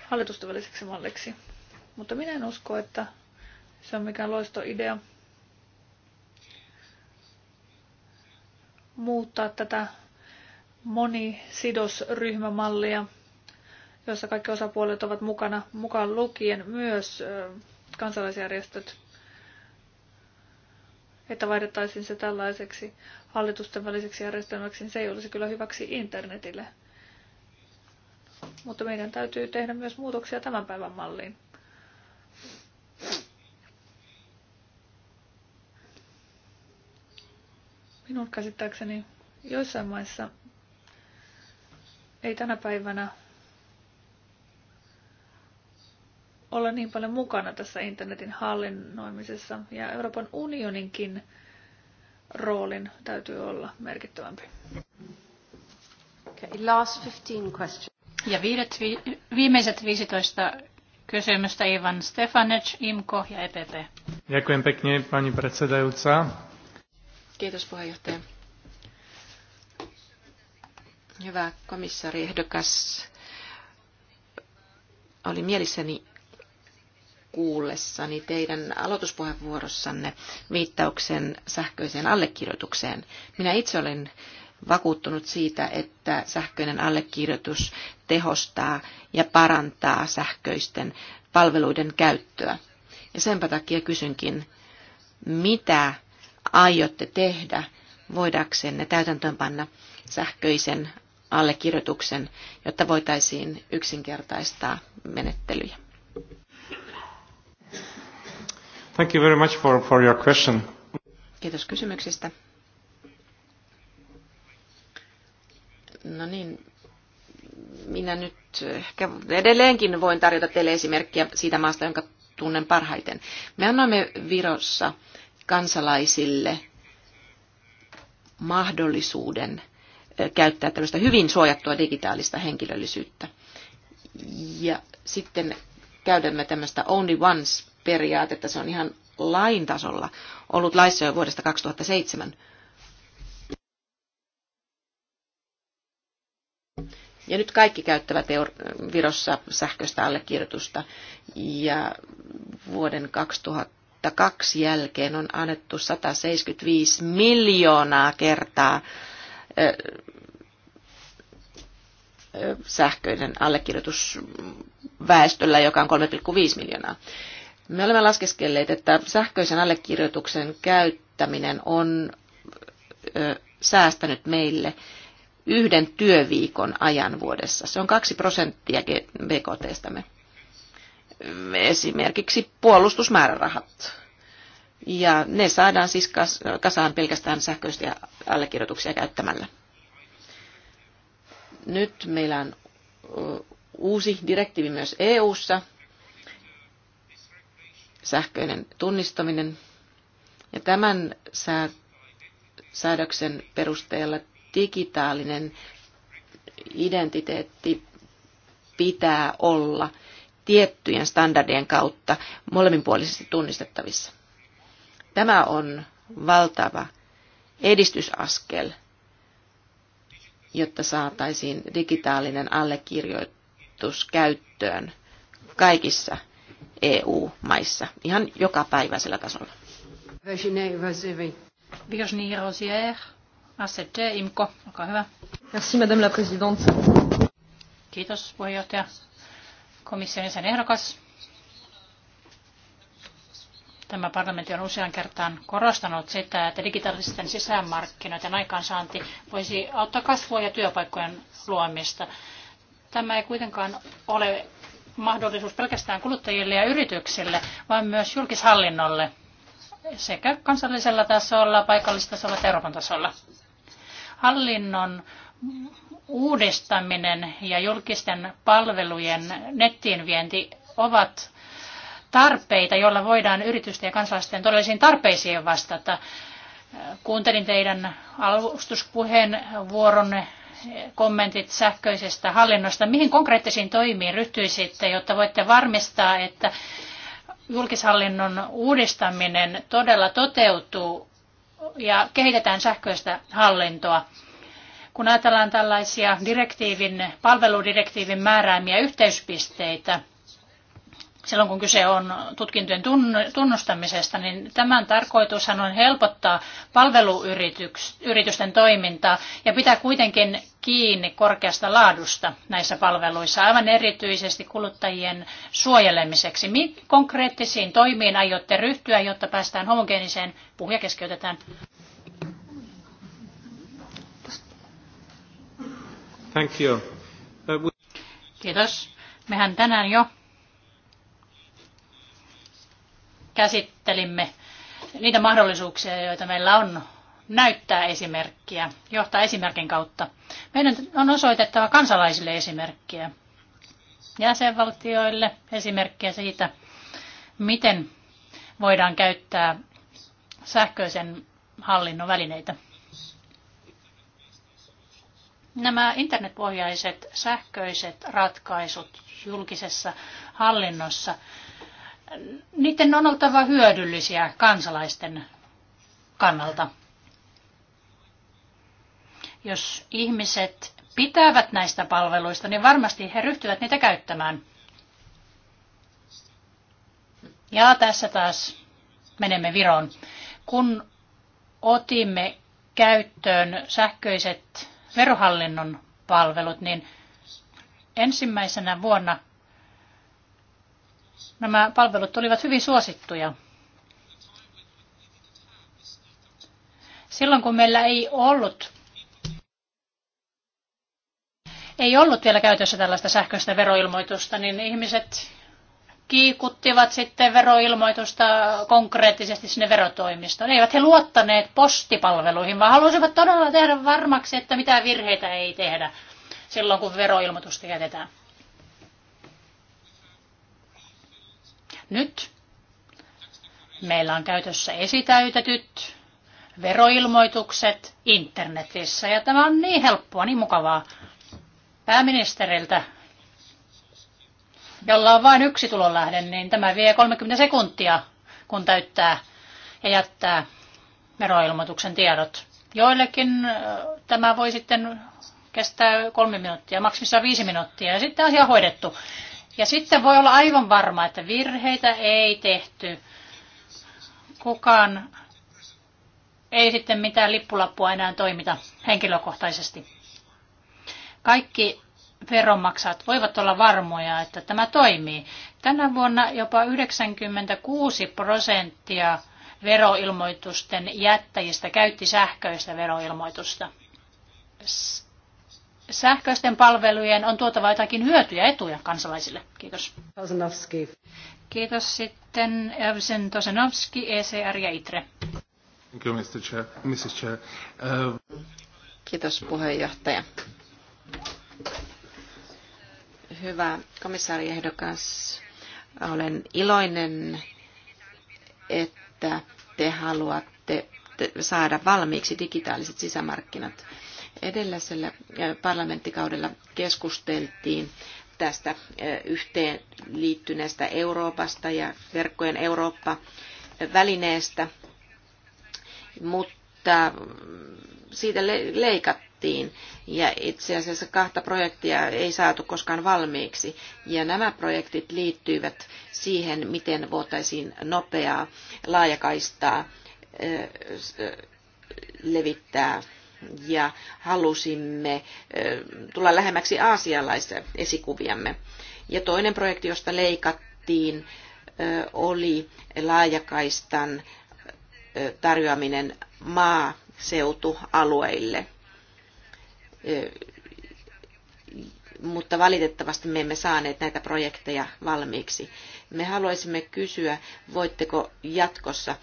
hallitusten malliksi. Mutta minä en usko, että se on mikään idea muuttaa tätä monisidosryhmämallia, jossa kaikki osapuolet ovat mukana, mukaan lukien myös kansalaisjärjestöt että vaihdettaisiin se tällaiseksi hallitusten väliseksi järjestelmäksi, niin se ei olisi kyllä hyväksi internetille. Mutta meidän täytyy tehdä myös muutoksia tämän päivän malliin. Minun käsittääkseni joissain maissa ei tänä päivänä olla niin paljon mukana tässä internetin hallinnoimisessa ja Euroopan unioninkin roolin täytyy olla merkittävämpi. Okay, last 15 questions. Ja viidet, vi, viimeiset 15 kysymystä Ivan Stefanec, IMKO ja EPP. Ďakujem pekne, pani predsedajúca. Kiitos puheenjohtaja. Hyvä komissaari ehdokas. Oli mielissäni kuullessani teidän aloituspuheenvuorossanne viittauksen sähköiseen allekirjoitukseen. Minä itse olen vakuuttunut siitä, että sähköinen allekirjoitus tehostaa ja parantaa sähköisten palveluiden käyttöä. Ja senpä takia kysynkin, mitä aiotte tehdä voidaksenne täytäntöönpanna sähköisen allekirjoituksen, jotta voitaisiin yksinkertaistaa menettelyjä. Thank you very much for, for your question. Kiitos kysymyksistä. No niin, minä nyt ehkä edelleenkin voin tarjota teille esimerkkiä siitä maasta, jonka tunnen parhaiten. Me annoimme Virossa kansalaisille mahdollisuuden käyttää tällaista hyvin suojattua digitaalista henkilöllisyyttä. Ja sitten käydämme tämmöistä only once periaatetta. Se on ihan lain tasolla ollut laissa jo vuodesta 2007. Ja nyt kaikki käyttävät Virossa sähköistä allekirjoitusta. Ja vuoden 2002 jälkeen on annettu 175 miljoonaa kertaa sähköinen allekirjoitus väestöllä, joka on 3,5 miljoonaa. Me olemme laskeskelleet, että sähköisen allekirjoituksen käyttäminen on säästänyt meille yhden työviikon ajan vuodessa. Se on kaksi prosenttia BKTstämme. Esimerkiksi puolustusmäärärahat. Ja ne saadaan siis kasaan pelkästään sähköisiä allekirjoituksia käyttämällä. Nyt meillä on uusi direktiivi myös EU:ssa sähköinen tunnistaminen. Ja tämän säädöksen perusteella digitaalinen identiteetti pitää olla tiettyjen standardien kautta molemminpuolisesti tunnistettavissa. Tämä on valtava edistysaskel, jotta saataisiin digitaalinen allekirjoitus käyttöön kaikissa EU-maissa ihan joka päiväisellä tasolla. Virginie Rosière, ACT, IMCO, olkaa hyvä. Merci, Madame la Présidente. Kiitos, puheenjohtaja. Komission jäsen ehdokas. Tämä parlamentti on usean kertaan korostanut sitä, että digitaalisten sisämarkkinoiden aikaansaanti voisi auttaa kasvua ja työpaikkojen luomista. Tämä ei kuitenkaan ole mahdollisuus pelkästään kuluttajille ja yrityksille, vaan myös julkishallinnolle sekä kansallisella tasolla, paikallistasolla että Euroopan tasolla. Hallinnon uudistaminen ja julkisten palvelujen nettiin vienti ovat tarpeita, joilla voidaan yritysten ja kansalaisten todellisiin tarpeisiin vastata. Kuuntelin teidän alustuspuheen vuoronne kommentit sähköisestä hallinnosta. Mihin konkreettisiin toimiin ryhtyisitte, jotta voitte varmistaa, että julkishallinnon uudistaminen todella toteutuu ja kehitetään sähköistä hallintoa? Kun ajatellaan tällaisia direktiivin, palveludirektiivin määräämiä yhteyspisteitä, silloin kun kyse on tutkintojen tunnustamisesta, niin tämän tarkoitushan on helpottaa palveluyritysten toimintaa ja pitää kuitenkin kiinni korkeasta laadusta näissä palveluissa, aivan erityisesti kuluttajien suojelemiseksi. Mihin konkreettisiin toimiin aiotte ryhtyä, jotta päästään homogeeniseen? Puhuja keskeytetään. Thank you. Uh, Kiitos. Mehän tänään jo käsittelimme niitä mahdollisuuksia, joita meillä on näyttää esimerkkiä, johtaa esimerkin kautta. Meidän on osoitettava kansalaisille esimerkkiä, jäsenvaltioille esimerkkiä siitä, miten voidaan käyttää sähköisen hallinnon välineitä. Nämä internetpohjaiset sähköiset ratkaisut julkisessa hallinnossa, niiden on oltava hyödyllisiä kansalaisten kannalta. Jos ihmiset pitävät näistä palveluista, niin varmasti he ryhtyvät niitä käyttämään. Ja tässä taas menemme viron. Kun otimme käyttöön sähköiset verohallinnon palvelut, niin ensimmäisenä vuonna nämä palvelut olivat hyvin suosittuja. Silloin kun meillä ei ollut ei ollut vielä käytössä tällaista sähköistä veroilmoitusta, niin ihmiset kiikuttivat sitten veroilmoitusta konkreettisesti sinne verotoimistoon. Eivät he luottaneet postipalveluihin, vaan halusivat todella tehdä varmaksi, että mitään virheitä ei tehdä silloin, kun veroilmoitusta jätetään. Nyt meillä on käytössä esitäytetyt veroilmoitukset internetissä ja tämä on niin helppoa, niin mukavaa pääministeriltä, jolla on vain yksi tulonlähde, niin tämä vie 30 sekuntia, kun täyttää ja jättää veroilmoituksen tiedot. Joillekin tämä voi sitten kestää kolme minuuttia, maksimissaan viisi minuuttia ja sitten asia hoidettu. Ja sitten voi olla aivan varma, että virheitä ei tehty. Kukaan ei sitten mitään lippulappua enää toimita henkilökohtaisesti. Kaikki veronmaksajat voivat olla varmoja, että tämä toimii. Tänä vuonna jopa 96 prosenttia veroilmoitusten jättäjistä käytti sähköistä veroilmoitusta. Sähköisten palvelujen on tuotava jotakin hyötyjä etuja kansalaisille. Kiitos. Tosenovski. Kiitos sitten Evsen Tosenovski, ECR ja ITRE. Thank you, Mr. Chair. Mrs. Chair. Uh... Kiitos puheenjohtaja. Hyvä komissaariehdokas, olen iloinen, että te haluatte saada valmiiksi digitaaliset sisämarkkinat. Edellisellä parlamenttikaudella keskusteltiin tästä yhteenliittyneestä Euroopasta ja verkkojen Eurooppa-välineestä, mutta siitä leikattiin aloitettiin ja itse asiassa kahta projektia ei saatu koskaan valmiiksi. Ja nämä projektit liittyivät siihen, miten voitaisiin nopeaa laajakaistaa levittää ja halusimme tulla lähemmäksi aasialaisia esikuviamme. Ja toinen projekti, josta leikattiin, oli laajakaistan tarjoaminen maaseutualueille – mutta valitettavasti me emme saaneet näitä projekteja valmiiksi. Me haluaisimme kysyä, voitteko jatkossa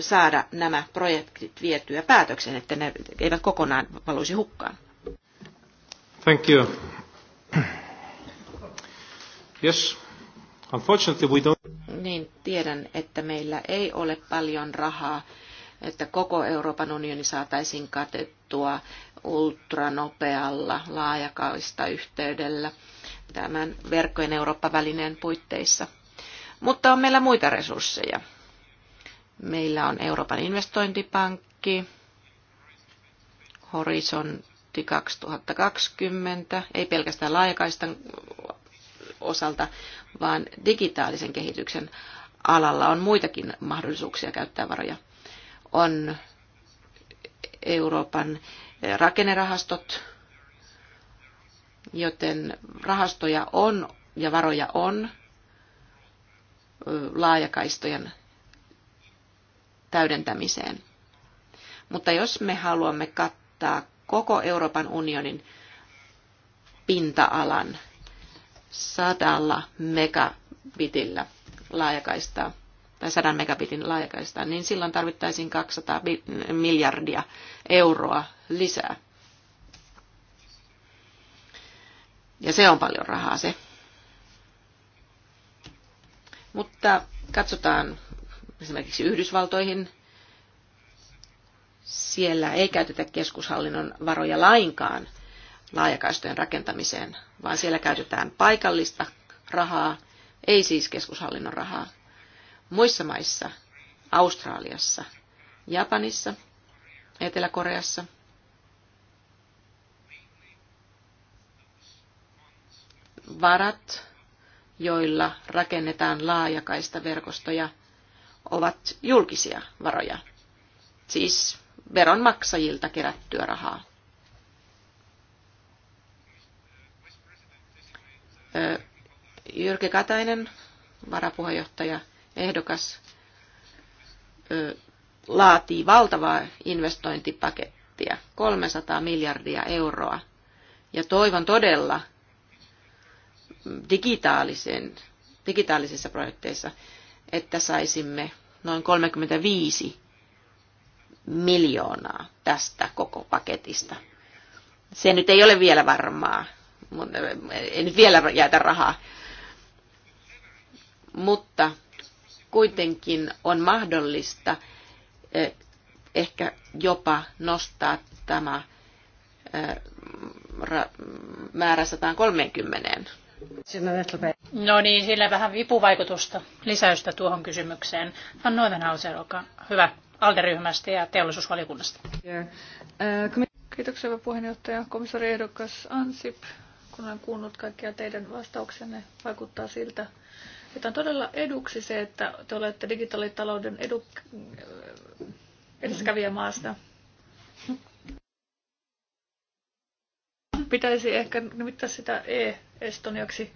saada nämä projektit vietyä päätöksen, että ne eivät kokonaan valuisi hukkaan. Thank you. Yes. Unfortunately we don't... Niin, tiedän, että meillä ei ole paljon rahaa että koko Euroopan unioni saataisiin katettua ultranopealla laajakaista yhteydellä tämän verkkojen Eurooppa-välineen puitteissa. Mutta on meillä muita resursseja. Meillä on Euroopan investointipankki, Horisontti 2020, ei pelkästään laajakaistan osalta, vaan digitaalisen kehityksen alalla on muitakin mahdollisuuksia käyttää varoja on Euroopan rakennerahastot, joten rahastoja on ja varoja on laajakaistojen täydentämiseen. Mutta jos me haluamme kattaa koko Euroopan unionin pinta-alan sadalla megabitillä laajakaistaa, tai 100 megabitin laajakaista, niin silloin tarvittaisiin 200 miljardia euroa lisää. Ja se on paljon rahaa se. Mutta katsotaan esimerkiksi Yhdysvaltoihin. Siellä ei käytetä keskushallinnon varoja lainkaan laajakaistojen rakentamiseen, vaan siellä käytetään paikallista rahaa, ei siis keskushallinnon rahaa, Muissa maissa, Australiassa, Japanissa, Etelä-Koreassa, varat, joilla rakennetaan laajakaista verkostoja, ovat julkisia varoja, siis veronmaksajilta kerättyä rahaa. Jyrki Katainen, varapuheenjohtaja, ehdokas ö, laatii valtavaa investointipakettia, 300 miljardia euroa. Ja toivon todella digitaalisen, digitaalisissa projekteissa, että saisimme noin 35 miljoonaa tästä koko paketista. Se nyt ei ole vielä varmaa, mutta ei nyt vielä jäätä rahaa. Mutta kuitenkin on mahdollista eh, ehkä jopa nostaa tämä eh, määrä 130. No niin, sillä vähän vipuvaikutusta, lisäystä tuohon kysymykseen. Van Noivenhauser, olkaa hyvä, alderyhmästä ja teollisuusvaliokunnasta. Kiitoksia, puheenjohtaja. Komissari ehdokas Ansip, kun olen kuunnellut kaikkia teidän vastauksenne, vaikuttaa siltä, että on todella eduksi se, että te olette digitaalitalouden edu, äh, maasta. Pitäisi ehkä nimittää sitä e-estoniaksi,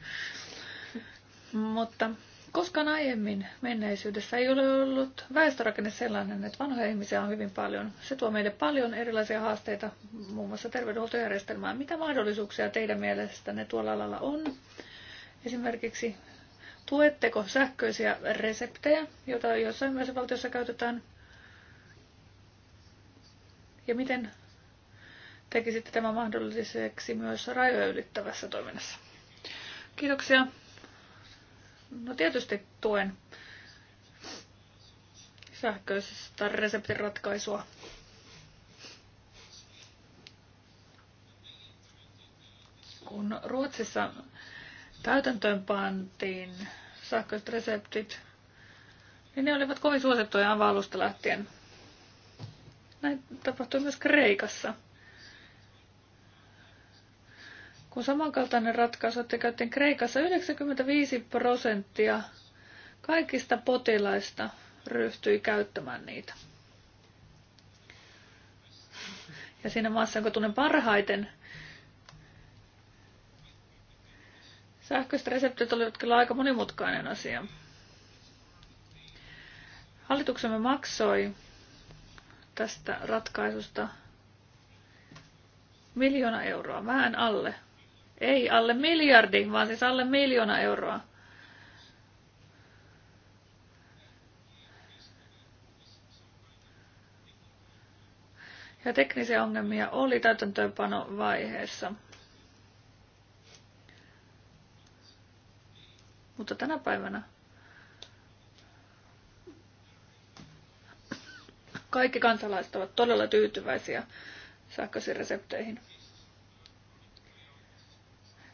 mutta koskaan aiemmin menneisyydessä ei ole ollut väestörakenne sellainen, että vanhoja ihmisiä on hyvin paljon. Se tuo meille paljon erilaisia haasteita, muun muassa terveydenhuoltojärjestelmään. Mitä mahdollisuuksia teidän mielestänne tuolla alalla on? Esimerkiksi Tuetteko sähköisiä reseptejä, joita jossain myös valtiossa käytetään? Ja miten tekisitte tämä mahdolliseksi myös rajoja ylittävässä toiminnassa? Kiitoksia. No tietysti tuen sähköisestä reseptiratkaisua. Kun Ruotsissa täytäntöön pantiin sähköiset reseptit, niin ne olivat kovin suosittuja aivan lähtien. Näin tapahtui myös Kreikassa. Kun samankaltainen ratkaisu otti käyttöön Kreikassa, 95 prosenttia kaikista potilaista ryhtyi käyttämään niitä. Ja siinä maassa, jonka tunnen parhaiten, Sähköiset reseptit olivat kyllä aika monimutkainen asia. Hallituksemme maksoi tästä ratkaisusta miljoona euroa, vähän alle. Ei alle miljardi, vaan siis alle miljoona euroa. Ja teknisiä ongelmia oli täytäntöönpanovaiheessa. vaiheessa. Mutta tänä päivänä kaikki kansalaiset ovat todella tyytyväisiä sähköisiin resepteihin.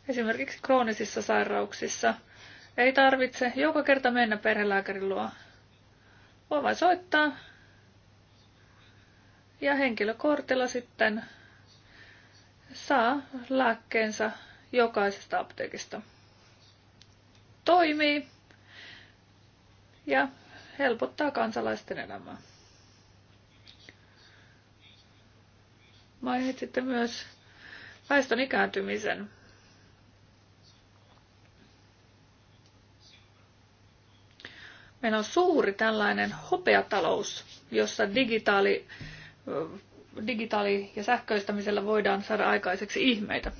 Esimerkiksi kroonisissa sairauksissa ei tarvitse joka kerta mennä perhelääkärin luo. Voi vain soittaa ja henkilökortilla sitten saa lääkkeensä jokaisesta apteekista toimii ja helpottaa kansalaisten elämää. Mainitsitte myös väestön ikääntymisen. Meillä on suuri tällainen hopeatalous, jossa digitaali digitaali- ja sähköistämisellä voidaan saada aikaiseksi ihmeitä.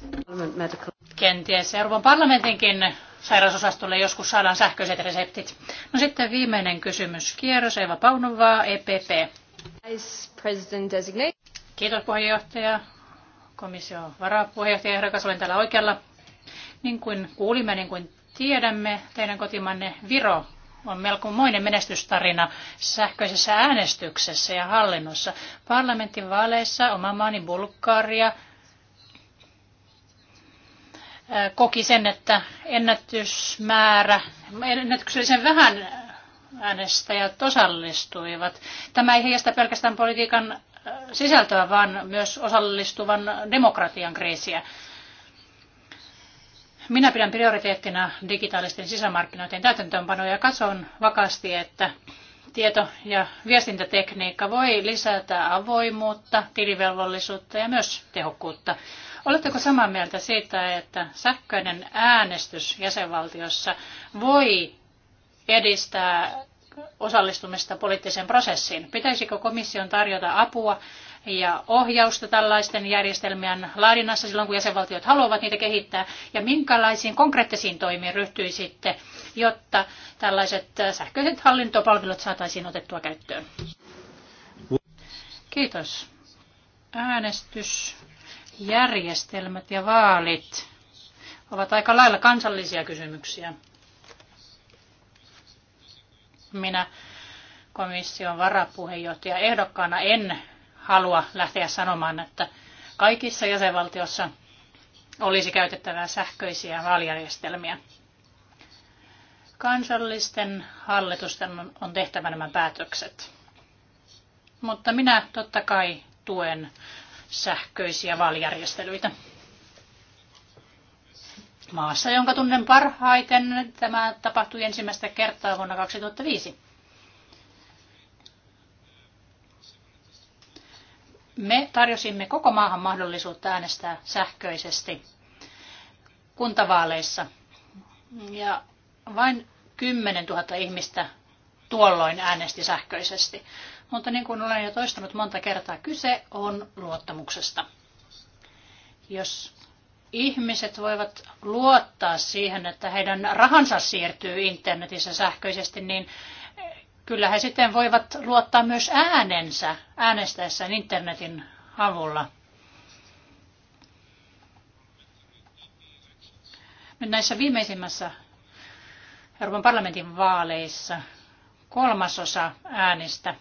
Kenties Euroopan parlamentinkin sairausosastolle joskus saadaan sähköiset reseptit. No sitten viimeinen kysymys. Kierros Eva Paunovaa, EPP. Kiitos puheenjohtaja. Komissio varapuheenjohtaja ehdokas, olen täällä oikealla. Niin kuin kuulimme, niin kuin tiedämme, teidän kotimanne Viro on melkomoinen menestystarina sähköisessä äänestyksessä ja hallinnossa. Parlamentin vaaleissa oma maani Bulgaria koki sen, että ennätysmäärä, ennätyksellisen vähän äänestäjät osallistuivat. Tämä ei heijasta pelkästään politiikan sisältöä, vaan myös osallistuvan demokratian kriisiä. Minä pidän prioriteettina digitaalisten sisämarkkinoiden täytäntöönpanoa ja katson vakaasti, että tieto- ja viestintätekniikka voi lisätä avoimuutta, tilivelvollisuutta ja myös tehokkuutta. Oletteko samaa mieltä siitä, että sähköinen äänestys jäsenvaltiossa voi edistää osallistumista poliittiseen prosessiin? Pitäisikö komission tarjota apua ja ohjausta tällaisten järjestelmien laadinnassa silloin, kun jäsenvaltiot haluavat niitä kehittää? Ja minkälaisiin konkreettisiin toimiin ryhtyisitte, jotta tällaiset sähköiset hallintopalvelut saataisiin otettua käyttöön? Kiitos. Äänestysjärjestelmät ja vaalit ovat aika lailla kansallisia kysymyksiä. Minä komission varapuheenjohtaja ehdokkaana en halua lähteä sanomaan, että kaikissa jäsenvaltiossa olisi käytettävää sähköisiä vaalijärjestelmiä. Kansallisten hallitusten on tehtävä nämä päätökset. Mutta minä totta kai tuen sähköisiä vaalijärjestelyitä. Maassa, jonka tunnen parhaiten, tämä tapahtui ensimmäistä kertaa vuonna 2005. Me tarjosimme koko maahan mahdollisuutta äänestää sähköisesti kuntavaaleissa. Ja vain 10 000 ihmistä tuolloin äänesti sähköisesti. Mutta niin kuin olen jo toistanut monta kertaa, kyse on luottamuksesta. Jos ihmiset voivat luottaa siihen, että heidän rahansa siirtyy internetissä sähköisesti, niin kyllä he sitten voivat luottaa myös äänensä äänestäessään internetin avulla. Nyt näissä viimeisimmässä Euroopan parlamentin vaaleissa kolmasosa äänistä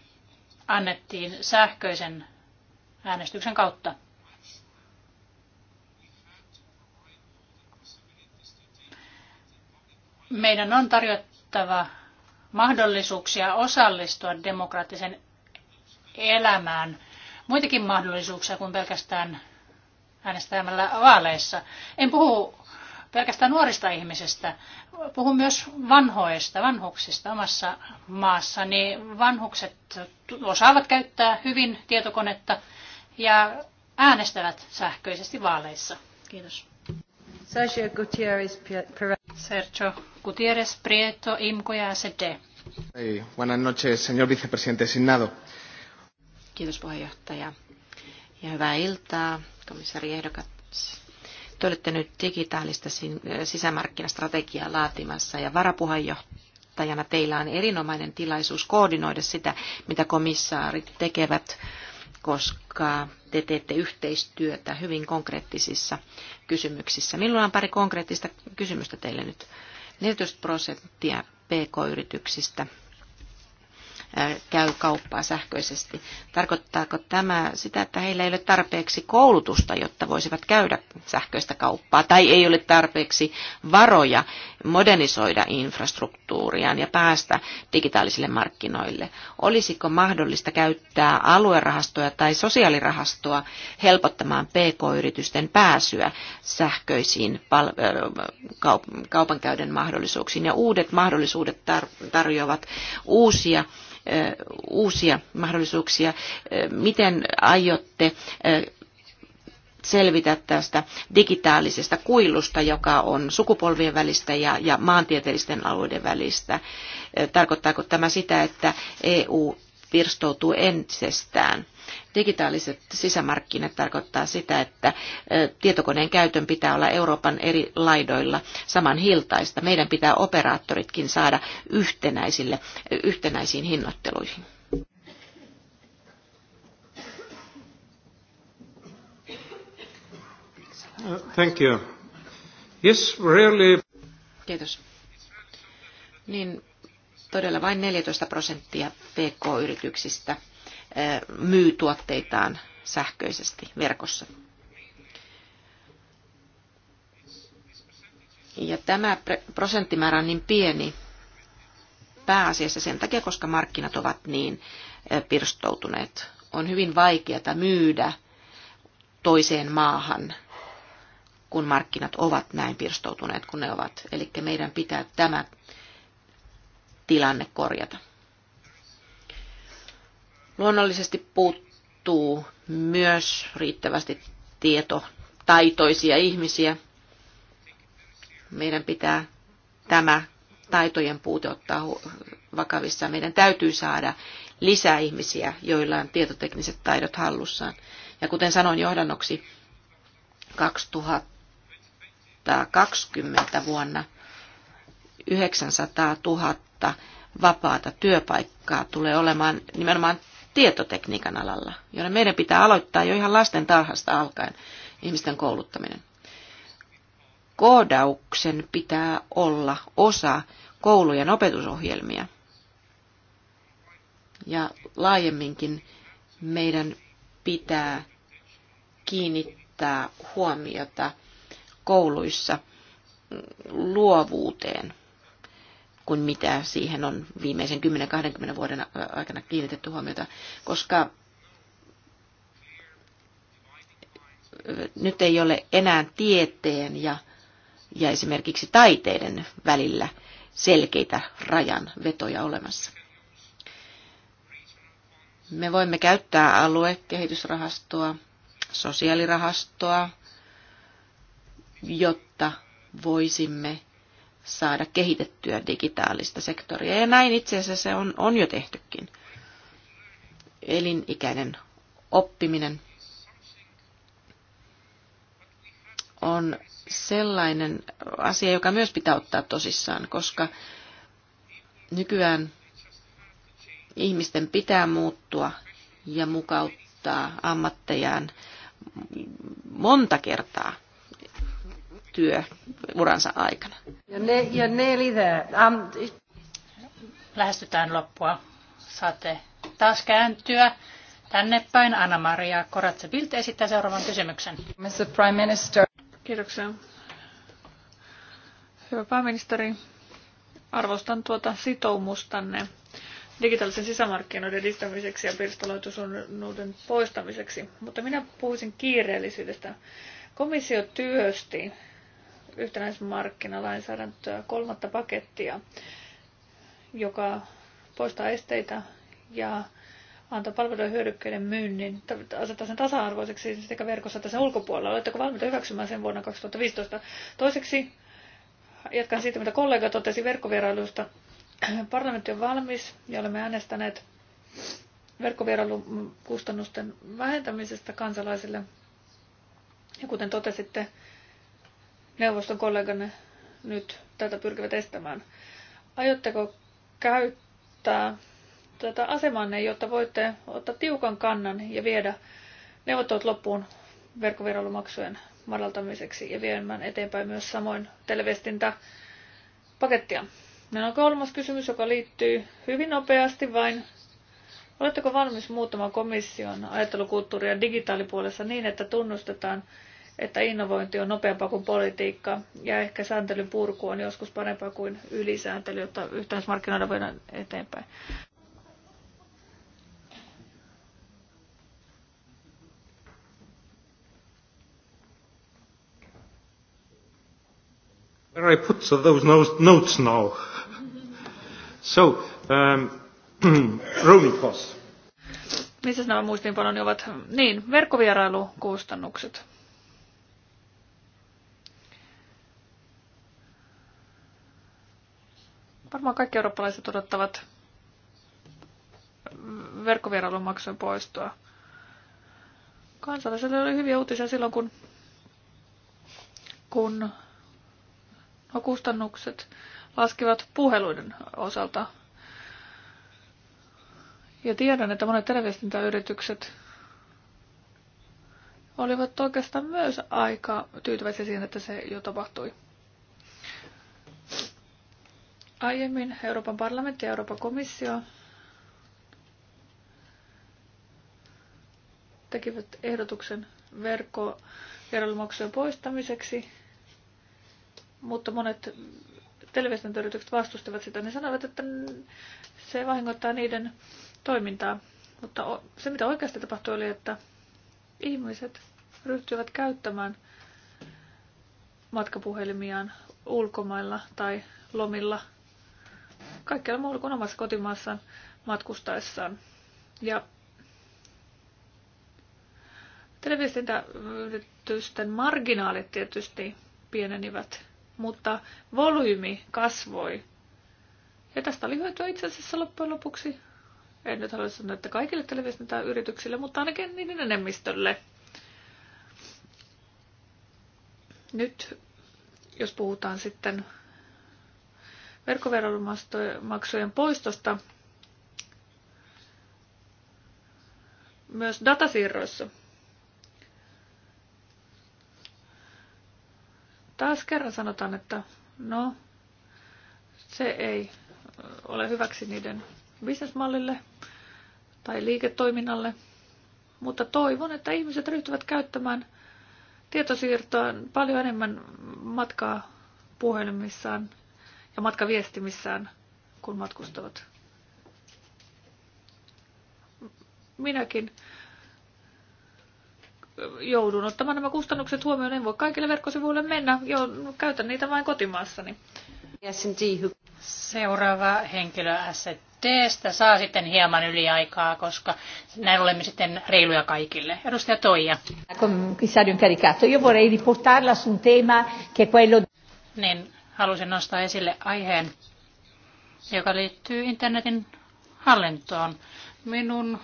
annettiin sähköisen äänestyksen kautta. Meidän on tarjottava mahdollisuuksia osallistua demokraattisen elämään, muitakin mahdollisuuksia kuin pelkästään äänestämällä vaaleissa. En puhu pelkästään nuorista ihmisistä, puhun myös vanhoista, vanhuksista omassa maassa, niin vanhukset osaavat käyttää hyvin tietokonetta ja äänestävät sähköisesti vaaleissa. Kiitos. Sergio Gutierrez Prieto. Sergio Gutierrez Prieto, IMCO ja Hey, buenas noches, señor vicepresidente Signado. Kiitos puheenjohtaja. Ja hyvää iltaa, komissari ehdokat. Te olette nyt digitaalista sisämarkkinastrategiaa laatimassa ja varapuheenjohtajana teillä on erinomainen tilaisuus koordinoida sitä, mitä komissaarit tekevät koska te teette yhteistyötä hyvin konkreettisissa kysymyksissä. Minulla on pari konkreettista kysymystä teille nyt. 14 prosenttia pk-yrityksistä käy kauppaa sähköisesti. Tarkoittaako tämä sitä, että heillä ei ole tarpeeksi koulutusta, jotta voisivat käydä sähköistä kauppaa, tai ei ole tarpeeksi varoja modernisoida infrastruktuuriaan ja päästä digitaalisille markkinoille? Olisiko mahdollista käyttää aluerahastoja tai sosiaalirahastoa helpottamaan pk-yritysten pääsyä sähköisiin kaupankäyden mahdollisuuksiin? Ja uudet mahdollisuudet tarjoavat uusia uusia mahdollisuuksia. Miten aiotte selvitä tästä digitaalisesta kuilusta, joka on sukupolvien välistä ja, ja maantieteellisten alueiden välistä. Tarkoittaako tämä sitä, että EU pirstoutuu entisestään? Digitaaliset sisämarkkinat tarkoittaa sitä, että tietokoneen käytön pitää olla Euroopan eri laidoilla saman hiltaista. Meidän pitää operaattoritkin saada yhtenäisille, yhtenäisiin hinnoitteluihin. Uh, thank you. Yes, really. Kiitos. Niin todella vain 14 prosenttia PK-yrityksistä myy tuotteitaan sähköisesti verkossa. Ja tämä prosenttimäärä on niin pieni pääasiassa sen takia, koska markkinat ovat niin pirstoutuneet. On hyvin vaikeaa myydä toiseen maahan, kun markkinat ovat näin pirstoutuneet kuin ne ovat. Eli meidän pitää tämä tilanne korjata. Luonnollisesti puuttuu myös riittävästi tietotaitoisia ihmisiä. Meidän pitää tämä taitojen puute ottaa vakavissa. Meidän täytyy saada lisää ihmisiä, joilla on tietotekniset taidot hallussaan. Ja kuten sanoin johdannoksi, 2020 vuonna 900 000 vapaata työpaikkaa tulee olemaan nimenomaan tietotekniikan alalla, jolle meidän pitää aloittaa jo ihan lasten tarhasta alkaen ihmisten kouluttaminen. Koodauksen pitää olla osa koulujen opetusohjelmia. Ja laajemminkin meidän pitää kiinnittää huomiota kouluissa luovuuteen – kuin mitä siihen on viimeisen 10-20 vuoden aikana kiinnitetty huomiota, koska nyt ei ole enää tieteen ja, ja esimerkiksi taiteiden välillä selkeitä rajanvetoja olemassa. Me voimme käyttää aluekehitysrahastoa, sosiaalirahastoa, jotta voisimme saada kehitettyä digitaalista sektoria. Ja näin itse asiassa se on, on jo tehtykin. Elinikäinen oppiminen on sellainen asia, joka myös pitää ottaa tosissaan, koska nykyään ihmisten pitää muuttua ja mukauttaa ammattejaan monta kertaa – työ uransa aikana. Ja ne, ja ne um, Lähestytään loppua. Saatte taas kääntyä tänne päin. Anna-Maria Koratse-Bilt esittää seuraavan kysymyksen. Mr. Prime Minister. Kiitoksia. Hyvä pääministeri, arvostan tuota sitoumustanne digitaalisen sisämarkkinoiden edistämiseksi ja pirstaloitusunnuuden poistamiseksi, mutta minä puhuisin kiireellisyydestä. Komissio työsti yhtenäismarkkinalainsäädäntöä kolmatta pakettia, joka poistaa esteitä ja antaa palvelujen hyödykkeiden myynnin, asettaa sen tasa-arvoiseksi sekä verkossa että sen ulkopuolella. Oletteko valmiita hyväksymään sen vuonna 2015? Toiseksi jatkan siitä, mitä kollega totesi verkkovierailusta. Parlamentti on valmis ja olemme äänestäneet verkkovierailukustannusten vähentämisestä kansalaisille. Ja kuten totesitte, neuvoston kolleganne nyt tätä pyrkivät estämään. Aiotteko käyttää tätä asemanne, jotta voitte ottaa tiukan kannan ja viedä neuvottelut loppuun verkkoverolumaksujen madaltamiseksi ja viemään eteenpäin myös samoin televestintä pakettia. Meillä on kolmas kysymys, joka liittyy hyvin nopeasti vain. Oletteko valmis muuttamaan komission ajattelukulttuuria digitaalipuolessa niin, että tunnustetaan että innovointi on nopeampaa kuin politiikka ja ehkä sääntelyn purku on joskus parempaa kuin ylisääntely, jotta yhteismarkkinoilla voidaan eteenpäin. Where I put those notes now? So, um, roaming costs. Missä nämä muistiinpanoni ovat? Niin, verkkovierailukustannukset. Varmaan kaikki eurooppalaiset odottavat verkkovierailumaksujen poistoa. Kansalaisille oli hyviä uutisia silloin, kun, kun no, kustannukset laskivat puheluiden osalta. Ja tiedän, että monet televiestintäyritykset olivat oikeastaan myös aika tyytyväisiä siihen, että se jo tapahtui. Aiemmin Euroopan parlamentti ja Euroopan komissio tekivät ehdotuksen verkkovierailumaksujen poistamiseksi, mutta monet televisiointiyritykset vastustivat sitä. Niin sanoivat, että se vahingoittaa niiden toimintaa. Mutta se, mitä oikeasti tapahtui, oli, että ihmiset ryhtyivät käyttämään matkapuhelimiaan ulkomailla tai lomilla kaikkialla muualla kuin omassa kotimaassaan matkustaessaan. Ja televiestintäyritysten marginaalit tietysti pienenivät, mutta volyymi kasvoi. Ja tästä oli hyötyä itse asiassa loppujen lopuksi. En nyt halua sanoa, että kaikille televiestintäyrityksille, mutta ainakin niiden enemmistölle. Nyt, jos puhutaan sitten verkkoveromaksujen poistosta myös datasiirroissa. Taas kerran sanotaan, että no, se ei ole hyväksi niiden bisnesmallille tai liiketoiminnalle, mutta toivon, että ihmiset ryhtyvät käyttämään tietosiirtoa paljon enemmän matkaa puhelimissaan ja matkaviestimissään, kun matkustavat. Minäkin joudun ottamaan nämä kustannukset huomioon. En voi kaikille verkkosivuille mennä. Jo, käytän niitä vain kotimaassani. Seuraava henkilö SDstä saa sitten hieman yliaikaa, koska näin olemme sitten reiluja kaikille. Edustaja Toija. Commissario incaricato, io vorrei riportarla su un tema che è quello... Niin, halusin nostaa esille aiheen, joka liittyy internetin hallintoon. Minun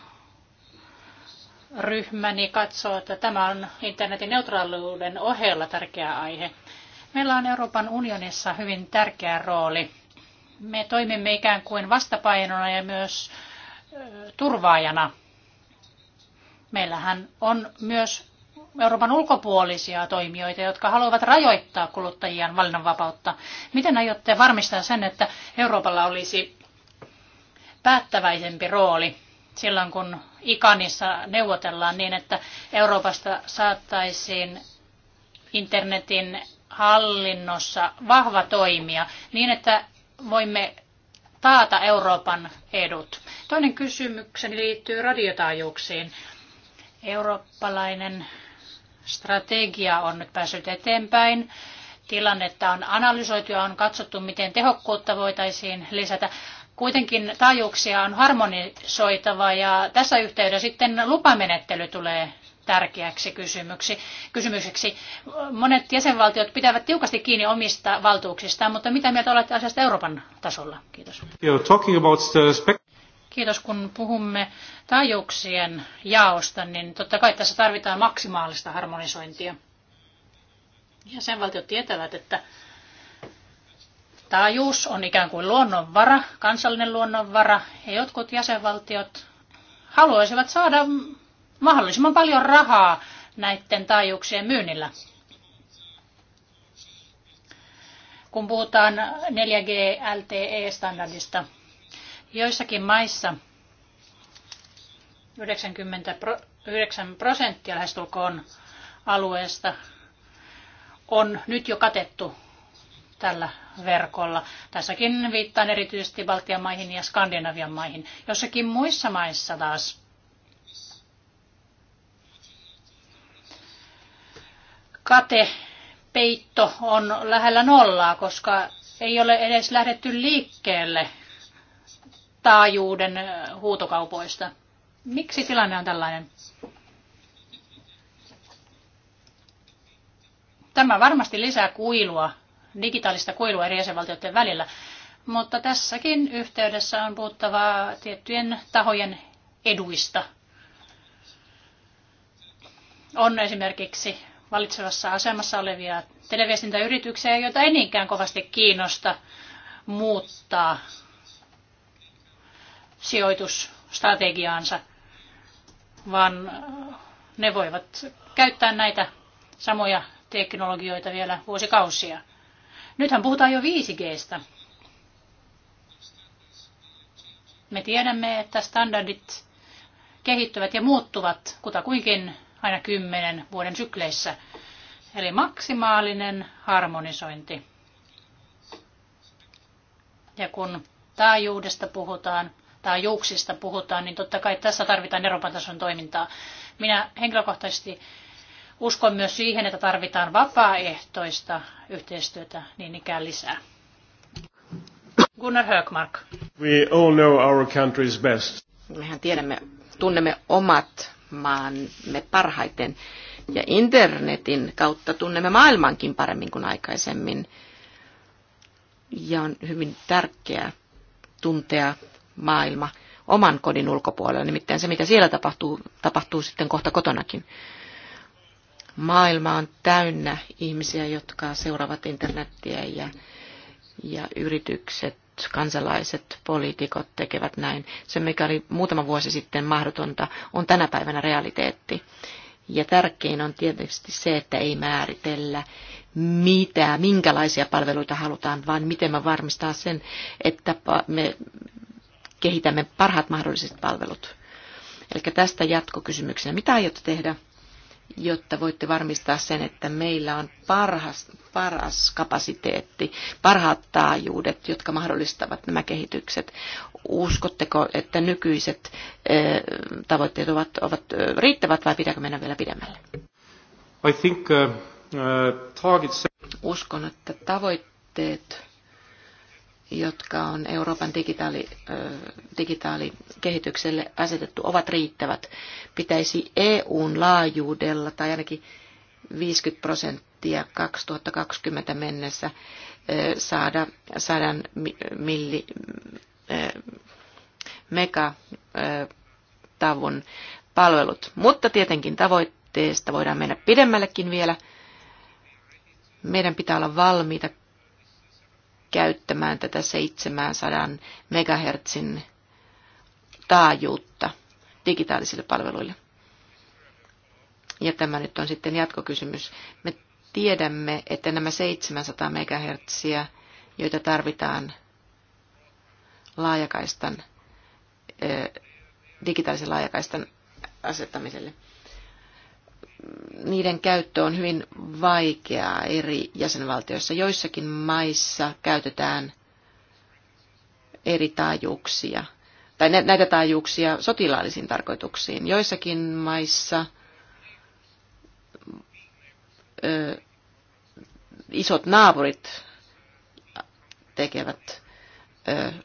ryhmäni katsoo, että tämä on internetin neutraaliuden ohella tärkeä aihe. Meillä on Euroopan unionissa hyvin tärkeä rooli. Me toimimme ikään kuin vastapainona ja myös turvaajana. Meillähän on myös Euroopan ulkopuolisia toimijoita, jotka haluavat rajoittaa kuluttajien valinnanvapautta. Miten aiotte varmistaa sen, että Euroopalla olisi päättäväisempi rooli silloin, kun Ikanissa neuvotellaan niin, että Euroopasta saattaisiin internetin hallinnossa vahva toimija niin, että voimme taata Euroopan edut. Toinen kysymykseni liittyy radiotaajuuksiin. Eurooppalainen strategia on nyt päässyt eteenpäin. Tilannetta on analysoitu ja on katsottu, miten tehokkuutta voitaisiin lisätä. Kuitenkin taajuuksia on harmonisoitava ja tässä yhteydessä sitten lupamenettely tulee tärkeäksi kysymyksi, kysymykseksi. Monet jäsenvaltiot pitävät tiukasti kiinni omista valtuuksistaan, mutta mitä mieltä olette asiasta Euroopan tasolla? Kiitos. Kiitos, kun puhumme taajuuksien jaosta, niin totta kai tässä tarvitaan maksimaalista harmonisointia. Ja sen valtiot tietävät, että taajuus on ikään kuin luonnonvara, kansallinen luonnonvara, ja jotkut jäsenvaltiot haluaisivat saada mahdollisimman paljon rahaa näiden taajuuksien myynnillä. Kun puhutaan 4G LTE-standardista, Joissakin maissa 99 prosenttia lähestulkoon alueesta on nyt jo katettu tällä verkolla. Tässäkin viittaan erityisesti Baltian maihin ja Skandinavian maihin. Jossakin muissa maissa taas kate peitto on lähellä nollaa, koska ei ole edes lähdetty liikkeelle taajuuden huutokaupoista. Miksi tilanne on tällainen? Tämä varmasti lisää kuilua, digitaalista kuilua eri jäsenvaltioiden välillä, mutta tässäkin yhteydessä on puhuttava tiettyjen tahojen eduista. On esimerkiksi valitsevassa asemassa olevia televiestintäyrityksiä, joita ei niinkään kovasti kiinnosta muuttaa sijoitusstrategiaansa, vaan ne voivat käyttää näitä samoja teknologioita vielä vuosikausia. Nythän puhutaan jo 5Gstä. Me tiedämme, että standardit kehittyvät ja muuttuvat kutakuinkin aina kymmenen vuoden sykleissä. Eli maksimaalinen harmonisointi. Ja kun taajuudesta puhutaan, juuksista puhutaan, niin totta kai tässä tarvitaan Euroopan tason toimintaa. Minä henkilökohtaisesti uskon myös siihen, että tarvitaan vapaaehtoista yhteistyötä niin ikään lisää. Gunnar Högmark. We all know our best. Mehän tiedämme, tunnemme omat maamme parhaiten ja internetin kautta tunnemme maailmankin paremmin kuin aikaisemmin. Ja on hyvin tärkeää tuntea maailma oman kodin ulkopuolella. Nimittäin se, mitä siellä tapahtuu, tapahtuu sitten kohta kotonakin. Maailma on täynnä ihmisiä, jotka seuraavat internettiä ja, ja yritykset, kansalaiset, poliitikot tekevät näin. Se, mikä oli muutama vuosi sitten mahdotonta, on tänä päivänä realiteetti. Ja tärkein on tietysti se, että ei määritellä mitä, minkälaisia palveluita halutaan, vaan miten me varmistaa sen, että me kehitämme parhaat mahdolliset palvelut. Eli tästä jatkokysymyksenä. Mitä aiotte tehdä, jotta voitte varmistaa sen, että meillä on parhas, paras kapasiteetti, parhaat taajuudet, jotka mahdollistavat nämä kehitykset? Uskotteko, että nykyiset tavoitteet ovat, ovat riittävät vai pitääkö mennä vielä pidemmälle? I think, uh, uh, targets... Uskon, että tavoitteet jotka on Euroopan digitaali, digitaalikehitykselle asetettu, ovat riittävät. Pitäisi EUn laajuudella tai ainakin 50 prosenttia 2020 mennessä saada 100 milli, megatavun palvelut. Mutta tietenkin tavoitteesta voidaan mennä pidemmällekin vielä. Meidän pitää olla valmiita käyttämään tätä 700 megahertsin taajuutta digitaalisille palveluille. Ja tämä nyt on sitten jatkokysymys. Me tiedämme, että nämä 700 MHz, joita tarvitaan laajakaistan, digitaalisen laajakaistan asettamiselle – niiden käyttö on hyvin vaikeaa eri jäsenvaltioissa. Joissakin maissa käytetään eri taajuuksia, tai näitä taajuuksia sotilaallisiin tarkoituksiin. Joissakin maissa ö, isot naapurit tekevät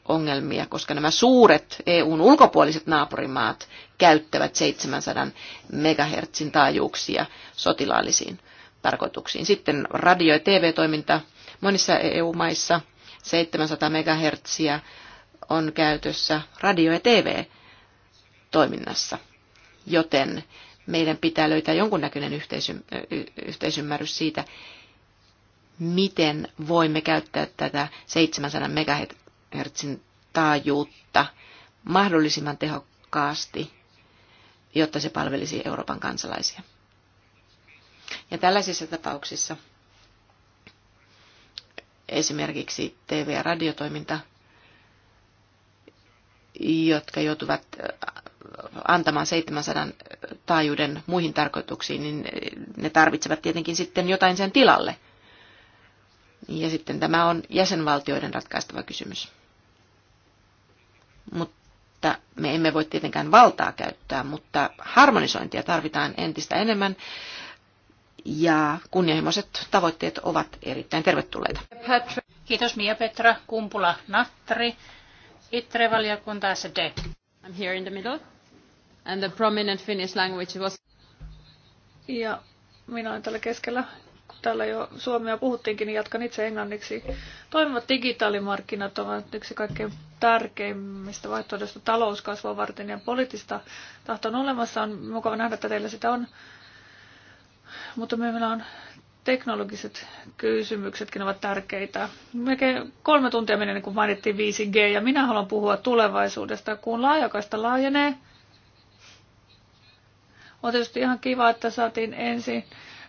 ongelmia, koska nämä suuret EUn ulkopuoliset naapurimaat käyttävät 700 megahertsin taajuuksia sotilaallisiin tarkoituksiin. Sitten radio- ja TV-toiminta monissa EU-maissa 700 megahertsiä on käytössä radio- ja TV-toiminnassa, joten meidän pitää löytää jonkunnäköinen yhteisy- yhteisymmärrys siitä, miten voimme käyttää tätä 700 hertsin taajuutta mahdollisimman tehokkaasti, jotta se palvelisi Euroopan kansalaisia. Ja tällaisissa tapauksissa esimerkiksi TV- ja radiotoiminta, jotka joutuvat äh, antamaan 700 taajuuden muihin tarkoituksiin, niin ne tarvitsevat tietenkin sitten jotain sen tilalle. Ja sitten tämä on jäsenvaltioiden ratkaistava kysymys mutta me emme voi tietenkään valtaa käyttää, mutta harmonisointia tarvitaan entistä enemmän ja kunnianhimoiset tavoitteet ovat erittäin tervetulleita. Kiitos Mia Petra Kumpula Nattri, ITRE-valiokunta SD. I'm here in the middle and the prominent Finnish language was... Ja minä olen täällä keskellä. Kun täällä jo suomea puhuttiinkin, niin jatkan itse englanniksi. Toimivat digitaalimarkkinat ovat yksi kaikkein tärkeimmistä vaihtoehdoista talouskasvua varten ja poliittista tahtoa on olemassa. On mukava nähdä, että teillä sitä on. Mutta meillä on teknologiset kysymyksetkin ovat tärkeitä. Melkein kolme tuntia meni, niin kun mainittiin 5G, ja minä haluan puhua tulevaisuudesta, kun laajakaista laajenee. On tietysti ihan kiva, että saatiin ensin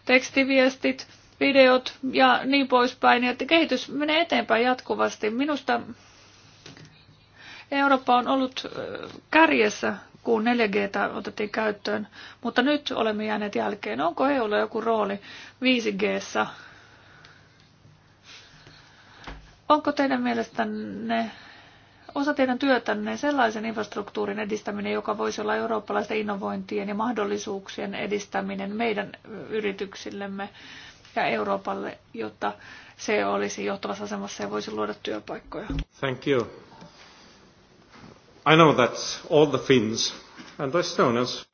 tekstiviestit, videot ja niin poispäin, ja että kehitys menee eteenpäin jatkuvasti. Minusta Eurooppa on ollut kärjessä, kun 4G otettiin käyttöön, mutta nyt olemme jääneet jälkeen. Onko EUlla joku rooli 5Gssä? Onko teidän mielestänne osa teidän työtänne sellaisen infrastruktuurin edistäminen, joka voisi olla eurooppalaisten innovointien ja mahdollisuuksien edistäminen meidän yrityksillemme ja Euroopalle, jotta se olisi johtavassa asemassa ja voisi luoda työpaikkoja. Thank you. I know that all the Finns and the Estonians.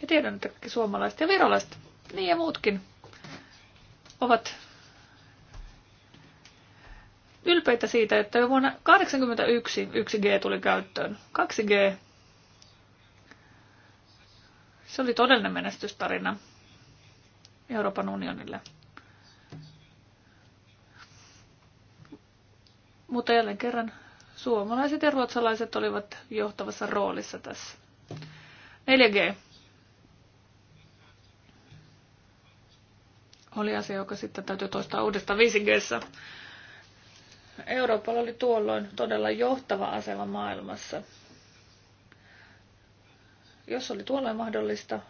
Ja tiedän, että kaikki suomalaiset ja virolaiset, niin ja muutkin, ovat ylpeitä siitä, että jo vuonna 1981 1G tuli käyttöön. 2G. Se oli todellinen menestystarina Euroopan unionille. Mutta jälleen kerran Suomalaiset ja ruotsalaiset olivat johtavassa roolissa tässä. 4G. Oli asia, joka sitten täytyy toistaa uudestaan 5 g Euroopalla oli tuolloin todella johtava asema maailmassa. Jos oli tuolloin mahdollista,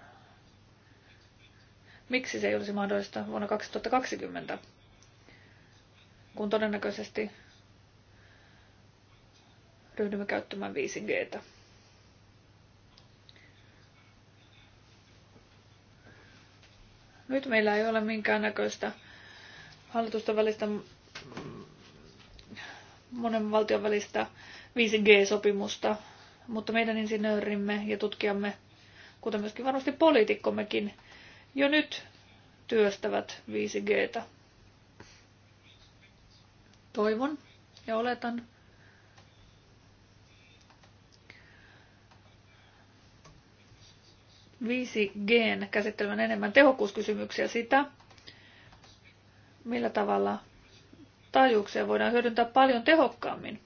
miksi se ei olisi mahdollista vuonna 2020, kun todennäköisesti ryhdymme käyttämään 5Gtä. Nyt meillä ei ole minkäännäköistä hallitusta välistä, monen valtion välistä 5G-sopimusta, mutta meidän insinöörimme ja tutkijamme, kuten myöskin varmasti poliitikkommekin, jo nyt työstävät 5Gtä. Toivon ja oletan, 5Gn käsittelevän enemmän tehokkuuskysymyksiä sitä, millä tavalla taajuuksia voidaan hyödyntää paljon tehokkaammin.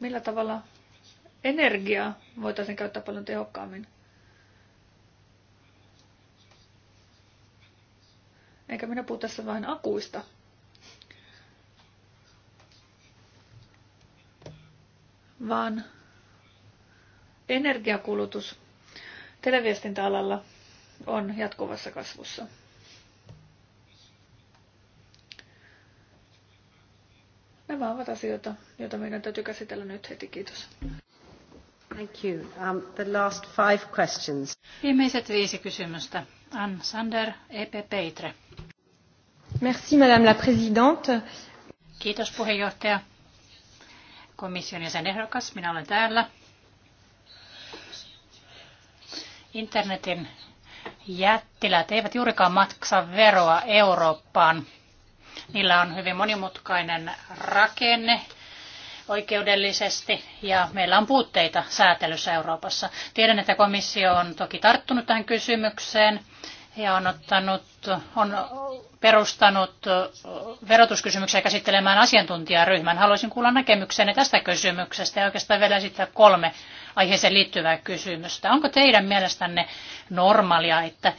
Millä tavalla energiaa voitaisiin käyttää paljon tehokkaammin. Enkä minä puhu tässä vähän akuista. Vaan Energiakulutus televiestintäalalla on jatkuvassa kasvussa. Nämä ovat asioita, joita meidän täytyy käsitellä nyt heti. Kiitos. Thank you. Um, the last five questions. Viimeiset viisi kysymystä. Ann Sander, EP Peitre. Merci, Madame la Présidente. Kiitos puheenjohtaja. Komission jäsenehdokas, minä olen täällä. Internetin jättilät eivät juurikaan maksa veroa Eurooppaan. Niillä on hyvin monimutkainen rakenne oikeudellisesti ja meillä on puutteita säätelyssä Euroopassa. Tiedän, että komissio on toki tarttunut tähän kysymykseen ja on, ottanut, on perustanut verotuskysymyksiä käsittelemään asiantuntijaryhmän. Haluaisin kuulla näkemyksenne tästä kysymyksestä ja oikeastaan vielä esittää kolme aiheeseen liittyvää kysymystä. Onko teidän mielestänne normaalia, että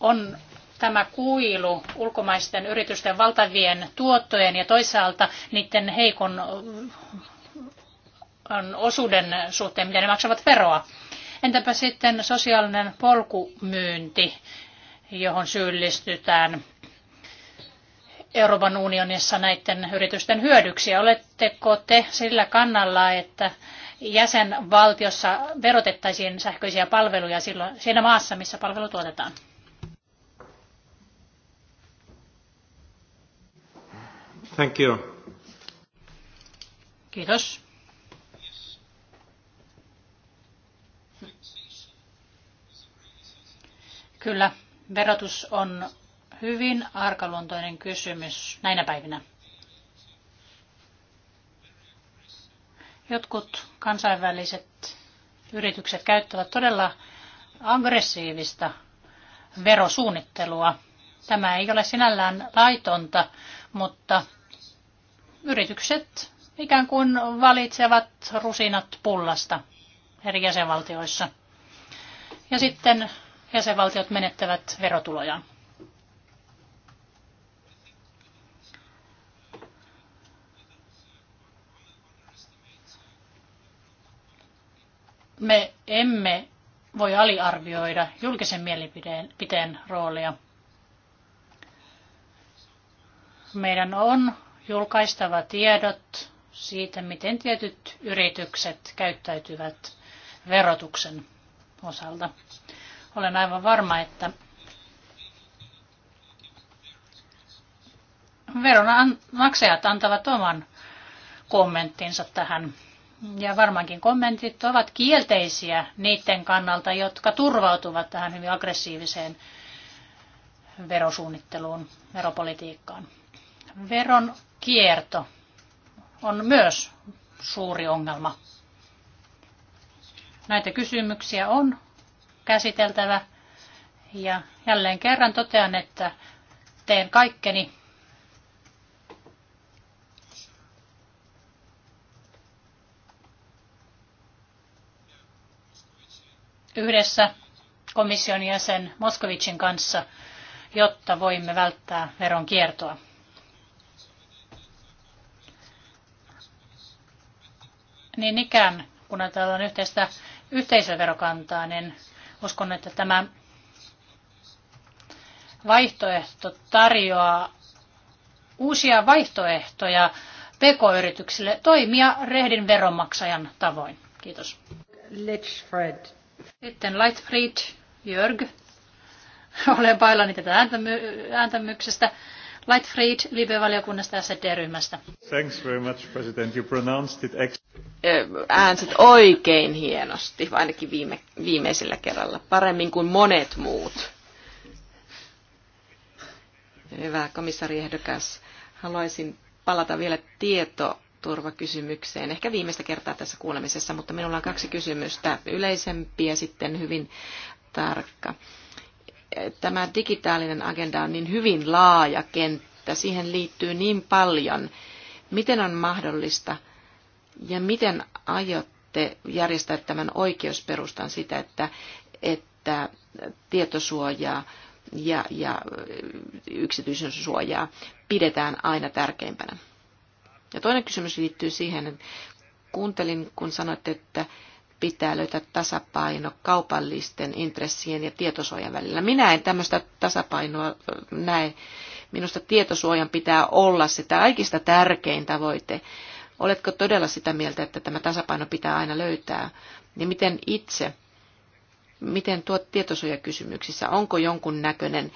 on tämä kuilu ulkomaisten yritysten valtavien tuottojen ja toisaalta niiden heikon osuuden suhteen, mitä ne maksavat veroa? Entäpä sitten sosiaalinen polkumyynti, johon syyllistytään Euroopan unionissa näiden yritysten hyödyksi? Oletteko te sillä kannalla, että jäsenvaltiossa verotettaisiin sähköisiä palveluja silloin, siinä maassa, missä palvelu tuotetaan? Thank you. Kiitos. Kyllä, verotus on hyvin arkaluontoinen kysymys näinä päivinä. Jotkut kansainväliset yritykset käyttävät todella aggressiivista verosuunnittelua. Tämä ei ole sinällään laitonta, mutta yritykset ikään kuin valitsevat rusinat pullasta eri jäsenvaltioissa. Ja sitten jäsenvaltiot menettävät verotulojaan. Me emme voi aliarvioida julkisen mielipiteen roolia. Meidän on julkaistava tiedot siitä, miten tietyt yritykset käyttäytyvät verotuksen osalta. Olen aivan varma, että veron maksajat antavat oman kommenttinsa tähän. Ja varmaankin kommentit ovat kielteisiä niiden kannalta, jotka turvautuvat tähän hyvin aggressiiviseen verosuunnitteluun, veropolitiikkaan. Veron kierto on myös suuri ongelma. Näitä kysymyksiä on käsiteltävä. Ja jälleen kerran totean, että teen kaikkeni yhdessä komission jäsen Moskovicin kanssa, jotta voimme välttää veron kiertoa. Niin ikään, kun ajatellaan yhteistä yhteisöverokantaa, niin Uskon, että tämä vaihtoehto tarjoaa uusia vaihtoehtoja pk-yrityksille toimia rehdin veronmaksajan tavoin. Kiitos. Litchfred. Sitten Lightfried, Jörg. Olen paillani tätä ääntämy- ääntämyksestä. Lightfried, Libe-valiokunnasta ja sd ryhmästä Thanks very much, President. You pronounced it äänsit oikein hienosti, ainakin viime, viimeisellä kerralla, paremmin kuin monet muut. Hyvä komissari ehdokas, haluaisin palata vielä tietoturvakysymykseen, ehkä viimeistä kertaa tässä kuulemisessa, mutta minulla on kaksi kysymystä, yleisempi ja sitten hyvin tarkka. Tämä digitaalinen agenda on niin hyvin laaja kenttä, siihen liittyy niin paljon. Miten on mahdollista, ja miten aiotte järjestää tämän oikeusperustan sitä, että, että tietosuojaa ja, ja yksityisyyden suojaa pidetään aina tärkeimpänä? Ja toinen kysymys liittyy siihen, että kuuntelin, kun sanoitte, että pitää löytää tasapaino kaupallisten intressien ja tietosuojan välillä. Minä en tämmöistä tasapainoa näe. Minusta tietosuojan pitää olla se kaikista tärkein tavoite, Oletko todella sitä mieltä, että tämä tasapaino pitää aina löytää? Niin miten itse, miten tuo tietosuojakysymyksissä, onko jonkun näköinen,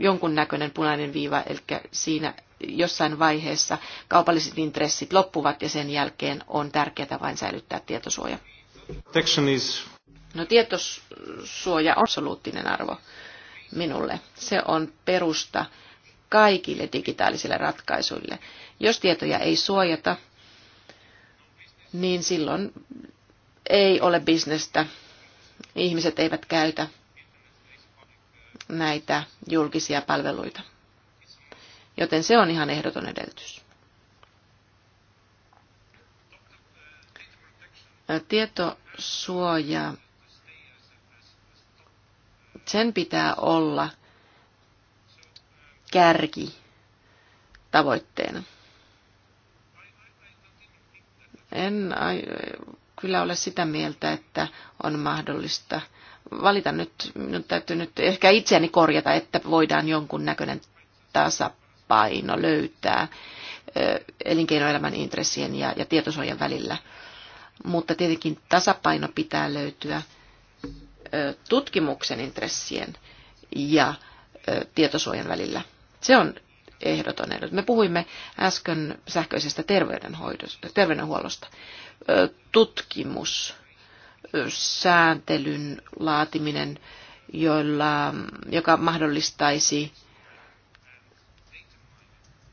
jonkun näköinen punainen viiva, eli siinä jossain vaiheessa kaupalliset intressit loppuvat ja sen jälkeen on tärkeää vain säilyttää tietosuoja? No tietosuoja on absoluuttinen arvo minulle. Se on perusta kaikille digitaalisille ratkaisuille. Jos tietoja ei suojata, niin silloin ei ole bisnestä. Ihmiset eivät käytä näitä julkisia palveluita. Joten se on ihan ehdoton edellytys. Tietosuoja, sen pitää olla kärki tavoitteena. En kyllä ole sitä mieltä, että on mahdollista valita nyt, minun täytyy nyt ehkä itseäni korjata, että voidaan jonkun näköinen tasapaino löytää elinkeinoelämän intressien ja, ja tietosuojan välillä. Mutta tietenkin tasapaino pitää löytyä tutkimuksen intressien ja tietosuojan välillä. Se on ehdoton ehdot. Me puhuimme äsken sähköisestä terveydenhuollosta. Tutkimus, sääntelyn laatiminen, joilla, joka mahdollistaisi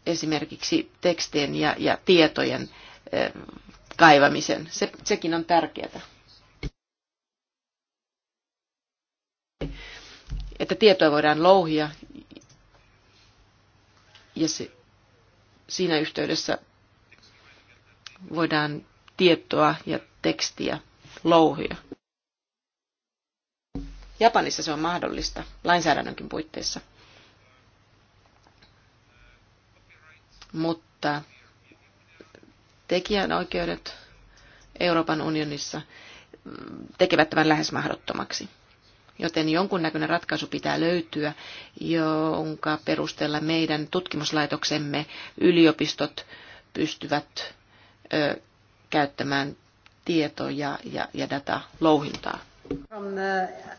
esimerkiksi tekstien ja, ja tietojen kaivamisen. Se, sekin on tärkeää. Että tietoa voidaan louhia ja se, siinä yhteydessä voidaan tietoa ja tekstiä louhia. Japanissa se on mahdollista lainsäädännönkin puitteissa. Mutta tekijänoikeudet Euroopan unionissa tekevät tämän lähes mahdottomaksi. Joten jonkunnäköinen ratkaisu pitää löytyä, jonka perusteella meidän tutkimuslaitoksemme yliopistot pystyvät ö, käyttämään tietoja ja, ja datalouhintaa. From the uh,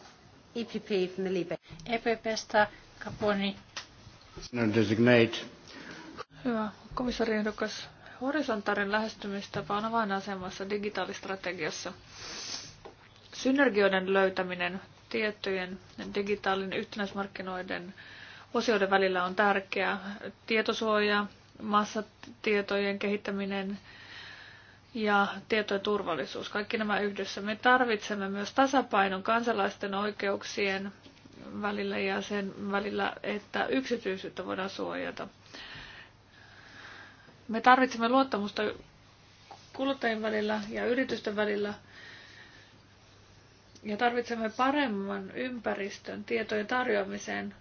EPP, from the Libe. EPPstä Kaponi. No, designate. Hyvä. Komissaari ehdokas horisontaarin lähestymistapa on avainasemassa digitaalistrategiassa. Synergioiden löytäminen tietojen digitaalinen yhtenäismarkkinoiden osioiden välillä on tärkeää. Tietosuoja, massatietojen kehittäminen ja tietojen turvallisuus, kaikki nämä yhdessä. Me tarvitsemme myös tasapainon kansalaisten oikeuksien välillä ja sen välillä, että yksityisyyttä voidaan suojata. Me tarvitsemme luottamusta kuluttajien välillä ja yritysten välillä – ja tarvitsemme paremman ympäristön tietojen tarjoamiseen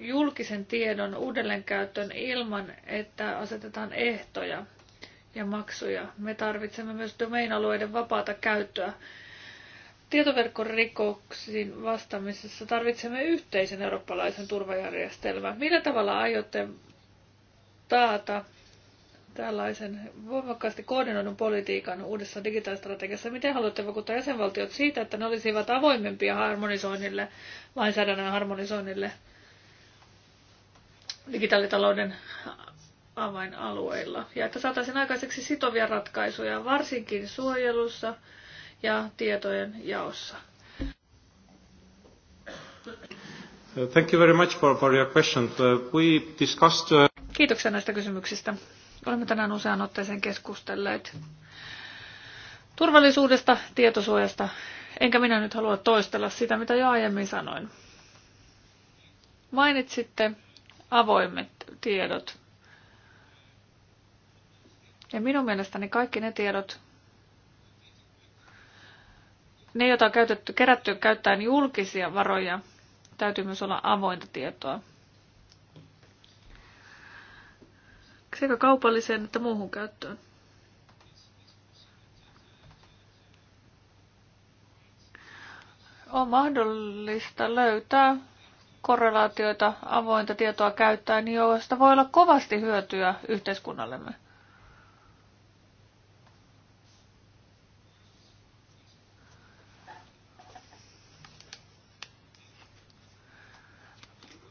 julkisen tiedon uudelleenkäyttöön ilman, että asetetaan ehtoja ja maksuja. Me tarvitsemme myös domain-alueiden vapaata käyttöä. Tietoverkkorikoksiin vastaamisessa tarvitsemme yhteisen eurooppalaisen turvajärjestelmän. Millä tavalla aiotte taata tällaisen voimakkaasti koordinoidun politiikan uudessa digitaalistrategiassa. Miten haluatte vakuuttaa jäsenvaltiot siitä, että ne olisivat avoimempia harmonisoinnille, lainsäädännön harmonisoinnille digitaalitalouden avainalueilla ja että saataisiin aikaiseksi sitovia ratkaisuja, varsinkin suojelussa ja tietojen jaossa? Thank you very much for, for your question. Uh, we discussed... Uh, Kiitoksia näistä kysymyksistä. Olemme tänään usean otteeseen keskustelleet turvallisuudesta, tietosuojasta, enkä minä nyt halua toistella sitä, mitä jo aiemmin sanoin. Mainitsitte avoimet tiedot. Ja minun mielestäni kaikki ne tiedot, ne, joita on käytetty, kerätty käyttäen julkisia varoja, täytyy myös olla avointa tietoa. sekä kaupalliseen että muuhun käyttöön. On mahdollista löytää korrelaatioita avointa tietoa käyttäen, joista voi olla kovasti hyötyä yhteiskunnallemme.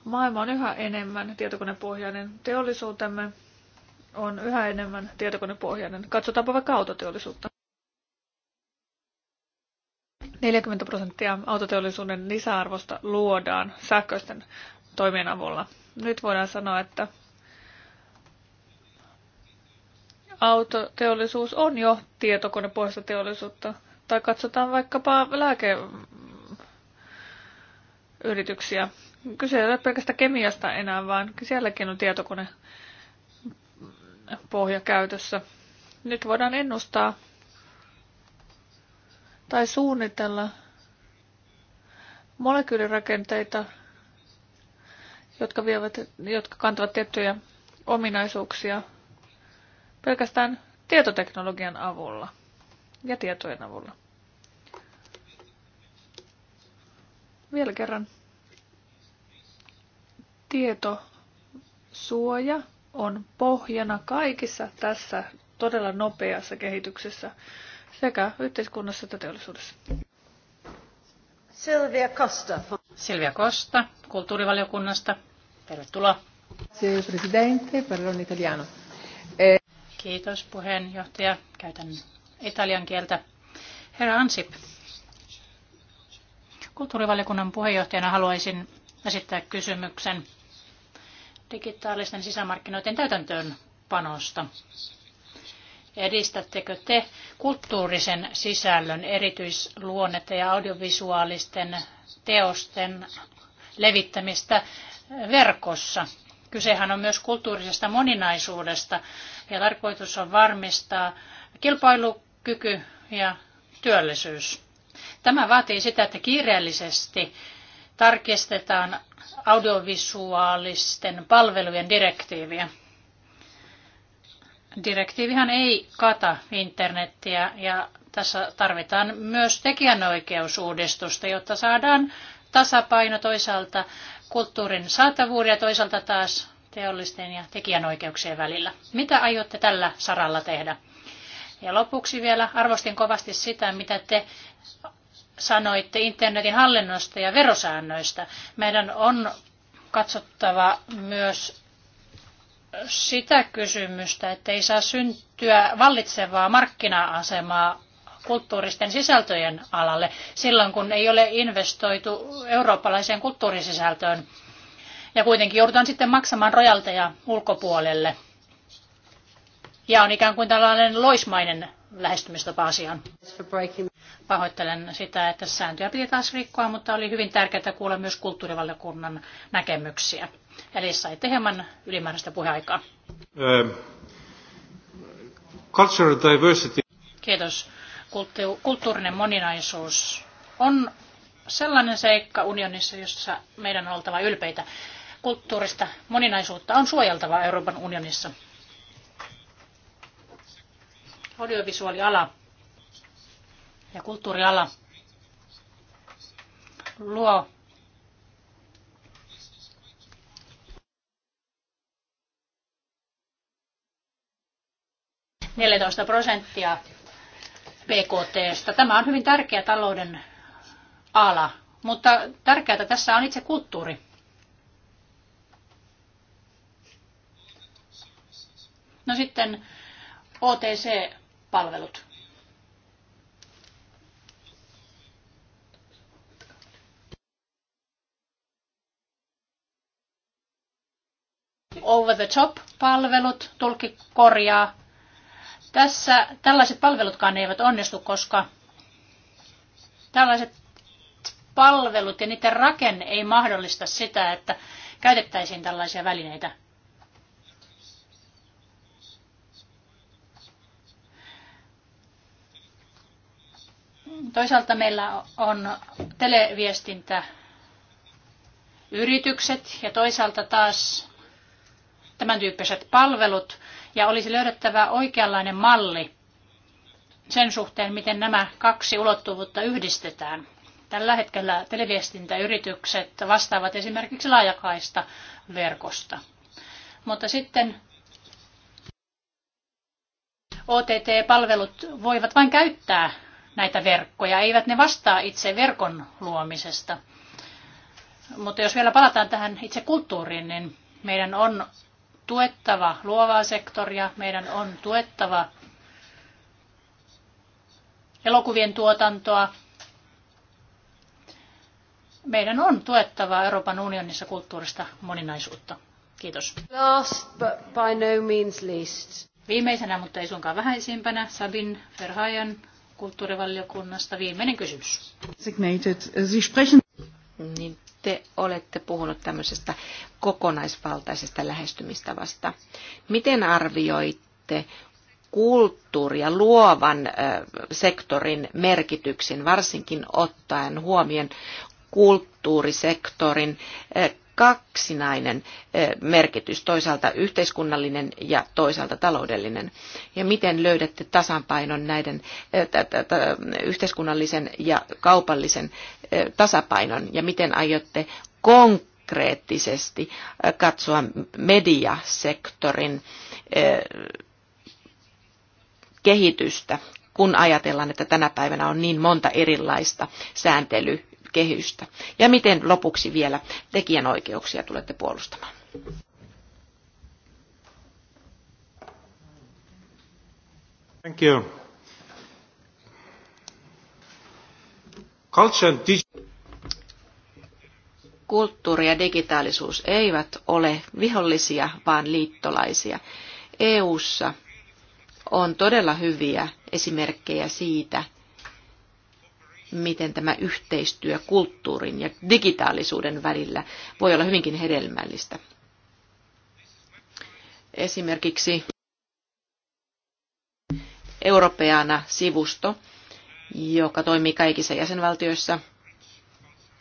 Maailma on yhä enemmän tietokonepohjainen teollisuutemme on yhä enemmän tietokonepohjainen. Katsotaanpa vaikka autoteollisuutta. 40 prosenttia autoteollisuuden lisäarvosta luodaan sähköisten toimien avulla. Nyt voidaan sanoa, että autoteollisuus on jo tietokonepohjaista teollisuutta. Tai katsotaan vaikkapa lääkeyrityksiä. Kyse ei ole pelkästään kemiasta enää, vaan sielläkin on tietokone pohja käytössä. Nyt voidaan ennustaa tai suunnitella molekyylirakenteita, jotka, vievät, jotka kantavat tiettyjä ominaisuuksia pelkästään tietoteknologian avulla ja tietojen avulla. Vielä kerran. Tieto, suoja on pohjana kaikissa tässä todella nopeassa kehityksessä sekä yhteiskunnassa että teollisuudessa. Silvia Costa. Silvia Costa, kulttuurivaliokunnasta. Tervetuloa. Presidente, parlo italiano. Eh, Kiitos puheenjohtaja. Käytän italian kieltä. Herra Ansip, kulttuurivaliokunnan puheenjohtajana haluaisin esittää kysymyksen digitaalisten sisämarkkinoiden täytäntöönpanosta. Edistättekö te kulttuurisen sisällön erityisluonnetta ja audiovisuaalisten teosten levittämistä verkossa? Kysehän on myös kulttuurisesta moninaisuudesta ja tarkoitus on varmistaa kilpailukyky ja työllisyys. Tämä vaatii sitä, että kiireellisesti tarkistetaan audiovisuaalisten palvelujen direktiiviä. Direktiivihan ei kata internettiä ja tässä tarvitaan myös tekijänoikeusuudistusta, jotta saadaan tasapaino toisaalta kulttuurin saatavuuden ja toisaalta taas teollisten ja tekijänoikeuksien välillä. Mitä aiotte tällä saralla tehdä? Ja lopuksi vielä arvostin kovasti sitä, mitä te sanoitte internetin hallinnosta ja verosäännöistä. Meidän on katsottava myös sitä kysymystä, että ei saa syntyä vallitsevaa markkina-asemaa kulttuuristen sisältöjen alalle silloin, kun ei ole investoitu eurooppalaiseen kulttuurisisältöön. Ja kuitenkin joudutaan sitten maksamaan rojalteja ulkopuolelle. Ja on ikään kuin tällainen loismainen lähestymistapa asiaan. Pahoittelen sitä, että sääntöjä piti taas rikkoa, mutta oli hyvin tärkeää kuulla myös kulttuurivaliokunnan näkemyksiä. Eli saitte hieman ylimääräistä puheaikaa. Ähm, cultural diversity. Kiitos. Kulttuurinen moninaisuus on sellainen seikka unionissa, jossa meidän on oltava ylpeitä. Kulttuurista moninaisuutta on suojeltava Euroopan unionissa audiovisuaaliala ja kulttuuriala luo neljätoista prosenttia BKTstä. Tämä on hyvin tärkeä talouden ala, mutta tärkeää tässä on itse kulttuuri. No sitten OTC palvelut. Over the top-palvelut, tulkki korjaa. Tässä tällaiset palvelutkaan eivät onnistu, koska tällaiset palvelut ja niiden rakenne ei mahdollista sitä, että käytettäisiin tällaisia välineitä Toisaalta meillä on televiestintä yritykset ja toisaalta taas tämän tyyppiset palvelut ja olisi löydettävä oikeanlainen malli sen suhteen, miten nämä kaksi ulottuvuutta yhdistetään. Tällä hetkellä televiestintäyritykset vastaavat esimerkiksi laajakaista verkosta. Mutta sitten OTT-palvelut voivat vain käyttää näitä verkkoja. Eivät ne vastaa itse verkon luomisesta. Mutta jos vielä palataan tähän itse kulttuuriin, niin meidän on tuettava luovaa sektoria, meidän on tuettava elokuvien tuotantoa. Meidän on tuettava Euroopan unionissa kulttuurista moninaisuutta. Kiitos. Last but by no means least. Viimeisenä, mutta ei suinkaan vähäisimpänä, Sabin Verhajan kulttuurivaliokunnasta. Viimeinen kysymys. Niin te olette puhunut tämmöisestä kokonaisvaltaisesta lähestymistavasta. Miten arvioitte kulttuuri- ja luovan sektorin merkityksen, varsinkin ottaen huomioon kulttuurisektorin kaksinainen eh, merkitys, toisaalta yhteiskunnallinen ja toisaalta taloudellinen. Ja miten löydätte tasapainon näiden eh, yhteiskunnallisen ja kaupallisen eh, tasapainon ja miten aiotte konkreettisesti katsoa mediasektorin kehitystä kun ajatellaan, että tänä päivänä on niin monta erilaista sääntely- kehystä? Ja miten lopuksi vielä tekijänoikeuksia tulette puolustamaan? Thank you. Kulttuuri ja digitaalisuus eivät ole vihollisia, vaan liittolaisia. EU:ssa on todella hyviä esimerkkejä siitä, miten tämä yhteistyö kulttuurin ja digitaalisuuden välillä voi olla hyvinkin hedelmällistä. Esimerkiksi Europeana sivusto, joka toimii kaikissa jäsenvaltioissa,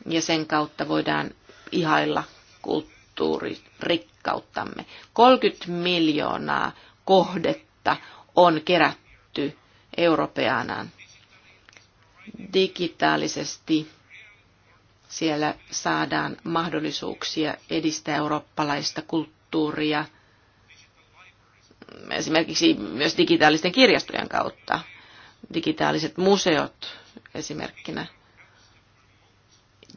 ja sen kautta voidaan ihailla kulttuuririkkauttamme. 30 miljoonaa kohdetta on kerätty Europeanaan digitaalisesti siellä saadaan mahdollisuuksia edistää eurooppalaista kulttuuria esimerkiksi myös digitaalisten kirjastojen kautta. Digitaaliset museot esimerkkinä.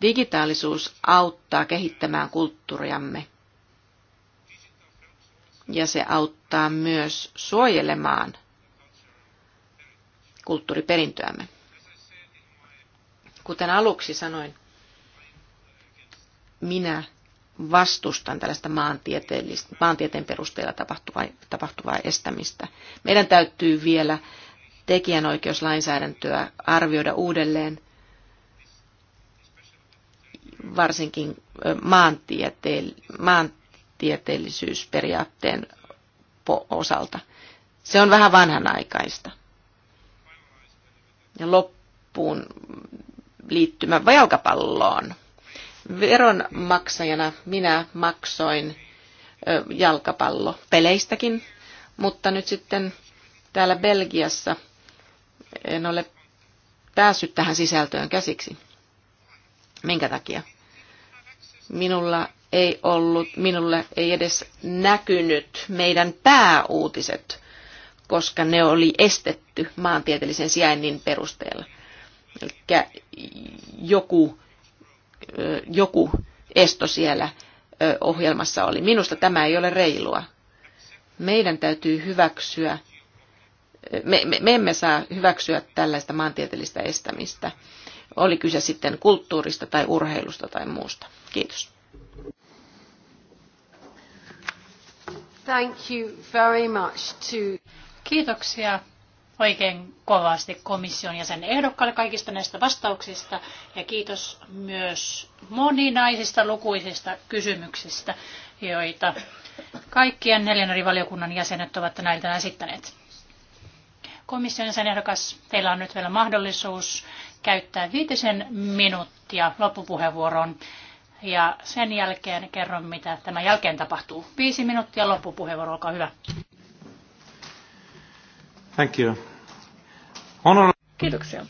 Digitaalisuus auttaa kehittämään kulttuuriamme ja se auttaa myös suojelemaan kulttuuriperintöämme. Kuten aluksi sanoin, minä vastustan tällaista maantieteen perusteella tapahtuvaa, tapahtuvaa estämistä. Meidän täytyy vielä tekijänoikeuslainsäädäntöä arvioida uudelleen, varsinkin maantiete- maantieteellisyysperiaatteen osalta. Se on vähän vanhanaikaista. Ja loppuun liittymä jalkapalloon. Veronmaksajana minä maksoin jalkapallopeleistäkin, mutta nyt sitten täällä Belgiassa en ole päässyt tähän sisältöön käsiksi. Minkä takia? Minulla ei ollut, minulle ei edes näkynyt meidän pääuutiset, koska ne oli estetty maantieteellisen sijainnin perusteella joku, joku esto siellä ohjelmassa oli. Minusta tämä ei ole reilua. Meidän täytyy hyväksyä, me, me, me emme saa hyväksyä tällaista maantieteellistä estämistä, oli kyse sitten kulttuurista tai urheilusta tai muusta. Kiitos. Thank you very much to... Kiitoksia oikein kovasti komission sen ehdokkaille kaikista näistä vastauksista ja kiitos myös moninaisista lukuisista kysymyksistä, joita kaikkien neljän eri valiokunnan jäsenet ovat tänä iltana esittäneet. Komission jäsen ehdokas, teillä on nyt vielä mahdollisuus käyttää viitisen minuuttia loppupuheenvuoroon ja sen jälkeen kerron, mitä tämän jälkeen tapahtuu. Viisi minuuttia loppupuheenvuoro, olkaa hyvä. Thank you. Honor... Kiitoksia.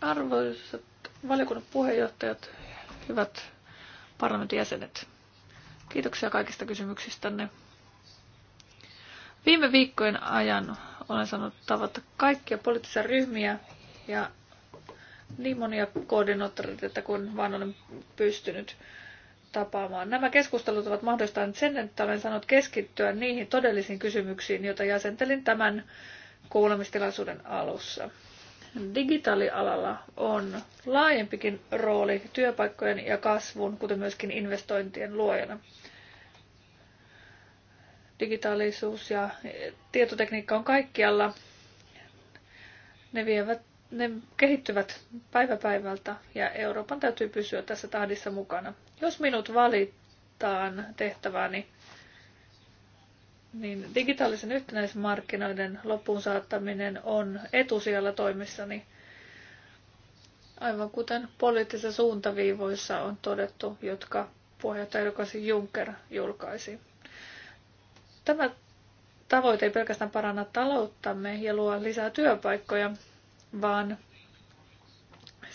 Arvoisat valiokunnan puheenjohtajat, hyvät parlamentin jäsenet. Kiitoksia kaikista kysymyksistänne. Viime viikkojen ajan olen saanut tavata kaikkia poliittisia ryhmiä ja niin monia koordinaattoreita kuin vaan olen pystynyt tapaamaan. Nämä keskustelut ovat mahdollistaneet sen, että olen saanut keskittyä niihin todellisiin kysymyksiin, joita jäsentelin tämän kuulemistilaisuuden alussa. Digitaalialalla on laajempikin rooli työpaikkojen ja kasvun, kuten myöskin investointien luojana. Digitaalisuus ja tietotekniikka on kaikkialla. Ne, vievät, ne kehittyvät päivä päivältä ja Euroopan täytyy pysyä tässä tahdissa mukana. Jos minut valitaan tehtävääni, niin niin digitaalisen yhtenäismarkkinoiden loppuun saattaminen on etusijalla toimissani, aivan kuten poliittisissa suuntaviivoissa on todettu, jotka puheenjohtajaehdokas Juncker julkaisi. Tämä tavoite ei pelkästään paranna talouttamme ja luo lisää työpaikkoja, vaan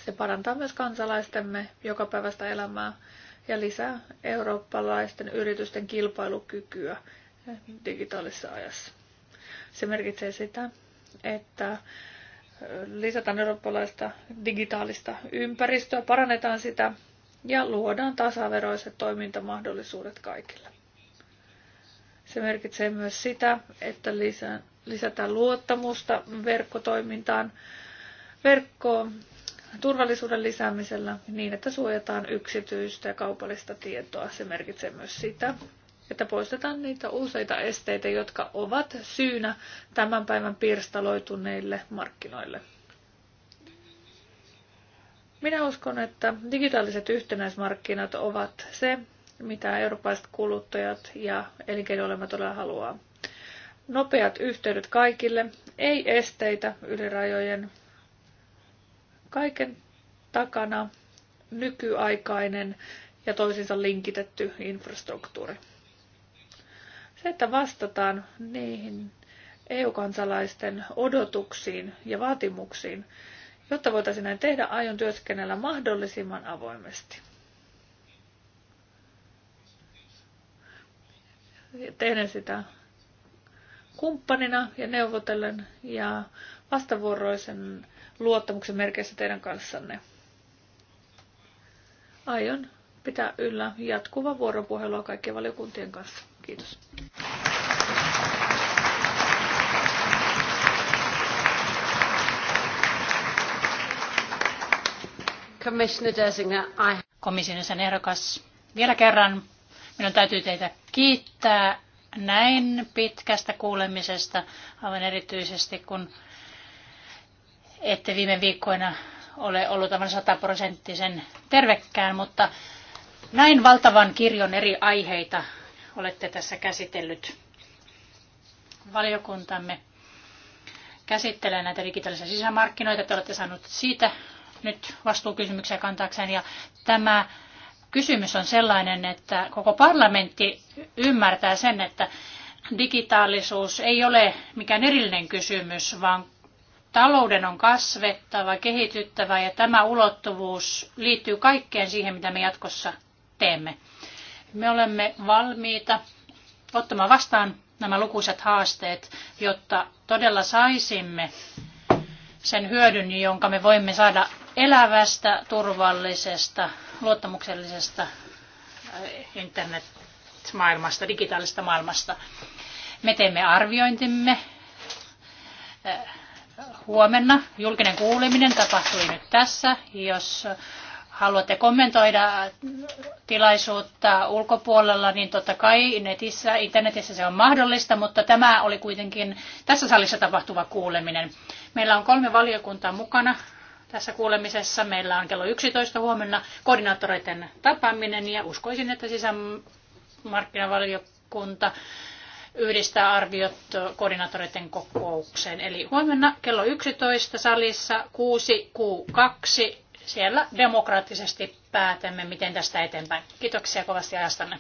se parantaa myös kansalaistemme jokapäiväistä elämää ja lisää eurooppalaisten yritysten kilpailukykyä digitaalisessa ajassa. Se merkitsee sitä, että lisätään eurooppalaista digitaalista ympäristöä, parannetaan sitä ja luodaan tasaveroiset toimintamahdollisuudet kaikille. Se merkitsee myös sitä, että lisätään luottamusta verkkotoimintaan, verkkoon turvallisuuden lisäämisellä niin, että suojataan yksityistä ja kaupallista tietoa. Se merkitsee myös sitä, että poistetaan niitä useita esteitä, jotka ovat syynä tämän päivän pirstaloituneille markkinoille. Minä uskon, että digitaaliset yhtenäismarkkinat ovat se, mitä eurooppalaiset kuluttajat ja elinkeinoelämä todella haluaa. Nopeat yhteydet kaikille, ei esteitä ylirajojen Kaiken takana nykyaikainen ja toisinsa linkitetty infrastruktuuri. Se, että vastataan niihin EU-kansalaisten odotuksiin ja vaatimuksiin, jotta voitaisiin näin tehdä, aion työskennellä mahdollisimman avoimesti. Tehden sitä kumppanina ja neuvotellen ja vastavuoroisen luottamuksen merkeissä teidän kanssanne. Aion pitää yllä jatkuvaa vuoropuhelua kaikkien valiokuntien kanssa. Kiitos. Komission sen ehdokas, vielä kerran minun täytyy teitä kiittää näin pitkästä kuulemisesta, aivan erityisesti kun ette viime viikkoina ole ollut aivan sataprosenttisen tervekkään, mutta näin valtavan kirjon eri aiheita olette tässä käsitellyt. Valiokuntamme käsittelee näitä digitaalisia sisämarkkinoita. Te olette saaneet siitä nyt vastuukysymyksiä kantaakseen. Ja tämä kysymys on sellainen, että koko parlamentti ymmärtää sen, että digitaalisuus ei ole mikään erillinen kysymys, vaan talouden on kasvettava, kehityttävä ja tämä ulottuvuus liittyy kaikkeen siihen, mitä me jatkossa teemme. Me olemme valmiita ottamaan vastaan nämä lukuisat haasteet, jotta todella saisimme sen hyödyn, jonka me voimme saada elävästä, turvallisesta, luottamuksellisesta äh, internetmaailmasta, digitaalisesta maailmasta. Me teemme arviointimme äh, huomenna. Julkinen kuuleminen tapahtui nyt tässä. Jos haluatte kommentoida tilaisuutta ulkopuolella, niin totta kai netissä, internetissä se on mahdollista, mutta tämä oli kuitenkin tässä salissa tapahtuva kuuleminen. Meillä on kolme valiokuntaa mukana tässä kuulemisessa. Meillä on kello 11 huomenna koordinaattoreiden tapaaminen ja uskoisin, että sisämarkkinavaliokunta yhdistää arviot koordinaattoreiden kokoukseen. Eli huomenna kello 11 salissa 6Q2 siellä demokraattisesti päätämme, miten tästä eteenpäin. Kiitoksia kovasti ajastanne.